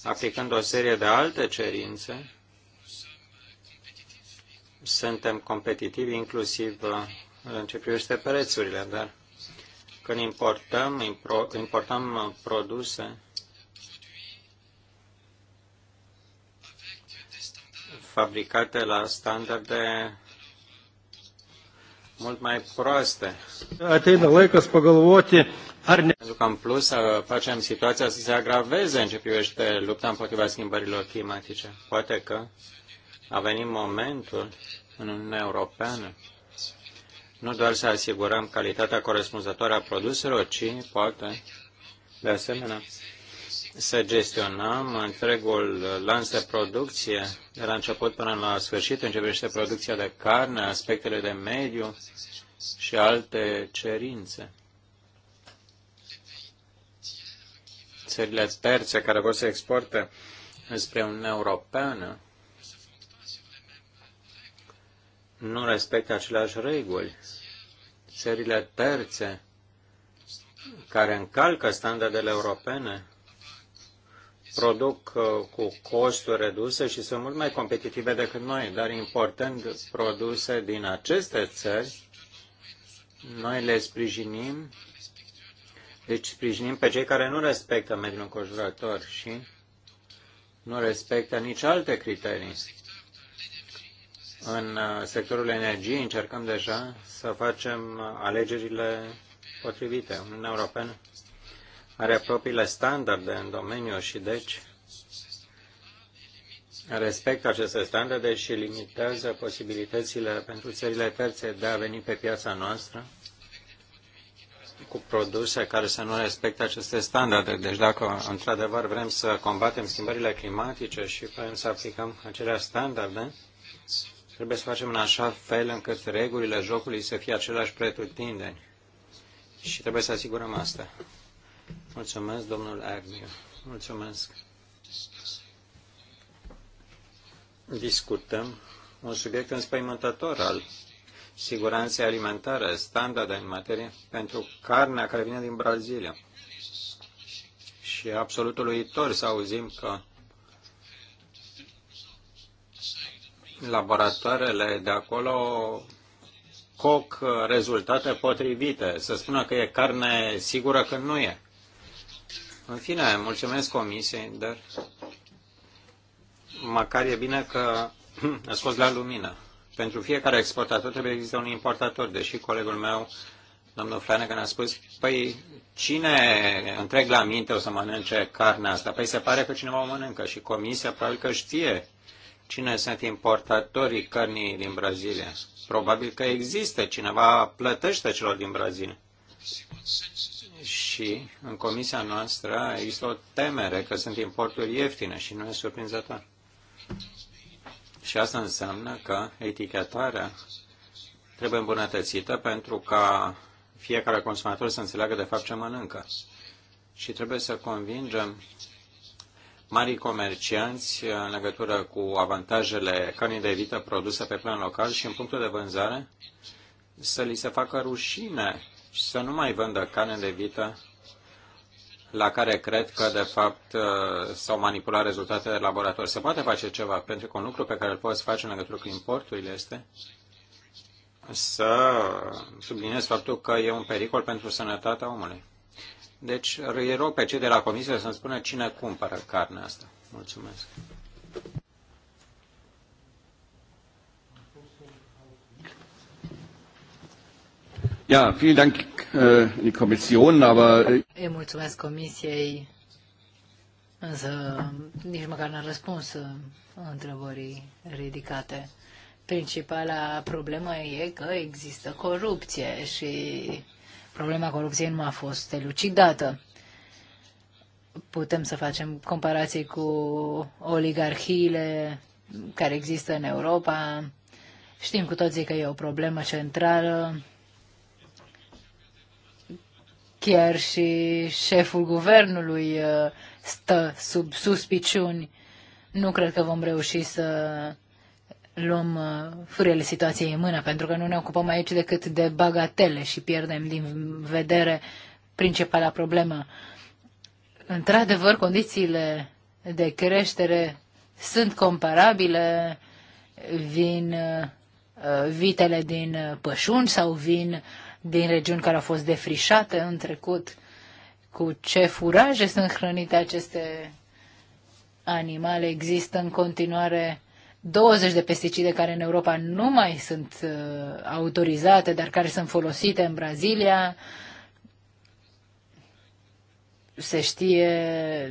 [SPEAKER 2] aplicând o serie de alte cerințe suntem competitivi inclusiv uh, în ce privește prețurile, dar când importăm, importăm uh, produse fabricate la standarde mult mai proaste.
[SPEAKER 1] Ateina laikas pagalvoti, ar ne... Pentru că
[SPEAKER 2] în plus uh, facem situația să se agraveze în ce privește lupta împotriva schimbărilor climatice. Poate că a venit momentul în Uniunea Europeană nu doar să asigurăm calitatea corespunzătoare a produselor, ci poate, de asemenea, să gestionăm întregul lanț de producție, de la început până la sfârșit, începește producția de carne, aspectele de mediu și alte cerințe. Țările terțe care vor să exporte spre Uniunea Europeană nu respectă aceleași reguli. Țările terțe care încalcă standardele europene produc uh, cu costuri reduse și sunt mult mai competitive decât noi, dar importând produse din aceste țări, noi le sprijinim, deci sprijinim pe cei care nu respectă mediul înconjurător și nu respectă nici alte criterii în uh, sectorul energiei încercăm deja să facem uh, alegerile potrivite. Uniunea Europeană are propriile standarde în domeniu și deci respectă aceste standarde și limitează posibilitățile pentru țările terțe de a veni pe piața noastră cu produse care să nu respecte aceste standarde. Deci dacă într-adevăr vrem să combatem schimbările climatice și vrem să aplicăm acelea standarde, Trebuie să facem în așa fel încât regulile jocului să fie același pretutindeni. Și trebuie să asigurăm asta. Mulțumesc, domnul Agnew. Mulțumesc. Discutăm un subiect înspăimântător al siguranței alimentare, standarde în materie pentru carnea care vine din Brazilia. Și absolut uitor să auzim că laboratoarele de acolo coc rezultate potrivite, să spună că e carne sigură când nu e. În fine, mulțumesc comisiei, dar măcar e bine că a scos la lumină. Pentru fiecare exportator trebuie să există un importator, deși colegul meu, domnul Flanagan, ne-a spus, păi cine întreg la minte o să mănânce carnea asta? Păi se pare că cineva o mănâncă și comisia probabil că știe cine sunt importatorii cărnii din Brazilia. Probabil că există cineva plătește celor din Brazilia. Și în comisia noastră există o temere că sunt importuri ieftine și nu e surprinzător. Și asta înseamnă că etichetarea trebuie îmbunătățită pentru ca fiecare consumator să înțeleagă de fapt ce mănâncă. Și trebuie să convingem marii comercianți uh, în legătură cu avantajele cărnii de vită produse pe plan local și în punctul de vânzare să li se facă rușine și să nu mai vândă carne de vită la care cred că, de fapt, uh, s-au manipulat rezultatele de laborator. Se poate face ceva, pentru că un lucru pe care îl poți face în legătură cu importurile este să subliniez faptul că e un pericol pentru sănătatea omului. Deci îi rog pe cei de la comisie să-mi spună cine cumpără carnea asta. Mulțumesc.
[SPEAKER 1] Ja, vielen Dank äh, die Kommission, aber... Eu
[SPEAKER 3] äh, mulțumesc comisiei, însă nici măcar n-a răspuns äh, întrebării ridicate. Principala problemă e că există corupție și problema corupției nu a fost elucidată. Putem să facem comparații cu oligarhiile care există în Europa. Știm cu toții că e o problemă centrală. Chiar și șeful guvernului uh, stă sub suspiciuni. Nu cred că vom reuși să luăm uh, frâiele situației în mână, pentru că nu ne ocupăm aici decât de bagatele și pierdem din vedere principala problemă. Într-adevăr, condițiile de creștere sunt comparabile, vin uh, vitele din pășuni sau vin din regiuni care au fost defrișate în trecut, cu ce furaje sunt hrănite aceste animale, există în continuare 20 de pesticide care în Europa nu mai sunt uh, autorizate, dar care sunt folosite în Brazilia. Se știe,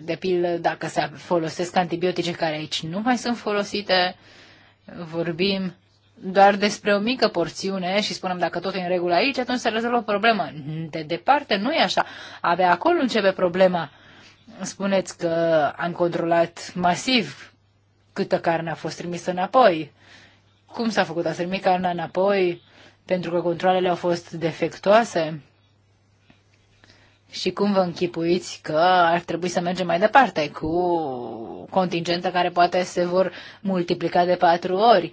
[SPEAKER 3] de pildă, dacă se folosesc antibiotice care aici nu mai sunt folosite. Vorbim doar despre o mică porțiune și spunem dacă tot e în regulă aici, atunci se rezolvă problema. De departe nu e așa. Abia acolo începe problema. Spuneți că am controlat masiv câtă carne a fost trimisă înapoi, cum s-a făcut, a trimis carnea înapoi pentru că controlele au fost defectuoase și cum vă închipuiți că ar trebui să mergem mai departe cu contingente care poate se vor multiplica de patru ori.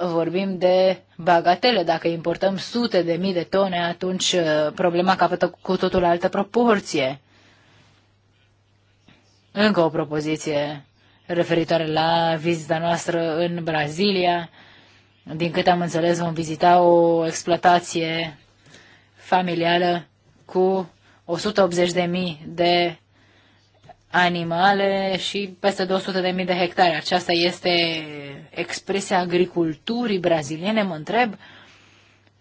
[SPEAKER 3] Vorbim de bagatele. Dacă importăm sute de mii de tone, atunci uh, problema capătă cu totul altă proporție. Încă o propoziție referitoare la vizita noastră în Brazilia. Din câte am înțeles, vom vizita o exploatație familială cu 180.000 de animale și peste 200.000 de hectare. Aceasta este expresia agriculturii braziliene, mă întreb,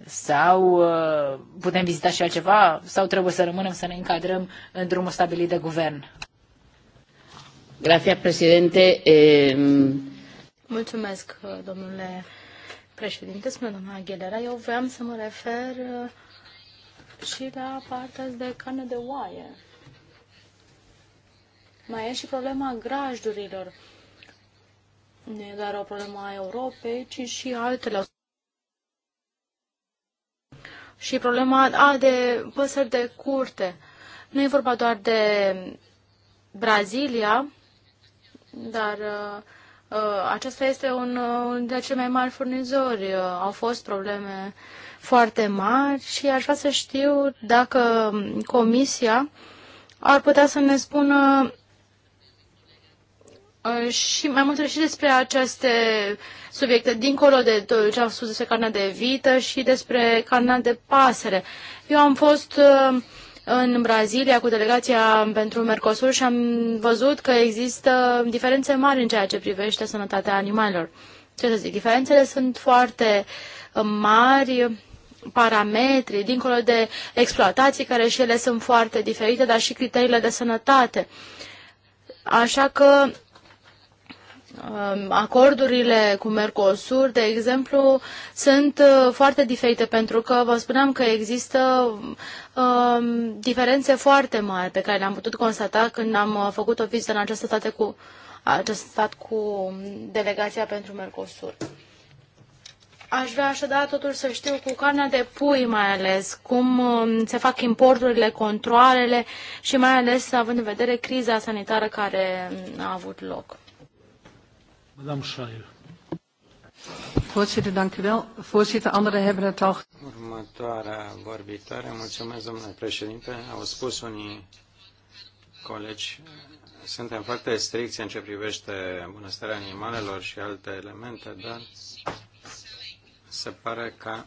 [SPEAKER 3] sau uh, putem vizita și altceva, sau trebuie să rămânem să ne încadrăm în drumul stabilit de guvern.
[SPEAKER 4] Gracias, presidente. Eh... Mulțumesc, domnule președinte. Spune doamna Aguilera, eu vreau să mă refer uh, și la partea de carne de oaie. Mai e și problema grajdurilor. Nu e doar o problemă a Europei, ci și altele. Și problema a, de păsări de curte. Nu e vorba doar de Brazilia, dar uh, uh, acesta este un, uh, unul dintre cei mai mari furnizori. Uh, au fost probleme foarte mari și aș vrea să știu dacă comisia ar putea să ne spună și mai multe și despre aceste subiecte, dincolo de ce am spus despre carnea de vită și despre carnea de pasăre. Eu am fost uh, în Brazilia cu delegația pentru Mercosur și am văzut că există diferențe mari în ceea ce privește sănătatea animalelor. Ce să zic, diferențele sunt foarte uh, mari, parametri, dincolo de exploatații care și ele sunt foarte diferite, dar și criteriile de sănătate. Așa că Um, acordurile cu Mercosur, de exemplu, sunt uh, foarte diferite pentru că vă spuneam că există um, diferențe foarte mari pe care le-am putut constata când am uh, făcut o vizită în această state cu acest stat cu um, delegația pentru Mercosur. Aș vrea așadar totul să știu cu carnea de pui mai ales, cum um, se fac importurile, controlele și mai ales având în vedere criza sanitară care a avut loc.
[SPEAKER 1] Voorzitter, dank u wel. Voorzitter, anderen hebben het al...
[SPEAKER 2] Următoarea vorbitoare, mulțumesc domnule președinte, au spus unii colegi, suntem foarte stricți în ce privește bunăstarea animalelor și alte elemente, dar se pare că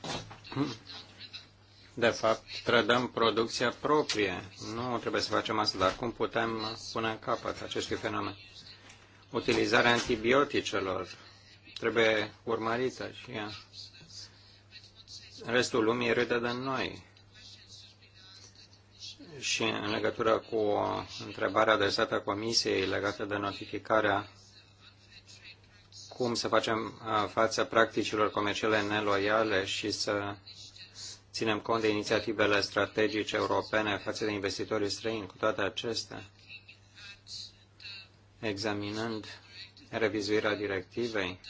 [SPEAKER 2] de fapt, trădăm producția proprie. Nu trebuie să facem asta, dar cum putem pune capăt acestui fenomen? utilizarea antibioticelor trebuie urmărită și ea. Restul lumii râde de noi. Și în legătură cu întrebarea adresată Comisiei legată de notificarea cum să facem față practicilor comerciale neloiale și să ținem cont de inițiativele strategice europene față de investitorii străini. Cu toate acestea, Examinând revizuirea directivei,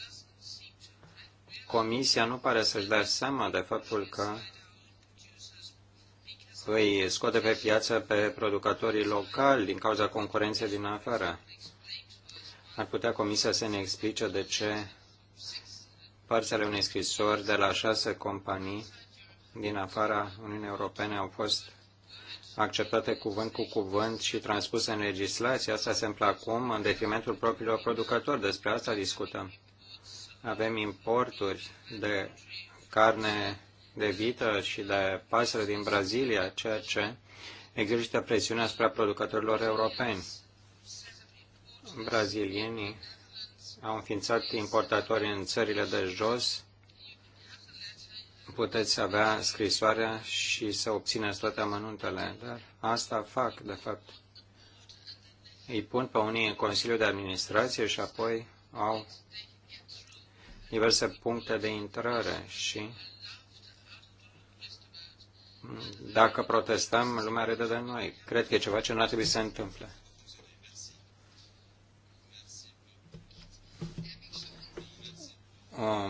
[SPEAKER 2] Comisia nu pare să-și dea seama de faptul că îi scoate pe piață pe producătorii locali din cauza concurenței din afară. Ar putea Comisia să ne explice de ce părțile unei scrisori de la șase companii din afara Uniunii Europene au fost acceptate cuvânt cu cuvânt și transpuse în legislație. Asta se întâmplă acum în detrimentul propriilor producători. Despre asta discutăm. Avem importuri de carne de vită și de pasăre din Brazilia, ceea ce există presiune asupra producătorilor europeni. Brazilienii au înființat importatori în țările de jos puteți avea scrisoarea și să obțineți toate amănuntele, dar asta fac, de fapt. Îi pun pe unii în Consiliul de Administrație și apoi au diverse puncte de intrare și dacă protestăm, lumea rede de noi. Cred că e ceva ce nu ar trebui să se întâmple.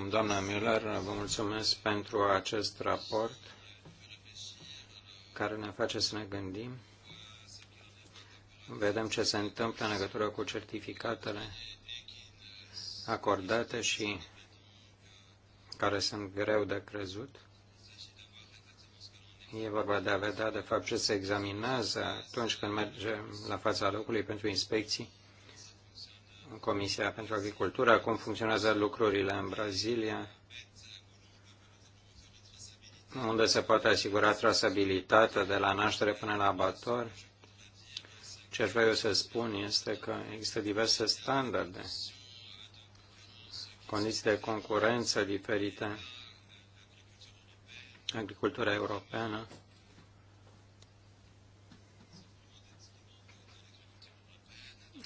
[SPEAKER 2] Doamna Müller, vă mulțumesc pentru acest raport care ne face să ne gândim. Vedem ce se întâmplă în legătură cu certificatele acordate și care sunt greu de crezut. E vorba de a vedea, de fapt, ce se examinează atunci când mergem la fața locului pentru inspecții Comisia pentru Agricultură, cum funcționează lucrurile în Brazilia, unde se poate asigura trasabilitatea de la naștere până la abator. Ce aș vrea eu să spun este că există diverse standarde, condiții de concurență diferite, agricultura europeană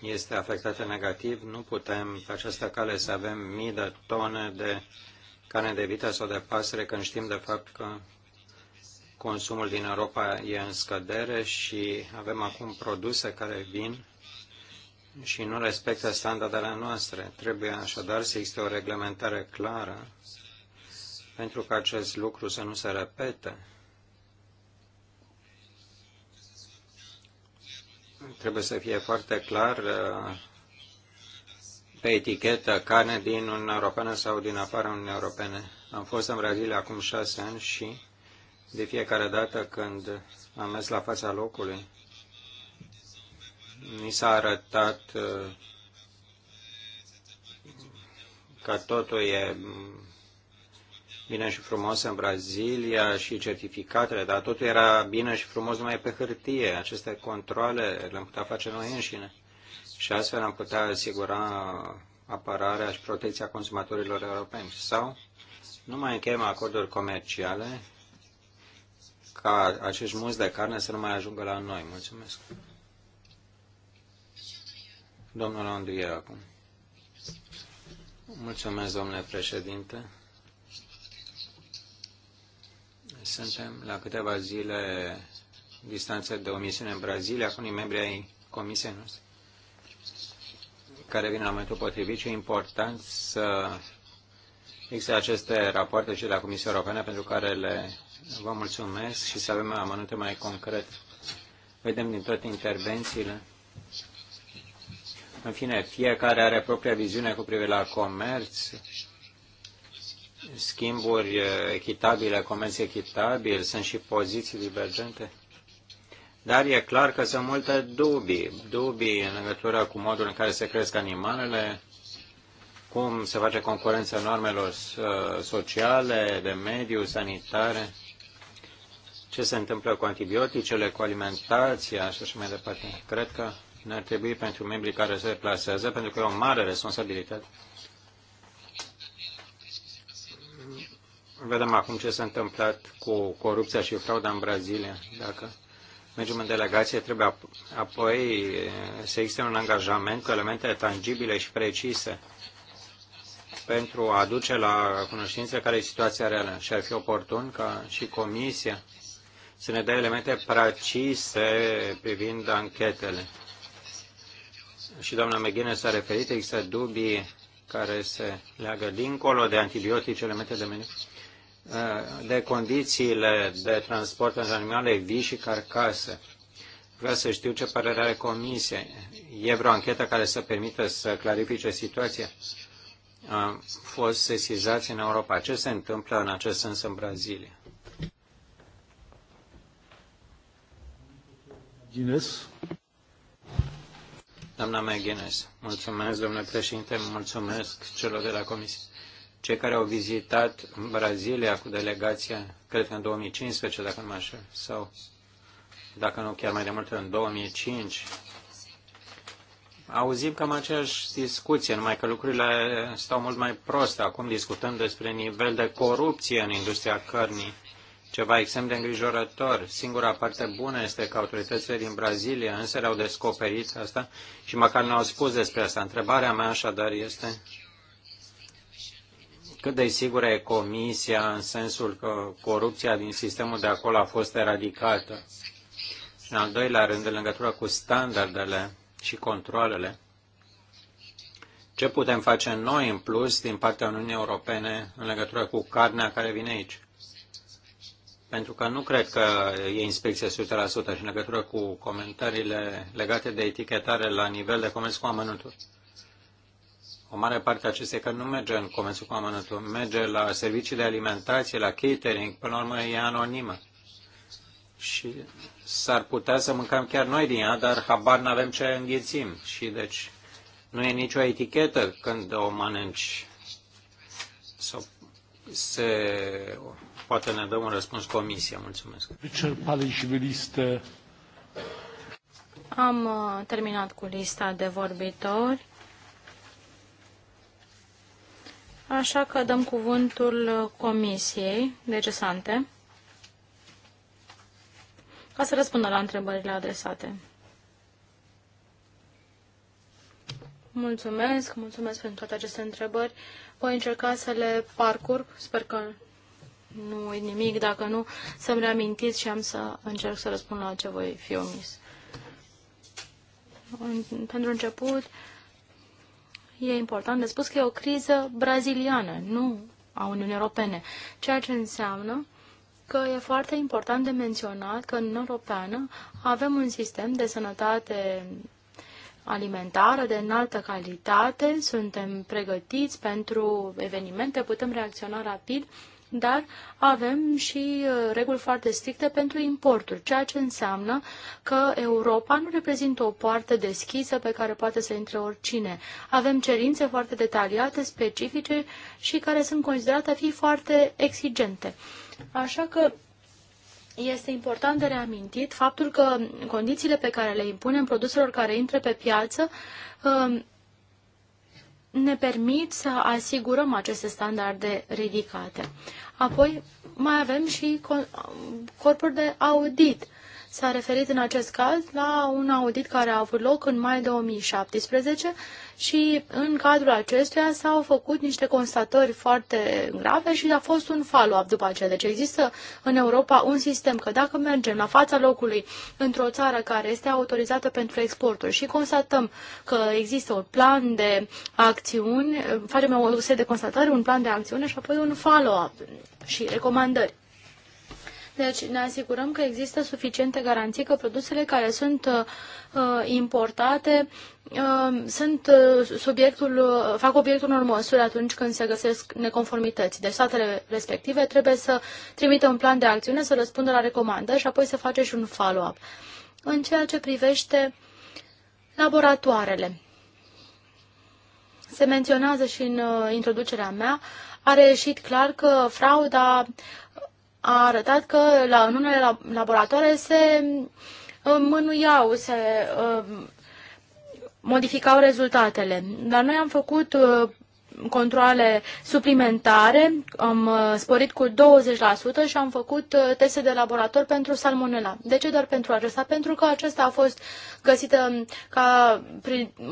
[SPEAKER 2] este afectată negativ, nu putem pe această cale să avem mii de tone de carne de vită sau de pasăre când știm de fapt că consumul din Europa e în scădere și avem acum produse care vin și nu respectă standardele noastre. Trebuie așadar să existe o reglementare clară pentru că acest lucru să nu se repete trebuie să fie foarte clar uh, pe etichetă carne din Uniunea Europeană sau din afara Uniunii Europene. Am fost în Brazilia acum șase ani și de fiecare dată când am mers la fața locului, mi s-a arătat uh, că totul e bine și frumos în Brazilia și certificatele, dar totul era bine și frumos numai pe hârtie. Aceste controle le-am putea face noi înșine și astfel am putea asigura apărarea și protecția consumatorilor europeni. Sau nu mai încheiem acorduri comerciale ca acești muzi de carne să nu mai ajungă la noi. Mulțumesc. Domnul Andrie acum. Mulțumesc, domnule președinte. Suntem la câteva zile distanță de o misiune în Brazilia cu unii membri ai comisiei noastre care vin la momentul potrivit și e important să există aceste rapoarte și de la Comisia Europeană pentru care le vă mulțumesc și să avem amănunte mai concret. Vedem din toate intervențiile. În fine, fiecare are propria viziune cu privire la comerț, schimburi eh, echitabile, comenzi echitabil, sunt și poziții divergente. Dar e clar că sunt multe dubii, dubii în legătură cu modul în care se cresc animalele, cum se face concurența normelor eh, sociale, de mediu, sanitare, ce se întâmplă cu antibioticele, cu alimentația și așa mai departe. Cred că ne-ar trebui pentru membrii care se plasează, pentru că e o mare responsabilitate Vedem acum ce s-a întâmplat cu corupția și frauda în Brazilia. Dacă mergem în delegație, trebuie apoi eh, să existe un angajament cu elemente tangibile și precise pentru a aduce la cunoștință care e situația reală. Și ar fi oportun ca și Comisia să ne dea elemente precise privind anchetele. Și doamna Meghine s-a referit, există dubii care se leagă dincolo de antibiotice, elemente de meniu. Uh, de condițiile de transport pentru animale vii și carcase. Vreau să știu ce părere are Comisia. E vreo anchetă care să permită să clarifice situația? Am fost sesizați în Europa. Ce se întâmplă în acest sens în Brazilia? Guinness. Doamna McGuinness, mulțumesc, domnule președinte, mulțumesc celor de la Comisie cei care au vizitat Brazilia cu delegația, cred că în 2015, dacă nu mă așa, sau dacă nu chiar mai de mult, în 2005, auzim cam aceeași discuție, numai că lucrurile stau mult mai proste. Acum discutăm despre nivel de corupție în industria cărnii, ceva extrem de îngrijorător. Singura parte bună este că autoritățile din Brazilia însă le-au descoperit asta și măcar nu au spus despre asta. Întrebarea mea așadar este cât de sigură e comisia în sensul că corupția din sistemul de acolo a fost eradicată? În al doilea rând, în legătură cu standardele și controlele, ce putem face noi în plus din partea Uniunii Europene în legătură cu carnea care vine aici? Pentru că nu cred că e inspecție 100% și în legătură cu comentariile legate de etichetare la nivel de comerț cu amănuntul o mare parte a acestei că nu merge în comerțul cu amănântul, merge la servicii de alimentație, la catering, până la urmă e anonimă. Și s-ar putea să mâncăm chiar noi din ea, dar habar nu avem ce înghițim. Și deci nu e nicio etichetă când o mănânci. Sau se... Poate ne dă un răspuns comisia. Mulțumesc.
[SPEAKER 4] Am uh, terminat cu lista de vorbitori. Așa că dăm cuvântul Comisiei de Gesante ca să răspundă la întrebările adresate. Mulțumesc, mulțumesc pentru toate aceste întrebări. Voi încerca să le parcurg, sper că nu uit nimic, dacă nu, să-mi reamintiți și am să încerc să răspund la ce voi fi omis. Pentru început, e important de spus că e o criză braziliană, nu a Uniunii Europene, ceea ce înseamnă că e foarte important de menționat că în Europeană avem un sistem de sănătate alimentară de înaltă calitate, suntem pregătiți pentru evenimente, putem reacționa rapid dar avem și uh, reguli foarte stricte pentru importuri, ceea ce înseamnă că Europa nu reprezintă o poartă deschisă pe care poate să intre oricine. Avem cerințe foarte detaliate, specifice și care sunt considerate a fi foarte exigente. Așa că este important de reamintit faptul că condițiile pe care le impunem produselor care intră pe piață um, ne permit să asigurăm aceste standarde ridicate. Apoi mai avem și corpuri de audit s-a referit în acest caz la un audit care a avut loc în mai 2017 și în cadrul acestuia s-au făcut niște constatări foarte grave și a fost un follow-up după aceea. Deci există în Europa un sistem că dacă mergem la fața locului într-o țară care este autorizată pentru exporturi și constatăm că există un plan de acțiuni, facem o set de constatări, un plan de acțiune și apoi un follow-up și recomandări. Deci ne asigurăm că există suficiente garanții că produsele care sunt uh, uh importate uh, sunt uh, subiectul, fac obiectul unor măsuri atunci când se găsesc neconformități. Deci statele respective trebuie să trimită un plan de acțiune, să răspundă la recomandări și apoi să face și un follow-up. În ceea ce privește laboratoarele, se menționează și în introducerea mea, a reieșit clar că frauda a arătat că la, în unele laboratoare se uh, mânuiau, se uh, modificau rezultatele. Dar noi am făcut uh, controle suplimentare, am sporit cu 20% și am făcut teste de laborator pentru salmonella. De ce doar pentru acesta? Pentru că acesta a fost găsită um, ca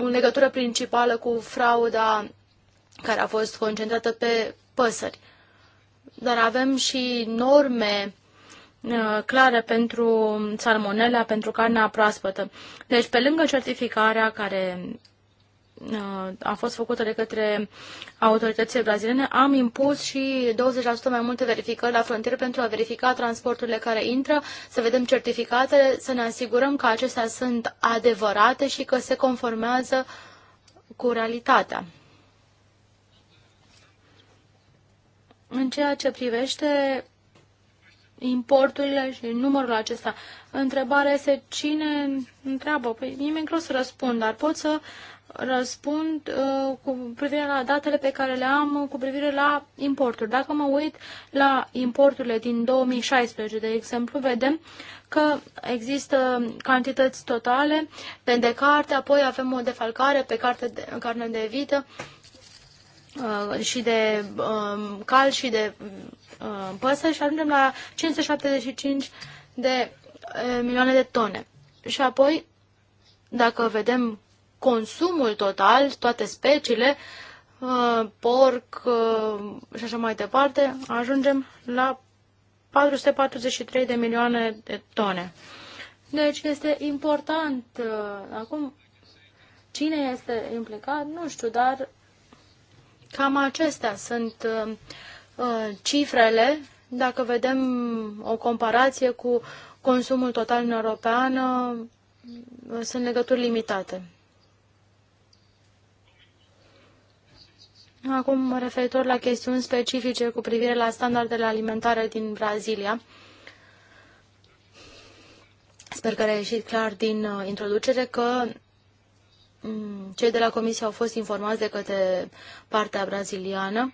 [SPEAKER 4] o legătură principală cu frauda care a fost concentrată pe păsări dar avem și norme uh, clare pentru salmonella, pentru carnea proaspătă. Deci, pe lângă certificarea care uh, a fost făcută de către autoritățile braziliene, am impus și 20% mai multe verificări la frontieră pentru a verifica transporturile care intră, să vedem certificatele, să ne asigurăm că acestea sunt adevărate și că se conformează cu realitatea. în ceea ce privește importurile și numărul acesta. Întrebarea este cine întreabă? Păi nimeni greu să răspund, dar pot să răspund uh, cu privire la datele pe care le am cu privire la importuri. Dacă mă uit la importurile din 2016, de exemplu, vedem că există cantități totale pe de carte, apoi avem o defalcare pe carte de, carne de vită Uh, și de um, cal și de uh, păsări și ajungem la 575 de uh, milioane de tone. Și apoi, dacă vedem consumul total, toate speciile, porc și așa mai departe, ajungem la 443 de milioane de tone. Deci este important acum cine este implicat, nu știu, dar Cam acestea sunt uh, uh, cifrele. Dacă vedem o comparație cu consumul total în europeană, uh, sunt legături limitate. Acum, referitor la chestiuni specifice cu privire la standardele alimentare din Brazilia, sper că a ieșit clar din uh, introducere că Mm, cei de la Comisie au fost informați de către partea braziliană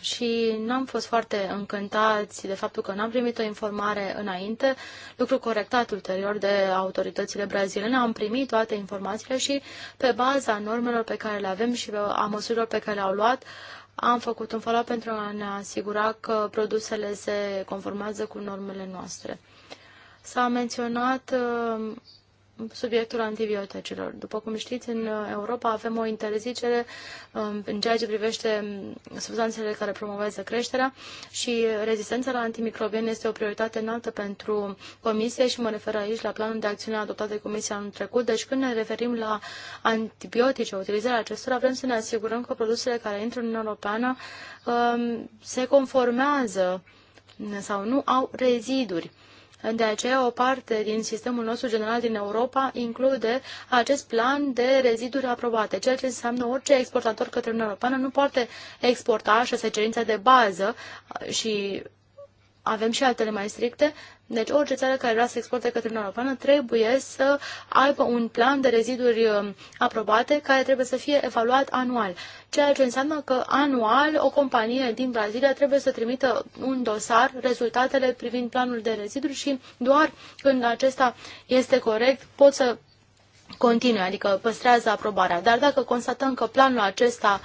[SPEAKER 4] și n-am fost foarte încântați de faptul că n-am primit o informare înainte, lucru corectat ulterior de autoritățile braziliene. Am primit toate informațiile și pe baza normelor pe care le avem și a măsurilor pe care le-au luat, am făcut un follow pentru a ne asigura că produsele se conformează cu normele noastre. S-a menționat uh, subiectul antibioticelor. După cum știți, în Europa avem o interzicere um, în ceea ce privește substanțele care promovează creșterea și rezistența la antimicrobieni este o prioritate înaltă pentru Comisie și mă refer aici la planul de acțiune adoptat de Comisia anul trecut. Deci când ne referim la antibiotice, utilizarea acestora, vrem să ne asigurăm că produsele care intră în Europeană um, se conformează sau nu au reziduri. De aceea, o parte din sistemul nostru general din Europa include acest plan de reziduri aprobate, ceea ce înseamnă orice exportator către Uniunea Europeană nu poate exporta, și asta cerința de bază și avem și altele mai stricte, deci orice țară care vrea să exporte către Uniunea Europeană trebuie să aibă un plan de reziduri um, aprobate care trebuie să fie evaluat anual. Ceea ce înseamnă că anual o companie din Brazilia trebuie să trimită un dosar, rezultatele privind planul de reziduri și doar când acesta este corect pot să continue, adică păstrează aprobarea. Dar dacă constatăm că planul acesta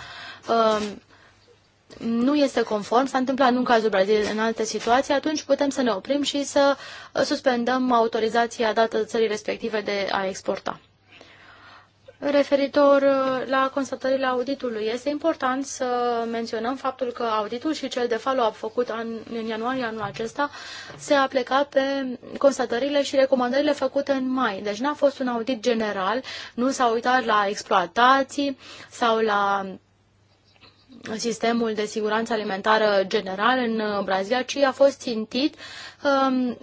[SPEAKER 4] um, nu este conform, s-a întâmplat nu în cazul Braziliei, în alte situații, atunci putem să ne oprim și să uh, suspendăm autorizația dată țării respective de a exporta. Referitor uh, la constatările auditului, este important să menționăm faptul că auditul și cel de follow-up făcut an, în ianuarie anul acesta se apleca pe constatările și recomandările făcute în mai. Deci n-a fost un audit general, nu s-a uitat la exploatații sau la sistemul de siguranță alimentară general în uh, Brazilia, ci a fost țintit um,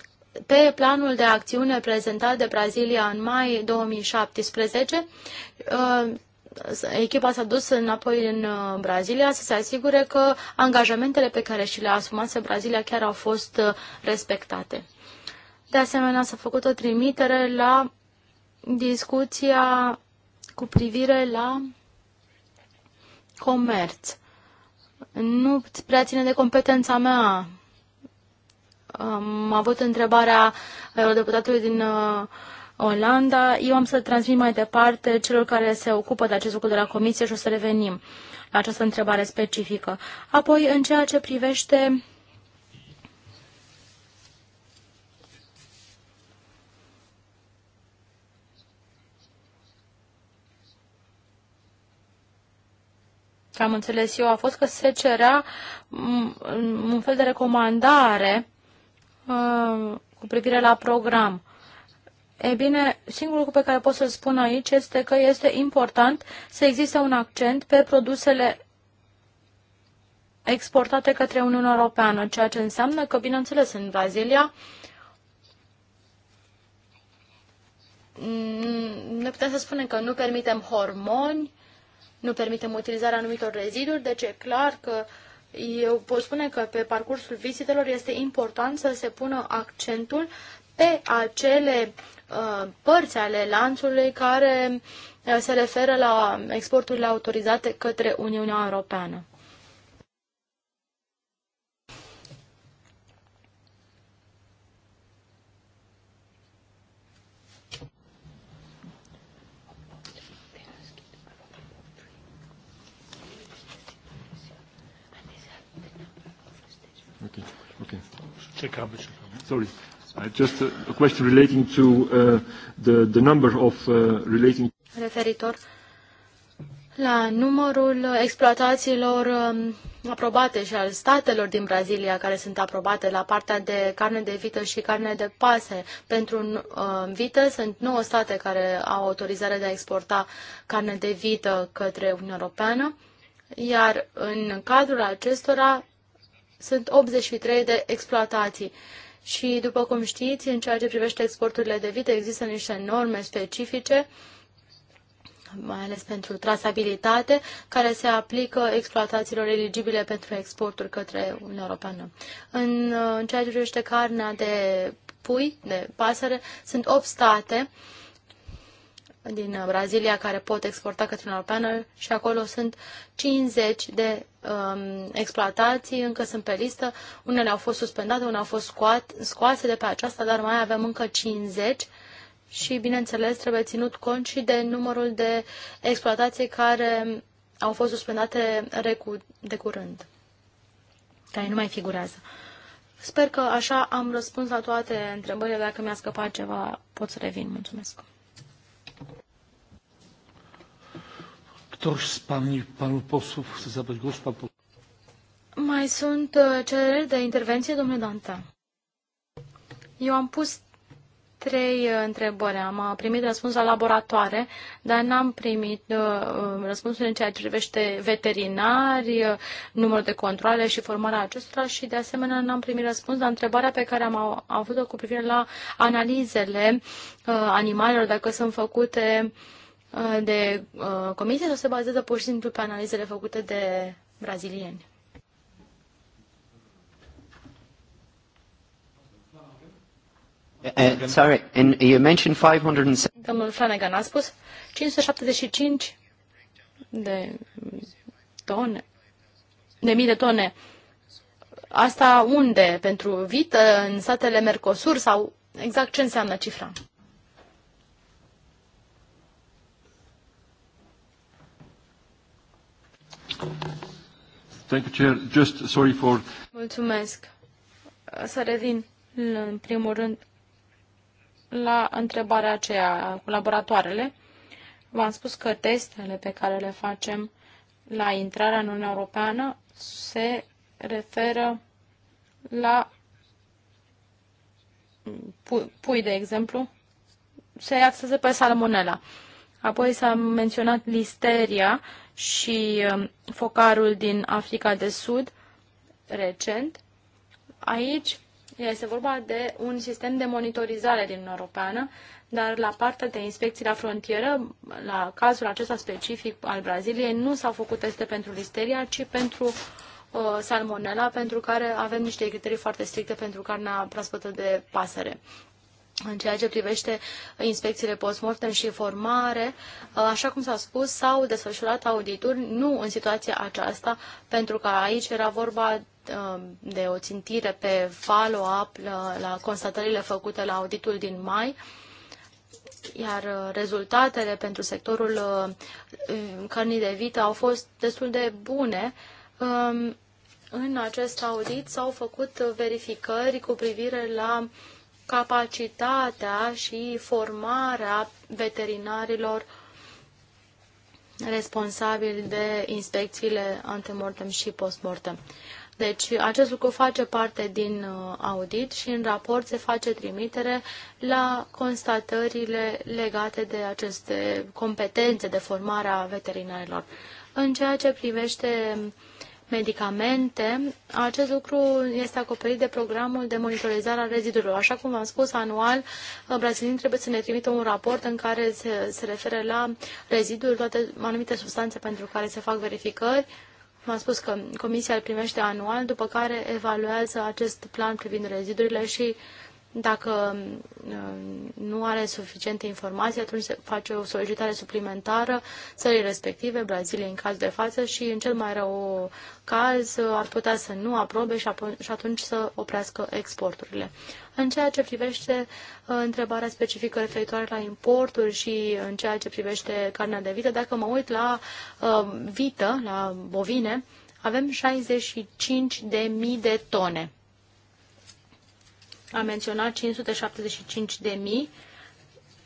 [SPEAKER 4] pe planul de acțiune prezentat de Brazilia în mai 2017, uh, echipa s-a dus înapoi în uh, Brazilia să se asigure că angajamentele pe care și le-a asumat Brazilia chiar au fost respectate. De asemenea, s-a făcut o trimitere la discuția cu privire la comerț nu prea ține de competența mea. Am avut întrebarea uh, deputatului din uh, Olanda. Eu am să transmit mai departe celor care se ocupă de acest lucru de la comisie și o să revenim la această întrebare specifică. Apoi, în ceea ce privește ce am înțeles eu, a fost că se cerea mm, un fel de recomandare uh, cu privire la program. E bine, singurul lucru pe care pot să-l spun aici este că este important să existe un accent pe produsele exportate către Uniunea Europeană, ceea ce înseamnă că, bineînțeles, în Brazilia mm, ne putem să spunem că nu permitem hormoni, nu permitem utilizarea anumitor reziduri, deci e clar că eu pot spune că pe parcursul vizitelor este important să se pună accentul pe acele uh, părți ale lanțului care uh, se referă la exporturile autorizate către Uniunea Europeană.
[SPEAKER 1] Sorry. Uh, just a, question relating to uh, the, the number of uh, relating
[SPEAKER 4] referitor la numărul exploatațiilor um, aprobate și al statelor din Brazilia care sunt aprobate la partea de carne de vită și carne de pase. Pentru vită sunt 9 state care au autorizare de a exporta carne de vită către Uniunea Europeană, iar în cadrul acestora sunt 83 de exploatații. Și, după cum știți, în ceea ce privește exporturile de vite, există niște norme specifice, mai ales pentru trasabilitate, care se aplică exploatațiilor eligibile pentru exporturi către Uniunea Europeană. În, în ceea ce privește carnea de pui, de pasăre, sunt 8 state uh, din uh, Brazilia care pot exporta către Uniunea Europeană și acolo sunt 50 de um, exploatații, încă sunt pe listă, unele au fost suspendate, unele au fost scoat, scoase de pe aceasta, dar mai avem încă 50 și, bineînțeles, trebuie ținut cont și de numărul de exploatații care au fost suspendate de curând, care nu mai figurează. Sper că așa am răspuns la toate întrebările. Dacă mi-a scăpat ceva, pot să revin. Mulțumesc.
[SPEAKER 1] Ktoś z pani, panów posłów chce zabrać głos? Pan...
[SPEAKER 4] Mai sunt uh, cereri de intervenție, domnule Danta. Eu am pus trei uh, întrebări. Am uh, primit răspuns la laboratoare, dar n-am primit răspunsul în ceea ce privește veterinari, numărul de controle și formarea acestora și, de asemenea, n-am primit răspuns la întrebarea pe care am avut-o cu privire la analizele animalelor, dacă sunt făcute uh, Uh, de uh, comisie sau se bazează pur și simplu pe analizele făcute de brazilieni?
[SPEAKER 2] Uh, sorry, and you mentioned
[SPEAKER 4] Domnul Flanagan a spus 575 de tone, de mii de tone. Asta unde? Pentru vită, în statele Mercosur sau exact ce înseamnă cifra?
[SPEAKER 1] Thank you, Chair. Just sorry for...
[SPEAKER 4] Mulțumesc. Să revin în primul rând la întrebarea aceea cu laboratoarele. V-am spus că testele pe care le facem la intrarea în Uniunea Europeană se referă la pui, de exemplu, se axează pe salmonella. Apoi s-a menționat listeria și um, focarul din Africa de Sud recent. Aici este vorba de un sistem de monitorizare din Europeană, dar la partea de inspecții la frontieră, la cazul acesta specific al Braziliei, nu s-au făcut teste pentru listeria, ci pentru uh, salmonella, pentru care avem niște criterii foarte stricte pentru carnea proaspătă de pasăre în ceea ce privește inspecțiile post-mortem și formare, așa cum s-a spus, s-au desfășurat audituri nu în situația aceasta, pentru că aici era vorba um, de o țintire pe follow-up la, la constatările făcute la auditul din mai, iar uh, rezultatele pentru sectorul uh, cărnii de vită au fost destul de bune. Um, în acest audit s-au făcut verificări cu privire la uh, capacitatea și formarea veterinarilor responsabili de inspecțiile antemortem și postmortem. Deci acest lucru face parte din uh, audit și în raport se face trimitere la constatările legate de aceste competențe de formare a veterinarilor. În ceea ce privește uh, medicamente, acest lucru este acoperit de programul de monitorizare a rezidurilor. Așa cum v-am spus, anual brazilienii trebuie să ne trimită un raport în care se, se referă la reziduri, toate anumite substanțe pentru care se fac verificări. V-am spus că comisia îl primește anual, după care evaluează acest plan privind rezidurile și uh, dacă um, nu are suficiente informații, atunci se face o solicitare suplimentară țării respective, Brazilia în caz de față și în cel mai rău caz uh, ar putea să nu aprobe și atunci să oprească exporturile. În ceea ce privește uh, întrebarea specifică referitoare la importuri și în ceea ce privește carnea de vită, dacă mă uit la uh, vită, la bovine, avem 65.000 de tone a menționat 575 de mii,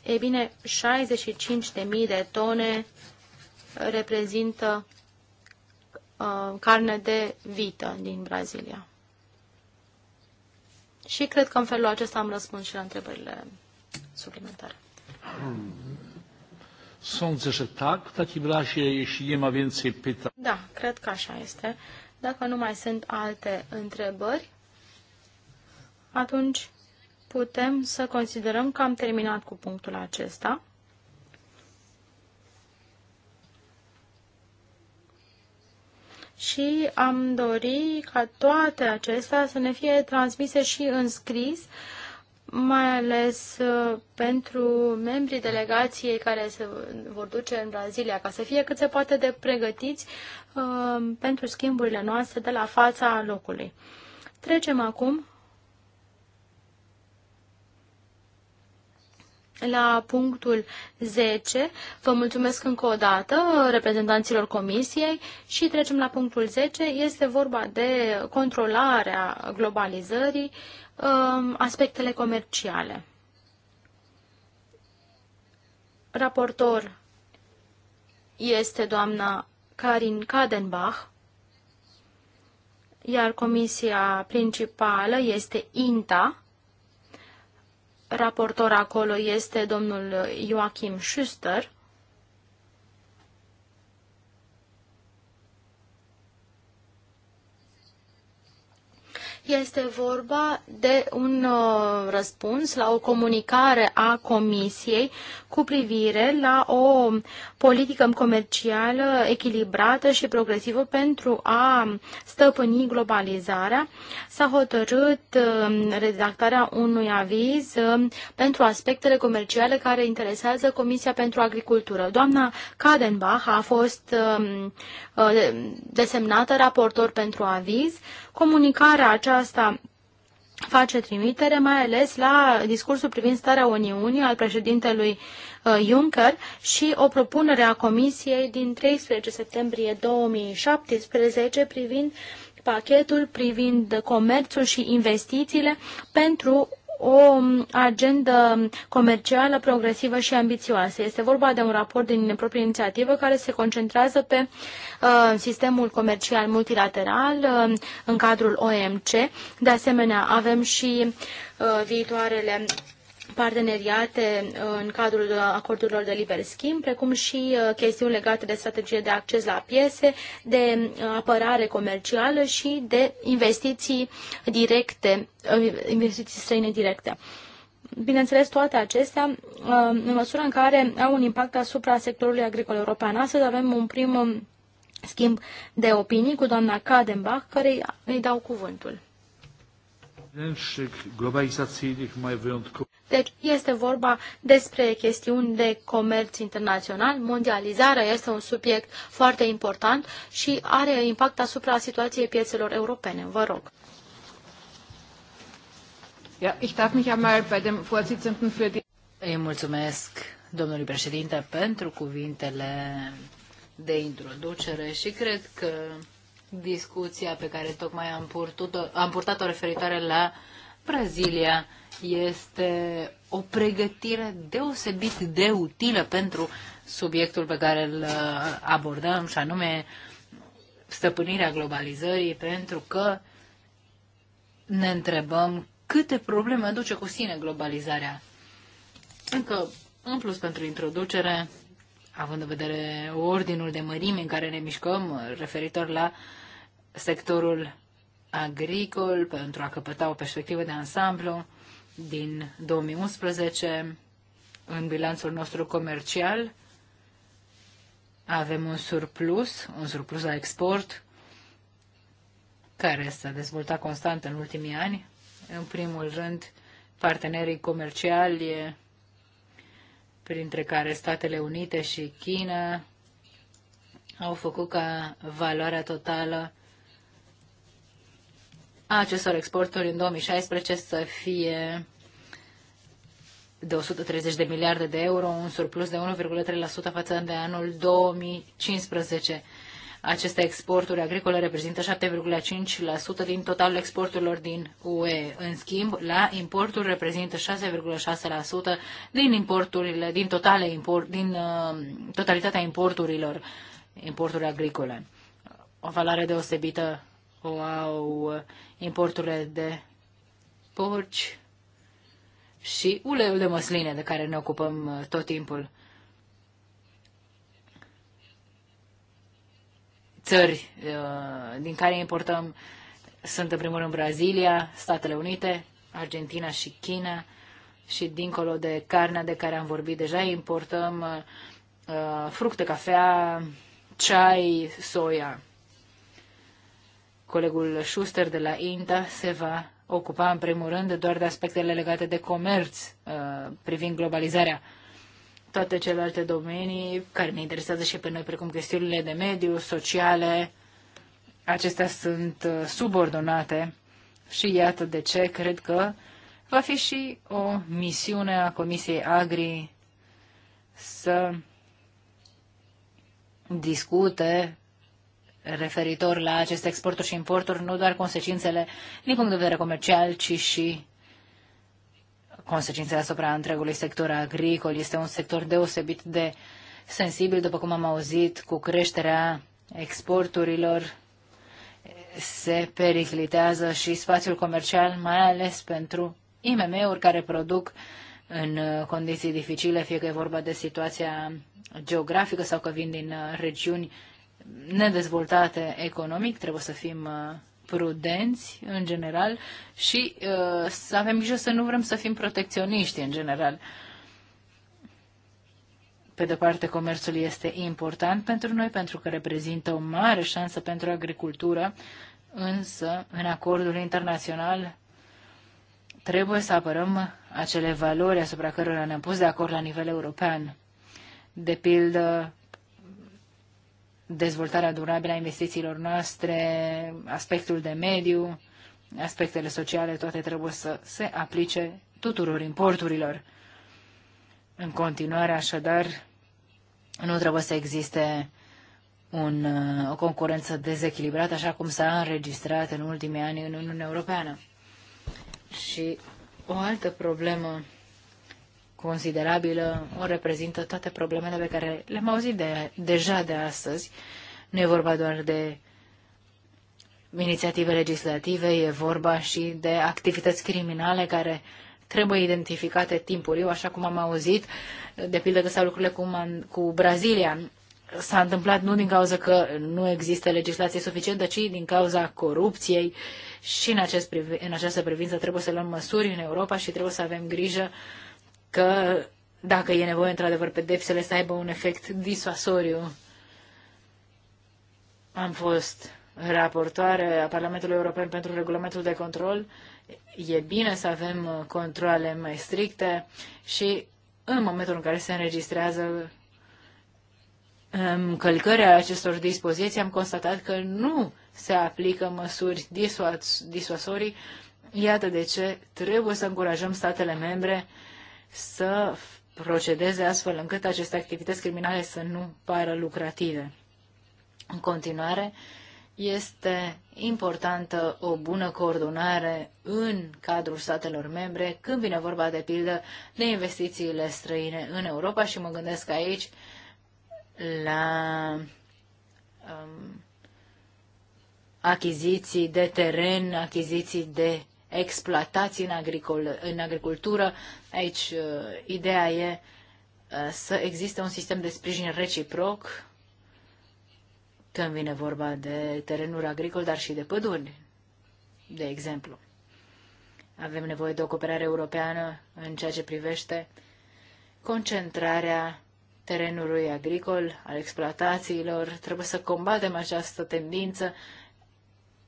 [SPEAKER 4] e bine, 65 de mii de tone reprezintă uh, carne de vită din Brazilia. Și cred că în felul acesta am răspuns și la întrebările suplimentare.
[SPEAKER 1] Sądzę, że tak. W takim razie, jeśli nie ma więcej pytań.
[SPEAKER 4] Da, cred că așa este. Dacă nu mai sunt alte întrebări, atunci putem să considerăm că am terminat cu punctul acesta. Și am dori ca toate acestea să ne fie transmise și în scris, mai ales uh, pentru membrii delegației care se vor duce în Brazilia, ca să fie cât se poate de pregătiți uh, pentru schimburile noastre de la fața locului. Trecem acum la punctul 10. Vă mulțumesc încă o dată reprezentanților comisiei și trecem la punctul 10. Este vorba de controlarea globalizării, um, aspectele comerciale. Raportor este doamna Karin Kadenbach, iar comisia principală este INTA, Raportor acolo este domnul Joachim Schuster. Este vorba de un uh, răspuns la o comunicare a Comisiei cu privire la o politică comercială echilibrată și progresivă pentru a stăpâni globalizarea. S-a hotărât uh, redactarea unui aviz uh, pentru aspectele comerciale care interesează Comisia pentru Agricultură. Doamna Kadenbach a fost um, desemnată raportor pentru aviz Comunicarea aceasta face trimitere mai ales la discursul privind starea Uniunii al președintelui uh, Juncker și o propunere a Comisiei din 13 septembrie 2017 privind pachetul privind comerțul și investițiile pentru o agendă comercială progresivă și ambițioasă. Este vorba de un raport din proprie inițiativă care se concentrează pe uh, sistemul comercial multilateral uh, în cadrul OMC. De asemenea, avem și uh, viitoarele parteneriate în cadrul acordurilor de liber schimb, precum și uh, chestiuni legate de strategie de acces la piese, de uh, apărare comercială și de investiții directe, uh, investiții străine directe. Bineînțeles, toate acestea, în măsura în care au un impact asupra sectorului agricol european. Astăzi avem un prim um, schimb de opinii cu doamna Kadenbach, care îi dau cuvântul. Deci este vorba despre chestiuni de comerț internațional. Mondializarea este un subiect foarte important și are impact asupra situației piețelor europene. Vă rog.
[SPEAKER 3] Ja, ich darf mich einmal bei dem Vorsitzenden für die îi mulțumesc domnului președinte pentru cuvintele de introducere și cred că discuția pe care tocmai am, purtut-o, am purtat-o referitoare la Brazilia este o pregătire deosebit de utilă pentru subiectul pe care îl uh, abordăm și anume stăpânirea globalizării pentru că ne întrebăm câte probleme aduce cu sine globalizarea. Încă, în plus pentru introducere, având în vedere ordinul de mărime în care ne mișcăm uh, referitor la sectorul agricol pentru a căpăta o perspectivă de ansamblu din 2011 în bilanțul nostru comercial. Avem un surplus, un surplus la export, care s-a dezvoltat constant în ultimii ani. În primul rând, partenerii comerciali, printre care Statele Unite și China, au făcut ca valoarea totală a acestor exporturi în 2016 să fie de 130 de miliarde de euro, un surplus de 1,3% față de anul 2015. Aceste exporturi agricole reprezintă 7,5% din totalul exporturilor din UE. În schimb, la importuri reprezintă 6,6% din importurile, din, totale import, din uh, totalitatea importurilor, importuri agricole. O valoare deosebită o au importurile de porci și uleiul de măsline de care ne ocupăm uh, tot timpul. Țări uh, din care importăm sunt în primul rând Brazilia, Statele Unite, Argentina și China și dincolo de carnea de care am vorbit deja, importăm uh, fructe, cafea, ceai, soia. Colegul Schuster de la INTA se va ocupa în primul rând doar de aspectele legate de comerț uh, privind globalizarea. Toate celelalte domenii care ne interesează și pe noi, precum chestiunile de mediu, sociale, acestea sunt uh, subordonate și iată de ce cred că va fi și o misiune a Comisiei Agri să discute referitor la aceste exporturi și importuri, nu doar consecințele din punct de vedere comercial, ci și consecințele asupra întregului sector agricol. Este un sector deosebit de sensibil, după cum am auzit, cu creșterea exporturilor se periclitează și spațiul comercial, mai ales pentru IMM-uri care produc în condiții dificile, fie că e vorba de situația geografică sau că vin din regiuni nedezvoltate economic, trebuie să fim uh, prudenți în general și uh, să avem grijă să nu vrem să fim protecționiști în general. Pe de parte, comerțul este important pentru noi pentru că reprezintă o mare șansă pentru agricultură, însă în acordul internațional trebuie să apărăm acele valori asupra cărora ne-am pus de acord la nivel european. De pildă, dezvoltarea durabilă a investițiilor noastre, aspectul de mediu, aspectele sociale, toate trebuie să se aplice tuturor importurilor. În continuare, așadar, nu trebuie să existe un, o concurență dezechilibrată, așa cum s-a înregistrat în ultimii ani în Uniunea Europeană. Și o altă problemă considerabilă o reprezintă toate problemele pe care le-am auzit de, deja de astăzi. Nu e vorba doar de inițiative legislative, e vorba și de activități criminale care trebuie identificate timpuriu, așa cum am auzit, de pildă că s-au lucrurile cu, cu Brazilia. S-a întâmplat nu din cauza că nu există legislație suficientă, ci din cauza corupției și în, acest, în această privință trebuie să luăm măsuri în Europa și trebuie să avem grijă uh, că dacă e nevoie într-adevăr pedepsele să aibă un efect disuasoriu. Am fost raportoare a Parlamentului European pentru regulamentul de control. E bine să avem controle mai stricte și în momentul în care se înregistrează încălcările acestor dispoziții, am constatat că nu se aplică măsuri disuasorii. Iată de ce trebuie să încurajăm statele membre să procedeze astfel încât aceste activități criminale să nu pară lucrative. În continuare, este importantă o bună coordonare în cadrul statelor membre când vine vorba, de pildă, de investițiile străine în Europa și mă gândesc aici la um, achiziții de teren, achiziții de exploatații în, agricol, în agricultură, Aici uh, ideea e uh, să existe un sistem de sprijin reciproc când vine vorba de terenuri agricole, dar și de păduri, de exemplu. Avem nevoie de o cooperare europeană în ceea ce privește concentrarea terenului agricol, al exploatațiilor. Trebuie să combatem această tendință.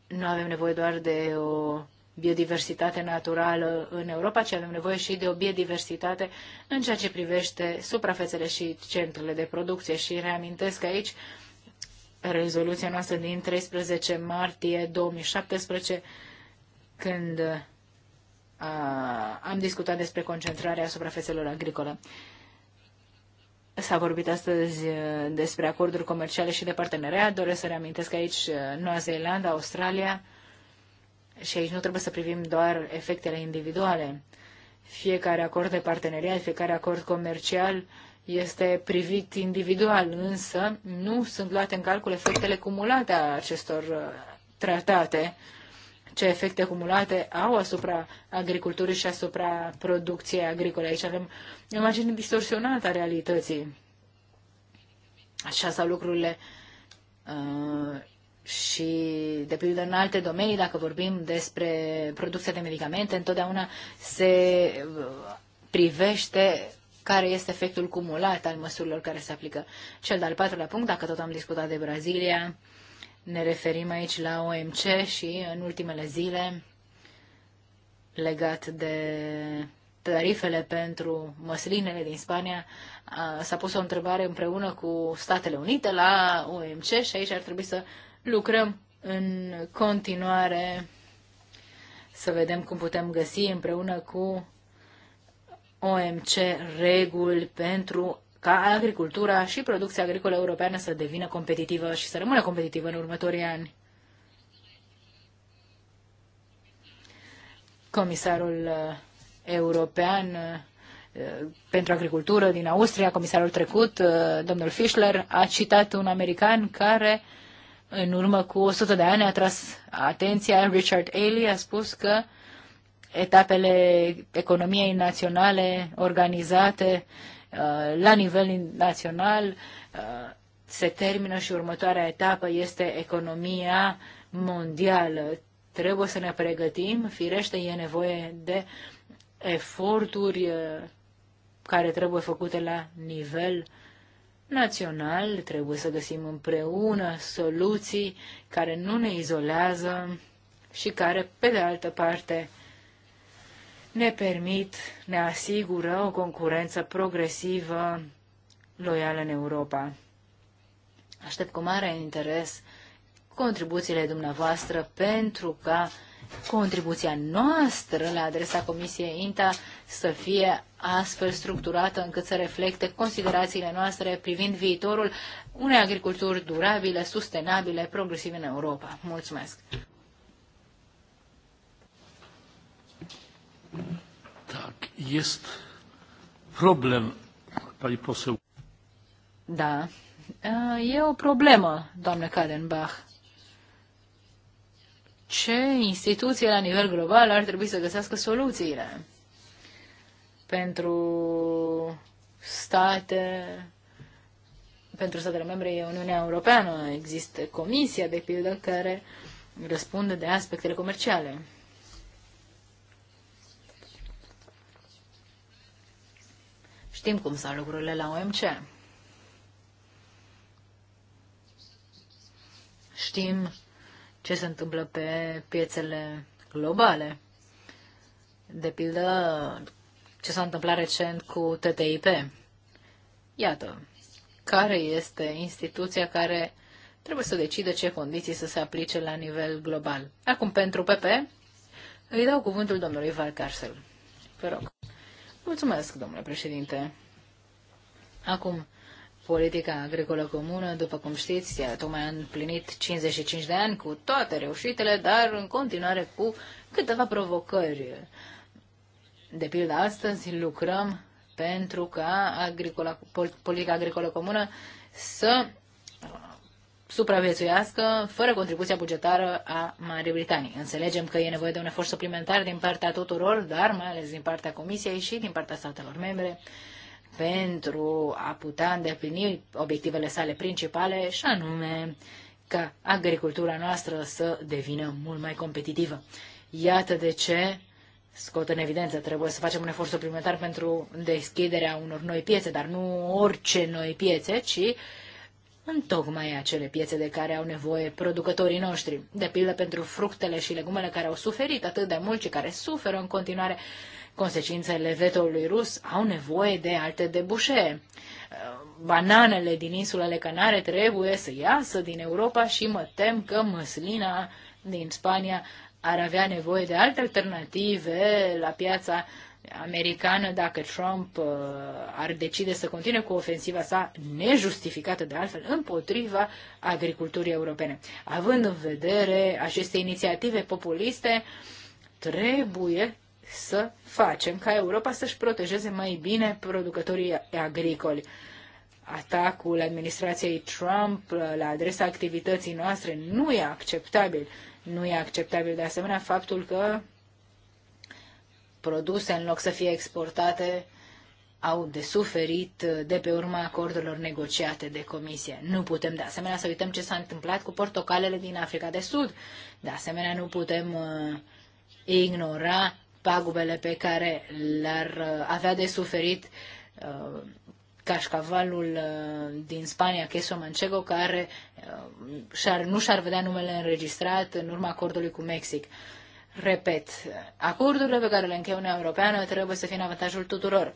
[SPEAKER 3] Nu avem nevoie doar de o biodiversitate naturală în Europa, ci avem nevoie și de o biodiversitate în ceea ce privește suprafețele și centrele de producție. Și reamintesc aici rezoluția noastră din 13 martie 2017, când a, uh, am discutat despre concentrarea suprafețelor agricole. S-a vorbit astăzi uh, despre acorduri comerciale și de parteneriat. Doresc să reamintesc aici uh, Noua Zeelandă, Australia, și aici nu trebuie să privim doar efectele individuale. Fiecare acord de parteneriat, fiecare acord comercial este privit individual, însă nu sunt luate în calcul efectele cumulate a acestor uh, tratate, ce efecte cumulate au asupra agriculturii și asupra producției agricole. Aici avem o imagine distorsionată a realității. Așa sau lucrurile uh, și, de pildă, în alte domenii, dacă vorbim despre producția de medicamente, întotdeauna se uh, privește care este efectul cumulat al măsurilor care se aplică. Cel de-al patrulea punct, dacă tot am discutat de Brazilia, ne referim aici la OMC și în ultimele zile legat de tarifele pentru măslinele din Spania, s-a pus o întrebare împreună cu Statele Unite la OMC și aici ar trebui să Lucrăm în continuare să vedem cum putem găsi împreună cu OMC reguli pentru ca agricultura și producția agricolă europeană să devină competitivă și să rămână competitivă în următorii ani. Comisarul uh, european uh, pentru agricultură din Austria, comisarul trecut, uh, domnul Fischler, a citat un american care uh, în urmă cu 100 de ani a tras atenția, Richard Ailey a spus că etapele economiei naționale organizate uh, la nivel național uh, se termină și următoarea etapă este economia mondială. Trebuie să ne pregătim, firește e nevoie de eforturi uh, care trebuie făcute la nivel național, trebuie să găsim împreună soluții care nu ne izolează și care, pe de altă parte, ne permit, ne asigură o concurență progresivă, loială în Europa. Aștept cu mare interes contribuțiile dumneavoastră pentru ca contribuția noastră la adresa Comisiei INTA să fie astfel structurată încât să reflecte considerațiile noastre privind viitorul unei agriculturi durabile, sustenabile, progresive în Europa. Mulțumesc!
[SPEAKER 1] Tak, jest problem, pani poseł.
[SPEAKER 3] Da, e o problemă, doamne Kadenbach. Ce instituție la nivel global ar trebui să găsească soluțiile? pentru state, pentru statele membre e Uniunea Europeană. Există comisia, de pildă, care răspunde de aspectele comerciale. Știm cum stau lucrurile la OMC. Știm ce se întâmplă pe piețele globale. De pildă, ce s-a întâmplat recent cu TTIP. Iată, care este instituția care trebuie să decide ce condiții să se aplice la nivel global. Acum, pentru PP, îi dau cuvântul domnului Valcarcel. Vă rog. Mulțumesc, domnule președinte. Acum, politica agricolă comună, după cum știți, a tocmai a împlinit 55 de ani cu toate reușitele, dar în continuare cu câteva provocări de pildă, astăzi lucrăm pentru ca agricola, politica agricolă comună să supraviețuiască fără contribuția bugetară a Marii Britanii. Înțelegem că e nevoie de un efort suplimentar din partea tuturor, dar mai ales din partea Comisiei și din partea statelor membre pentru a putea îndeplini obiectivele sale principale și anume ca agricultura noastră să devină mult mai competitivă. Iată de ce scot în evidență. Trebuie să facem un efort suplimentar pentru deschiderea unor noi piețe, dar nu orice noi piețe, ci în tocmai acele piețe de care au nevoie producătorii noștri. De pildă pentru fructele și legumele care au suferit atât de mult și care suferă în continuare consecințele vetoului rus, au nevoie de alte debușee. Bananele din insulele Canare trebuie să iasă din Europa și mă tem că măslina din Spania ar avea nevoie de alte alternative la piața americană dacă Trump uh, ar decide să continue cu ofensiva sa nejustificată de altfel împotriva agriculturii europene. Având în vedere aceste inițiative populiste, trebuie să facem ca Europa să-și protejeze mai bine producătorii agricoli. Atacul administrației Trump uh, la adresa activității noastre nu e acceptabil. Nu e acceptabil de asemenea faptul că produse, în loc să fie exportate, au de suferit de pe urma acordurilor negociate de comisie. Nu putem de asemenea să uităm ce s-a întâmplat cu portocalele din Africa de Sud. De asemenea, nu putem uh, ignora pagubele pe care le-ar uh, avea de suferit uh, cașcavalul uh, din Spania, Queso Manchego, care uh, nu și-ar vedea numele înregistrat în urma acordului cu Mexic. Repet, acordurile pe care le încheie Uniunea Europeană trebuie să fie în avantajul tuturor.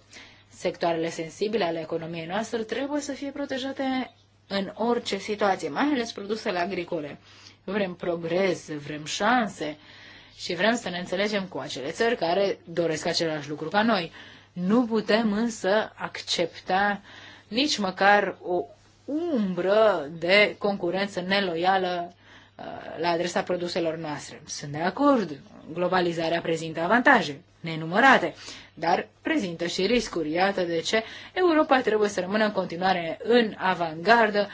[SPEAKER 3] Sectoarele sensibile ale economiei noastre trebuie să fie protejate în orice situație, mai ales produsele agricole. Vrem progres, vrem șanse și vrem să ne înțelegem cu acele țări care doresc același lucru ca noi. Nu putem însă accepta nici măcar o umbră de concurență neloială uh, la adresa produselor noastre. Sunt de acord, globalizarea prezintă avantaje nenumărate, dar prezintă și riscuri. Iată de ce Europa trebuie să rămână în continuare în avangardă,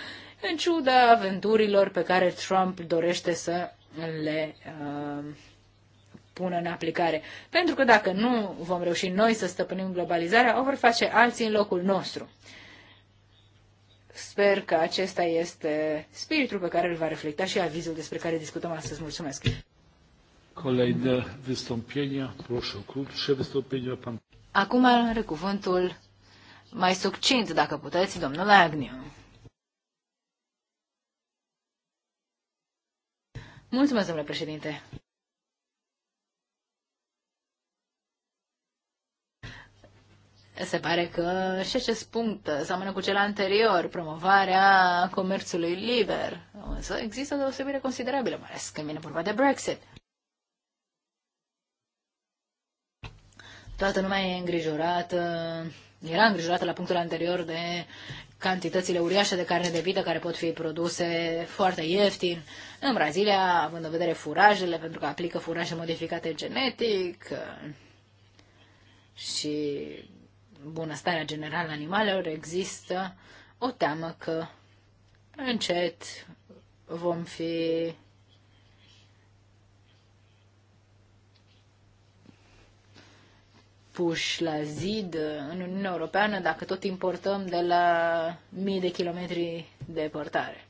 [SPEAKER 3] în ciuda aventurilor pe care Trump dorește să le uh, pună în aplicare. Pentru că dacă nu vom reuși noi să stăpânim globalizarea, o vor face alții în locul nostru. Sper că acesta este spiritul pe care îl va reflecta și avizul despre care discutăm astăzi. Mulțumesc!
[SPEAKER 1] Kolejne wystąpienia, proszę krótsze wystąpienia. Pan...
[SPEAKER 3] Acum are cuvântul mai succint, dacă puteți, domnul Agniu. Mulțumesc, domnule președinte. se pare că și acest punct seamănă cu cel anterior, promovarea comerțului liber. Însă există o deosebire considerabilă, mai ales când vine vorba de Brexit. Toată lumea e îngrijorată, era îngrijorată la punctul anterior de cantitățile uriașe de carne de vită care pot fi produse foarte ieftin în Brazilia, având în vedere furajele, pentru că aplică furaje modificate genetic uh, și bunăstarea generală a animalelor, există o teamă că încet vom fi puși la zid în Uniunea Europeană dacă tot importăm de la mii de kilometri de portare.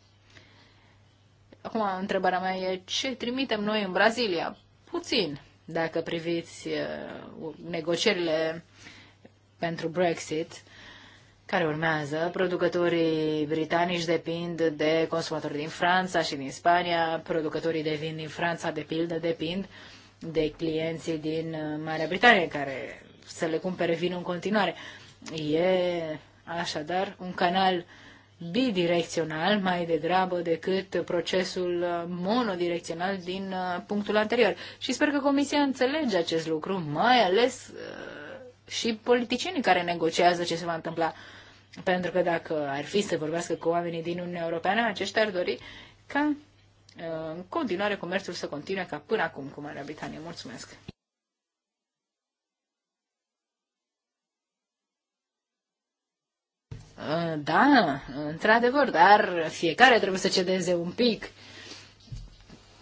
[SPEAKER 3] Acum, întrebarea mea e ce trimitem noi în Brazilia? Puțin, dacă priviți uh, negocierile pentru Brexit, care urmează. Producătorii britanici depind de consumatori din Franța și din Spania, producătorii de vin din Franța, de pildă, depind de clienții din uh, Marea Britanie, care să le cumpere vin în continuare. E așadar un canal bidirecțional mai degrabă decât procesul uh, monodirecțional din uh, punctul anterior. Și sper că Comisia înțelege acest lucru, mai ales și politicienii care negociază ce se va întâmpla. Pentru că dacă ar fi să vorbească cu oamenii din Uniunea Europeană, aceștia ar dori ca uh, în continuare comerțul să continue ca până acum cu Marea Britanie. Mulțumesc! Uh, da, într-adevăr, dar fiecare trebuie să cedeze un pic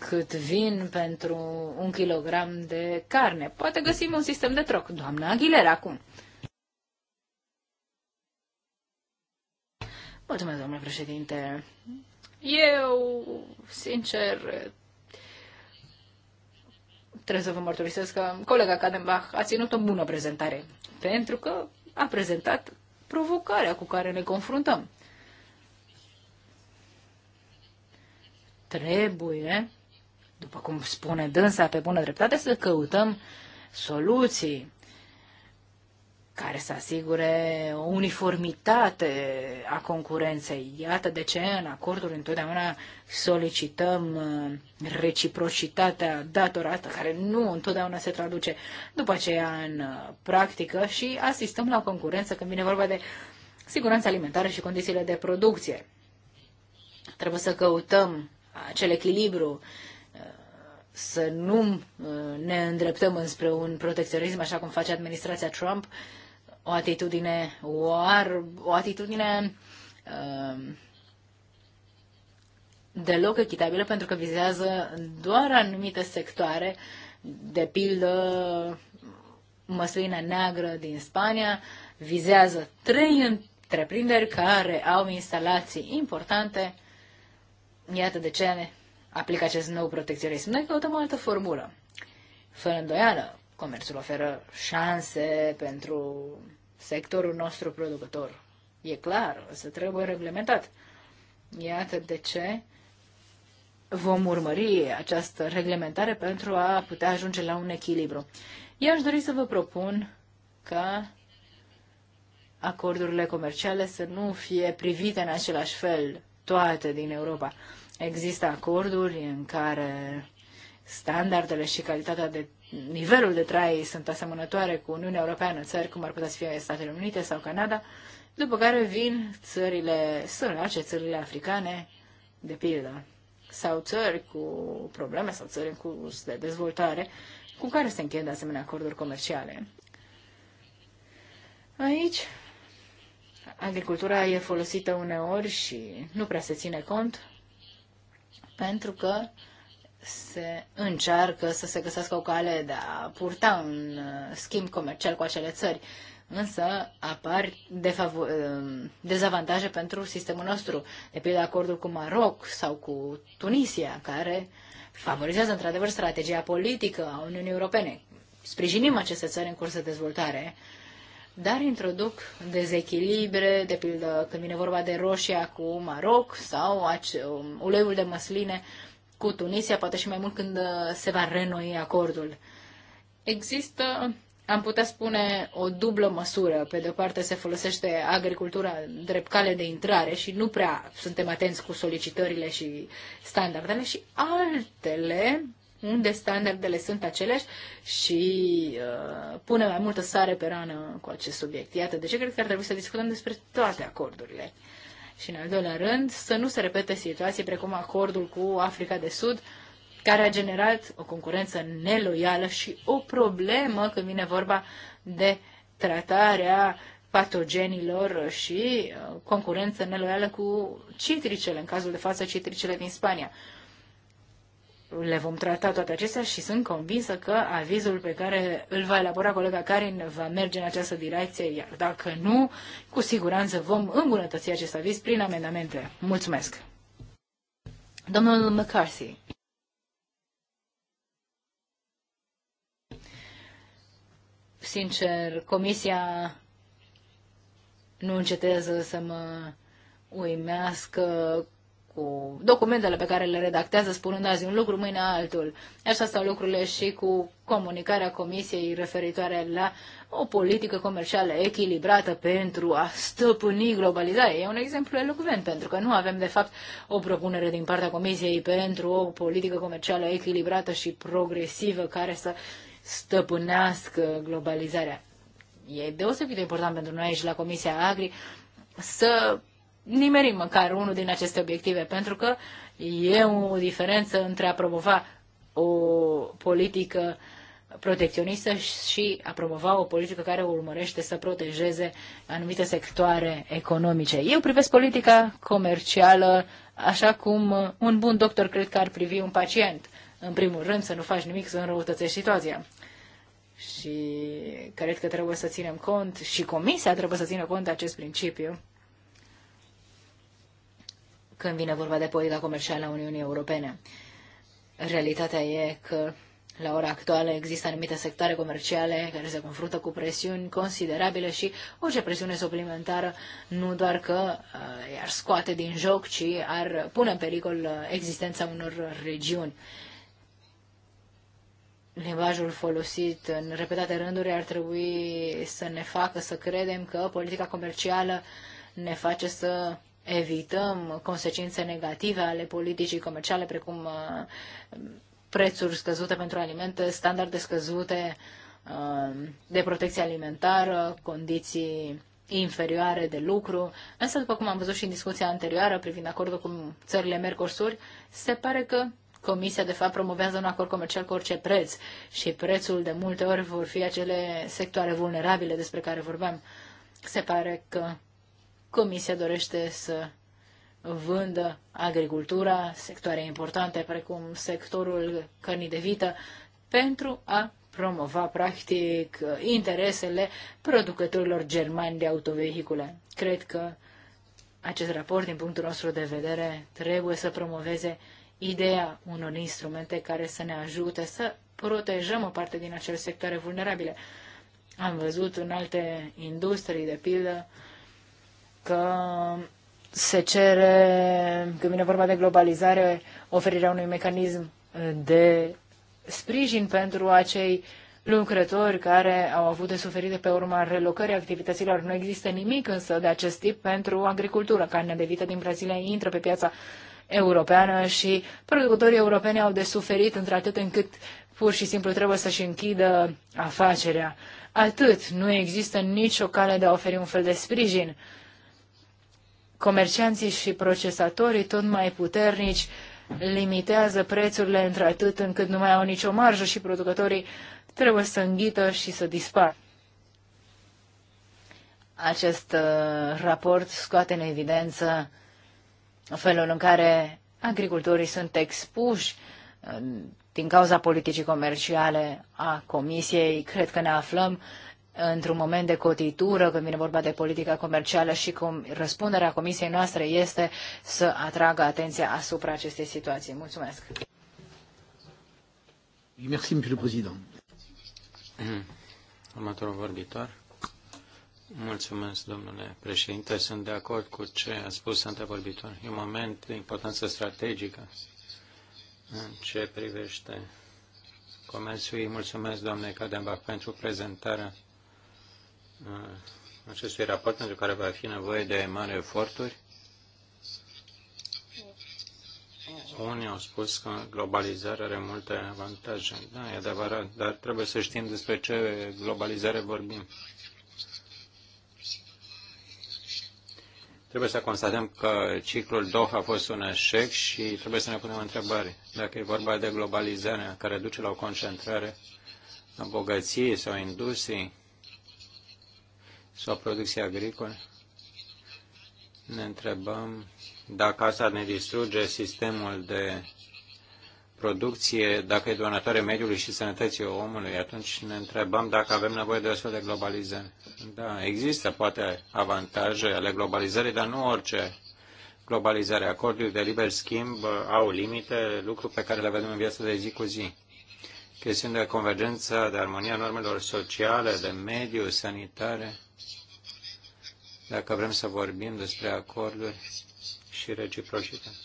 [SPEAKER 3] cât vin pentru un kilogram de carne. Poate găsim un sistem de troc. Doamna Aguilera, acum. Mulțumesc, domnule președinte. Eu, sincer, trebuie să vă mărturisesc că colega Cadenbach a ținut o bună prezentare, pentru că a prezentat provocarea cu care ne confruntăm. Trebuie după cum spune dânsa pe bună dreptate, să căutăm soluții care să asigure o uniformitate a concurenței. Iată de ce în acorduri întotdeauna solicităm uh, reciprocitatea datorată, care nu întotdeauna se traduce după aceea în uh, practică și asistăm la concurență când vine vorba de siguranța alimentară și condițiile de producție. Trebuie să căutăm acel echilibru uh, să nu uh, ne îndreptăm înspre un protecționism așa cum face administrația Trump, o atitudine oar, o atitudine uh, deloc echitabilă pentru că vizează doar anumite sectoare, de pildă măslina neagră din Spania, vizează trei întreprinderi care au instalații importante. Iată de ce aplică acest nou protecționism. Noi căutăm o altă formulă. Fără îndoială, comerțul oferă șanse pentru sectorul nostru producător. E clar, o să trebuie reglementat. Iată de ce vom urmări această reglementare pentru a putea ajunge la un echilibru. Eu aș dori să vă propun ca acordurile comerciale să nu fie privite în același fel toate din Europa. Există acorduri în care standardele și calitatea de nivelul de trai sunt asemănătoare cu Uniunea Europeană, țări cum ar putea să fie Statele Unite sau Canada, după care vin țările sărace, țările africane, de pildă, sau țări cu probleme sau țări în curs de dezvoltare, cu care se încheie de asemenea acorduri comerciale. Aici, agricultura e folosită uneori și nu prea se ține cont pentru că se încearcă să se găsească o cale de a purta un uh, schimb comercial cu acele țări. Însă apar um, dezavantaje pentru sistemul nostru, de pildă acordul cu Maroc sau cu Tunisia, care favorizează într-adevăr strategia politică a Uniunii Europene. Sprijinim aceste țări în curs de dezvoltare, dar introduc dezechilibre, de pildă când vine vorba de roșia cu Maroc sau um, uleiul de măsline cu Tunisia, poate și mai mult când uh, se va renoi acordul. Există, am putea spune, o dublă măsură. Pe de o parte se folosește agricultura drept cale de intrare și nu prea suntem atenți cu solicitările și standardele și altele unde standardele sunt aceleași și uh, pune mai multă sare pe rană cu acest subiect. Iată de ce cred că ar trebui să discutăm despre toate acordurile. Și în al doilea rând, să nu se repete situații precum acordul cu Africa de Sud, care a generat o concurență neloială și o problemă când vine vorba de tratarea patogenilor și uh, concurență neloială cu citricele, în cazul de față citricele din Spania le vom trata toate acestea și sunt convinsă că avizul pe care îl va elabora colega Karin va merge în această direcție, iar dacă nu, cu siguranță vom îmbunătăți acest aviz prin amendamente. Mulțumesc! Domnul McCarthy. Sincer, comisia nu încetează să mă uimească cu documentele pe care le redactează, spunând azi un lucru, mâine altul. Așa stau lucrurile și cu comunicarea Comisiei referitoare la o politică comercială echilibrată pentru a stăpâni globalizarea. E un exemplu elocvent, pentru că nu avem, de fapt, o propunere din partea Comisiei pentru o politică comercială echilibrată și progresivă care să stăpânească globalizarea. E deosebit de important pentru noi aici la Comisia Agri să nimerim măcar unul din aceste obiective, pentru că e o diferență între a promova o politică protecționistă și a promova o politică care urmărește să protejeze anumite sectoare economice. Eu privesc politica comercială așa cum un bun doctor cred că ar privi un pacient. În primul rând să nu faci nimic să înrăutățești situația. Și cred că trebuie să ținem cont și comisia trebuie să țină cont de acest principiu când vine vorba de politica comercială a Uniunii Europene. Realitatea e că la ora actuală există anumite sectoare comerciale care se confruntă cu presiuni considerabile și orice presiune suplimentară nu doar că uh, i-ar scoate din joc, ci ar pune în pericol uh, existența unor regiuni. Limbajul folosit în repetate rânduri ar trebui să ne facă să credem că politica comercială ne face să evităm consecințe negative ale politicii comerciale, precum uh, prețuri scăzute pentru alimente, standarde scăzute uh, de protecție alimentară, condiții inferioare de lucru. Însă, după cum am văzut și în discuția anterioară privind acordul cu țările Mercosur, se pare că Comisia, de fapt, promovează un acord comercial cu orice preț și prețul de multe ori vor fi acele sectoare vulnerabile despre care vorbeam. Se pare că Comisia dorește să vândă agricultura, sectoare importante precum sectorul cărnii de vită, pentru a promova practic interesele producătorilor germani de autovehicule. Cred că acest raport, din punctul nostru de vedere, trebuie să promoveze ideea unor instrumente care să ne ajute să protejăm o parte din acele sectoare vulnerabile. Am văzut în alte industrii, de pildă, că se cere, când vine vorba de globalizare, oferirea unui mecanism de sprijin pentru acei lucrători care au avut de suferit pe urma relocării activităților. Nu există nimic însă de acest tip pentru agricultură. Carnea de vită din Brazilia intră pe piața europeană și producătorii europeni au de suferit într-atât încât pur și simplu trebuie să-și închidă afacerea. Atât, nu există nicio cale de a oferi un fel de sprijin comercianții și procesatorii tot mai puternici limitează prețurile într-atât încât nu mai au nicio marjă și producătorii trebuie să înghită și să dispară. Acest uh, raport scoate în evidență felul în care agricultorii sunt expuși uh, din cauza politicii comerciale a Comisiei. Cred că ne aflăm într-un moment de cotitură, când vine vorba de politica comercială și cum răspunderea comisiei noastre este să atragă atenția asupra acestei situații. Mulțumesc!
[SPEAKER 1] Merci, Monsieur le Président.
[SPEAKER 2] Mm-hmm. Următorul vorbitor. Mulțumesc, domnule președinte. Sunt de acord cu ce a spus antevorbitor. E un moment de importanță strategică în ce privește comerțul. Îi mulțumesc, doamne Cadenbach, pentru prezentarea Uh, acestui raport, pentru care va fi nevoie de mari eforturi. Unii au spus că globalizarea are multe avantaje. Da, e adevărat, dar trebuie să știm despre ce globalizare vorbim. Trebuie să constatăm că ciclul Doha a fost un eșec și trebuie să ne punem întrebări dacă e vorba de globalizare care duce la o concentrare a bogăției sau industriei sau producție agricole, ne întrebăm dacă asta ne distruge sistemul de producție, dacă e donatoare mediului și sănătății omului, atunci ne întrebăm dacă avem nevoie de o astfel de globalizare. Da, există poate avantaje ale globalizării, dar nu orice globalizare. Acordurile de liber schimb uh, au limite, lucru pe care le vedem în viața de zi cu zi chestiuni de convergență, de armonia normelor sociale, de mediu, sanitare. Dacă vrem să vorbim despre acorduri și reciprocitate.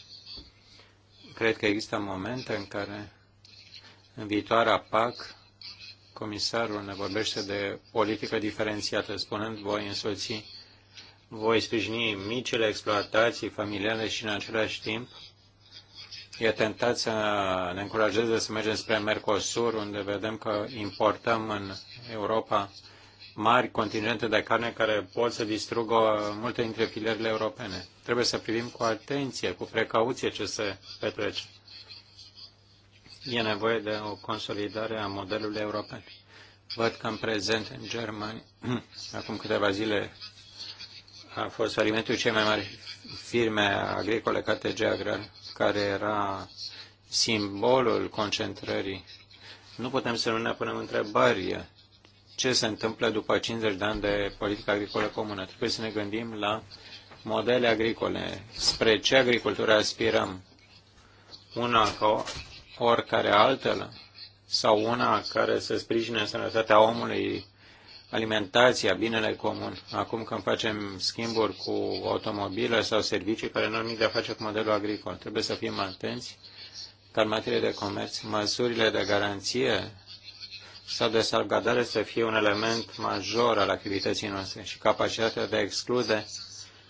[SPEAKER 2] Cred că există momente în care în viitoarea PAC comisarul ne vorbește de politică diferențiată, spunând voi însoți, voi sprijini micile exploatații familiale și în același timp e tentat să ne încurajeze să mergem spre Mercosur, unde vedem că importăm în Europa mari contingente de carne care pot să distrugă multe dintre filierele europene. Trebuie să privim cu atenție, cu precauție ce se petrece. E nevoie de o consolidare a modelului european. Văd că în prezent în Germania, acum câteva zile, a fost alimentul cei mai mari firme agricole, KTG Agrar, care era simbolul concentrării. Nu putem să nu ne punem întrebări ce se întâmplă după 50 de ani de politică agricolă comună. Trebuie să ne gândim la modele agricole. Spre ce agricultură aspirăm? Una ca oricare altă sau una care să sprijine sănătatea omului alimentația, binele comun. Acum când facem schimburi cu automobile sau servicii care nu au nimic de a face cu modelul agricol, trebuie să fim atenți ca în materie de comerț, măsurile de garanție sau de salvgardare să fie un element major al activității noastre și capacitatea de a exclude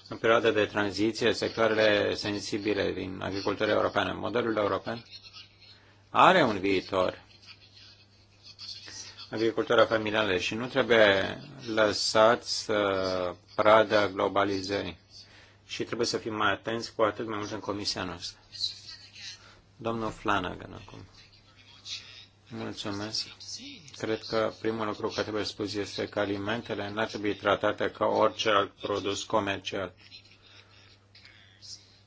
[SPEAKER 2] în perioada de tranziție sectoarele sensibile din agricultura europeană. Modelul european are un viitor agricultura familială și nu trebuie lăsați să uh, prada globalizării. Și trebuie să fim mai atenți cu atât mai mult în comisia noastră. Domnul Flanagan acum. Mulțumesc. Cred că primul lucru care trebuie spus este că alimentele nu ar trebui tratate ca orice alt produs comercial.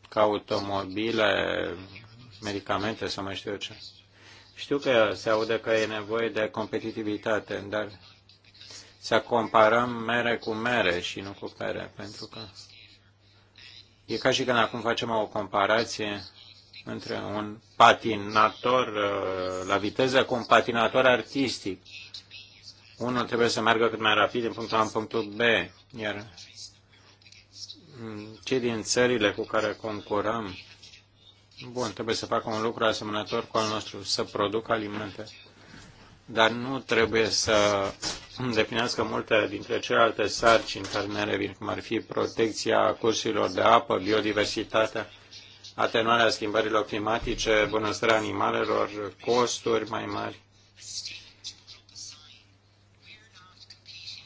[SPEAKER 2] Ca automobile, medicamente sau mai știu eu ce. Știu că se aude că e nevoie de competitivitate, dar să comparăm mere cu mere și nu cu pere, pentru că e ca și când acum facem o comparație între un patinator uh, la viteză cu un patinator artistic. Unul trebuie să meargă cât mai rapid din punctul A în punctul B, iar mm, cei din țările cu care concurăm Bun, trebuie să facă un lucru asemănător cu al nostru, să producă alimente. Dar nu trebuie să îndeplinească multe dintre celelalte sarcini care ne revin, cum ar fi protecția cursurilor de apă, biodiversitatea, atenuarea schimbărilor climatice, bunăstarea animalelor, costuri mai mari,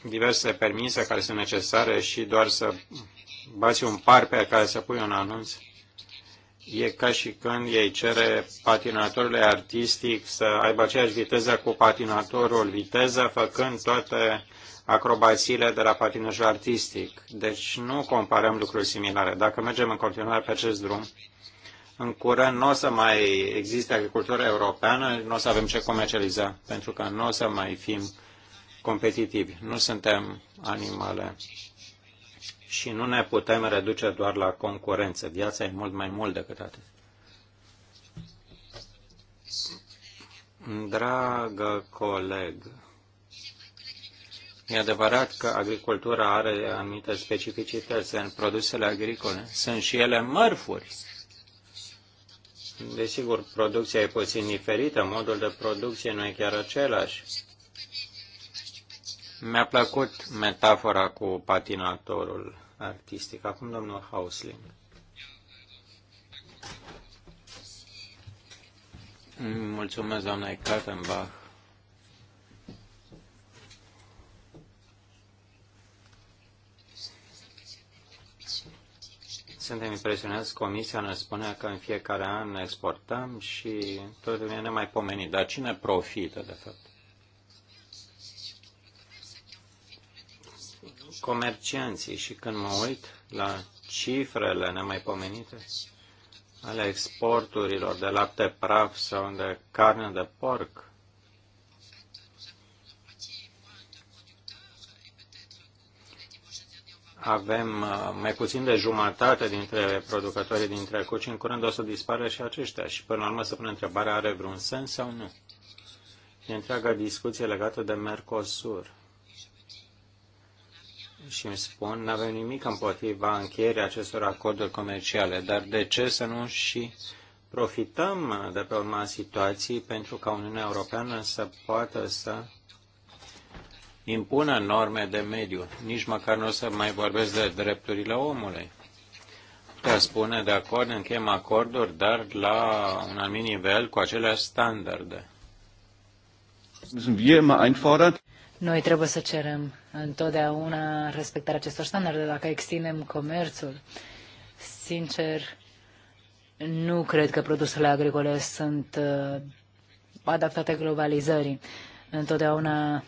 [SPEAKER 2] diverse permise care sunt necesare și doar să bați un par pe care să pui un anunț E ca și când ei cere patinatorului artistic să aibă aceeași viteză cu patinatorul viteză, făcând toate acrobațiile de la patinajul artistic. Deci nu comparăm lucruri similare. Dacă mergem în continuare pe acest drum, în curând nu o să mai existe agricultură europeană, nu o să avem ce comercializa, pentru că nu o să mai fim competitivi. Nu suntem animale și nu ne putem reduce doar la concurență. Viața e mult mai mult decât atât. Dragă coleg, e adevărat că agricultura are anumite specificități în produsele agricole. Sunt și ele mărfuri. Desigur, producția e puțin diferită, modul de producție nu e chiar același. Mi-a plăcut metafora cu patinatorul artistic. Acum domnul Hausling. Mulțumesc, doamna Ekatenbach. Suntem impresionați. Comisia ne spunea că în fiecare an ne exportăm și totul e nemaipomenit. Dar cine profită, de fapt? comercianții și când mă uit la cifrele nemaipomenite ale exporturilor de lapte praf sau de carne de porc, avem uh, mai puțin de jumătate dintre producătorii din trecut și în curând o să dispară și aceștia. Și până la urmă să pune întrebarea, are vreun sens sau nu? E întreaga discuție legată de Mercosur și îmi spun, nu avem nimic împotriva încheierii acestor acorduri comerciale, dar de ce să nu și profităm de pe urma situației pentru ca Uniunea Europeană să poată să impună norme de mediu. Nici măcar nu o să mai vorbesc de drepturile omului. Că spune, de acord, încheiem acorduri, dar la un anumit nivel cu aceleași standarde.
[SPEAKER 1] Müssen wir immer einfordern?
[SPEAKER 3] Noi trebuie să cerem întotdeauna respectarea acestor standarde dacă extindem comerțul. Sincer, nu cred că produsele agricole sunt uh, adaptate globalizării. Întotdeauna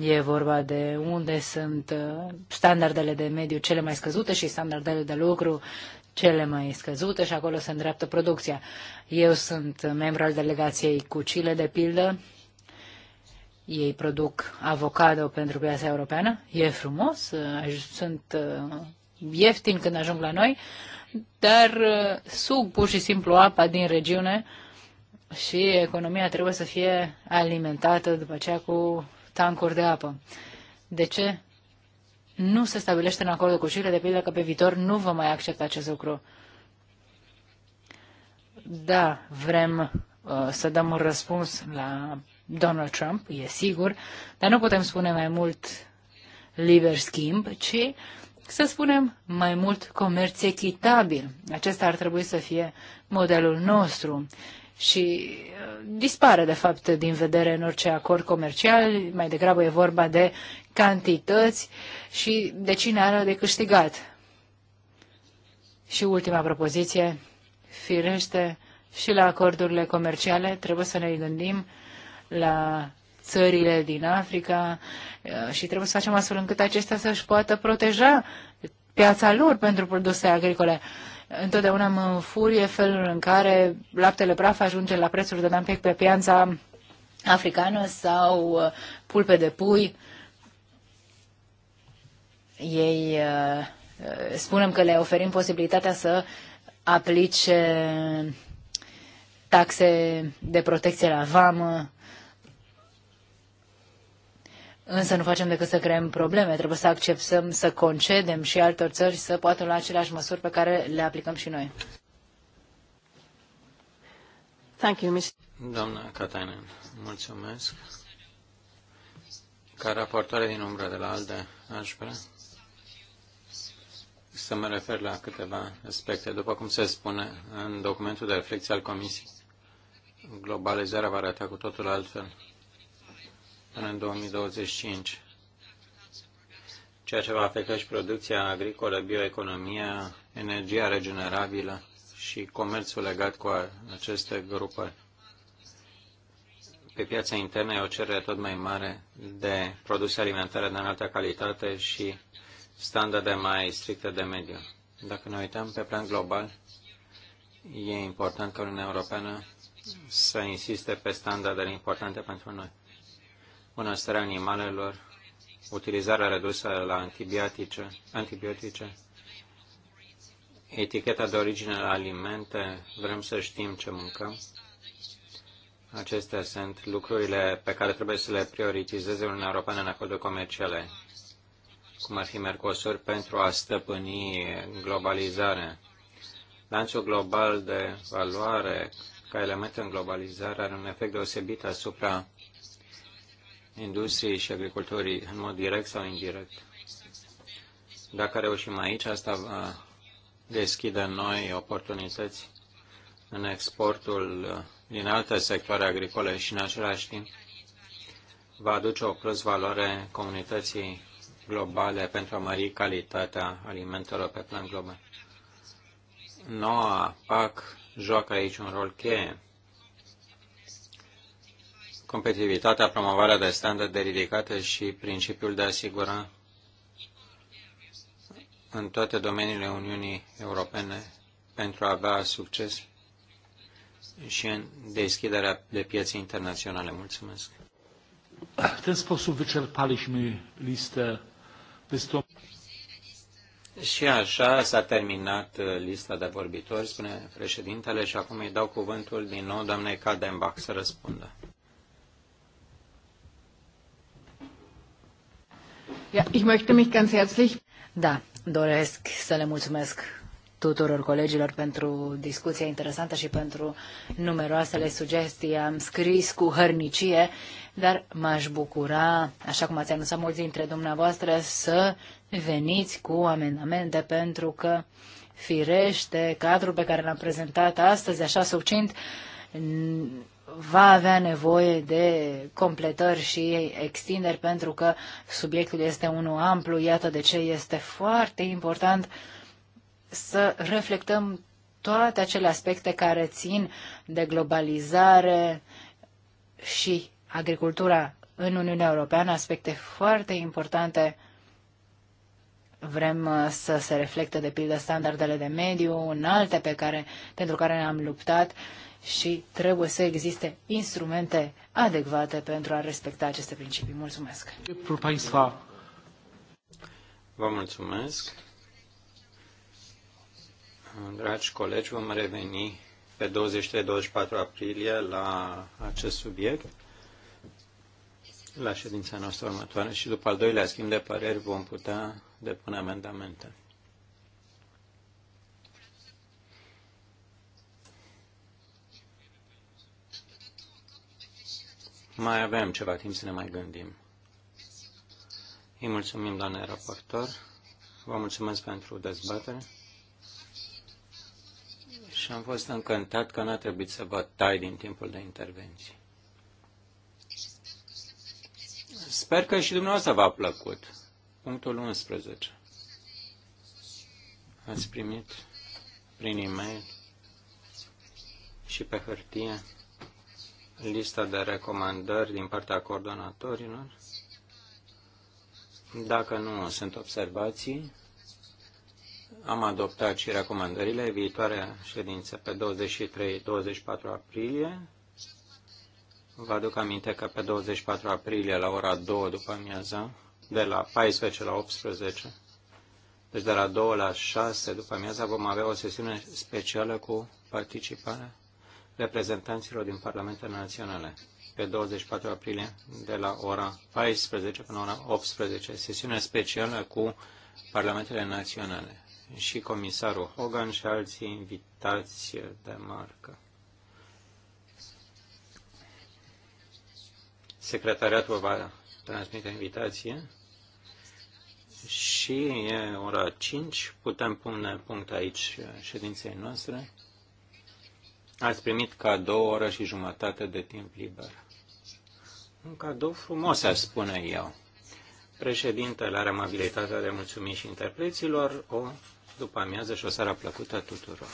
[SPEAKER 3] e vorba de unde sunt uh, standardele de mediu cele mai scăzute și standardele de lucru cele mai scăzute și acolo se îndreaptă producția. Eu sunt membru al delegației cu Chile, de pildă, ei produc avocado pentru piața europeană, e frumos, sunt uh, ieftin când ajung la noi, dar uh, sug pur și simplu apa din regiune și economia trebuie să fie alimentată după aceea cu tancuri de apă. De ce nu se stabilește în acordul cu Chile, de pildă că pe viitor nu vom mai accepta acest lucru? Da, vrem uh, să dăm un răspuns la Donald Trump, e sigur, dar nu putem spune mai mult liber schimb, ci să spunem mai mult comerț echitabil. Acesta ar trebui să fie modelul nostru și uh, dispare, de fapt, din vedere în orice acord comercial. Mai degrabă e vorba de cantități și de cine are de câștigat. Și ultima propoziție, firește, și la acordurile comerciale trebuie să ne gândim la țările din Africa uh, și trebuie să facem astfel încât acestea să-și poată proteja piața lor pentru produse agricole. Întotdeauna mă furie felul în care laptele praf ajunge la prețuri de dumping pe piața africană sau uh, pulpe de pui. Ei uh, spunem că le oferim posibilitatea să aplice taxe de protecție la vamă Însă nu facem decât să creăm probleme. Trebuie să acceptăm să concedem și altor țări să poată lua aceleași măsuri pe care le aplicăm și noi.
[SPEAKER 2] Thank you, Ms. Doamna Katainen, mulțumesc. Ca raportoare din umbră de la ALDE, aș vrea să mă refer la câteva aspecte. După cum se spune în documentul de reflexie al Comisiei, globalizarea va arăta cu totul altfel până în 2025, ceea ce va afecta și producția agricolă, bioeconomia, energia regenerabilă și comerțul legat cu aceste grupări. Pe piața internă e o cerere tot mai mare de produse alimentare de înaltă calitate și standarde mai stricte de mediu. Dacă ne uităm pe plan global, e important ca Uniunea Europeană să insiste pe standardele importante pentru noi bunăstarea animalelor, utilizarea redusă la antibiotice, antibiotice eticheta de origine la alimente, vrem să știm ce mâncăm. Acestea sunt lucrurile pe care trebuie să le prioritizeze Uniunea Europeană în acordul comerciale, cum ar fi Mercosur, pentru a stăpâni globalizarea. Lanțul global de valoare ca element în globalizare are un efect deosebit asupra industriei și agricultorii în mod direct sau indirect. Dacă reușim aici, asta va deschide noi oportunități în exportul uh, din alte sectoare agricole și în același timp va aduce o plus valoare comunității globale pentru a mări calitatea alimentelor pe plan global. Noua PAC joacă aici un rol cheie competitivitatea, promovarea de standarde ridicate și principiul de a asigura în toate domeniile Uniunii Europene pentru a avea succes și în deschiderea de piețe internaționale. Mulțumesc. Și așa s-a terminat uh, lista de vorbitori, spune președintele, și acum îi dau cuvântul din nou doamnei Kadenbach să răspundă.
[SPEAKER 3] ich möchte mich ganz herzlich... Da, doresc să le mulțumesc tuturor colegilor pentru discuția interesantă și pentru numeroasele sugestii. Am scris cu hărnicie, dar m-aș bucura, așa cum ați anunțat mulți dintre dumneavoastră, să veniți cu amendamente pentru că, firește, cadrul pe care l-am prezentat astăzi, așa succint, va avea nevoie de completări și extinderi pentru că subiectul este unul amplu. Iată de ce este foarte important să reflectăm toate acele aspecte care țin de globalizare și agricultura în Uniunea Europeană, aspecte foarte importante. Vrem uh, să se reflecte, de pildă, standardele de mediu, în alte pe care, pentru care ne-am luptat și trebuie să existe instrumente adecvate pentru a respecta aceste principii. Mulțumesc!
[SPEAKER 2] Vă mulțumesc! Dragi colegi, vom reveni pe 23-24 aprilie la acest subiect, la ședința noastră următoare și după al doilea schimb de păreri vom putea depune amendamente. Mai avem ceva timp să ne mai gândim. Îi mulțumim, doamne raportor. Vă mulțumesc pentru dezbatere. Și am fost încântat că n-a trebuit să vă tai din timpul de intervenție. Sper că și dumneavoastră v-a plăcut. Punctul 11. Ați primit prin e-mail și pe hârtie lista de recomandări din partea coordonatorilor. Dacă nu sunt observații, am adoptat și recomandările viitoarea ședință pe 23-24 aprilie. Vă aduc aminte că pe 24 aprilie la ora 2 după amiază, de la 14 la 18, deci de la 2 la 6 după amiază vom avea o sesiune specială cu participarea reprezentanților din Parlamentele Naționale pe 24 aprilie de la ora 14 până la ora 18, sesiune specială cu Parlamentele Naționale și comisarul Hogan și alții invitați de marcă. Secretariatul va transmite invitație și e ora 5, putem pune punct aici ședinței noastre. Ați primit ca două oră și jumătate de timp liber. Un cadou frumos, aș spune eu. Președintele are amabilitatea de mulțumi și interpreților. O după amiază și o seară plăcută tuturor.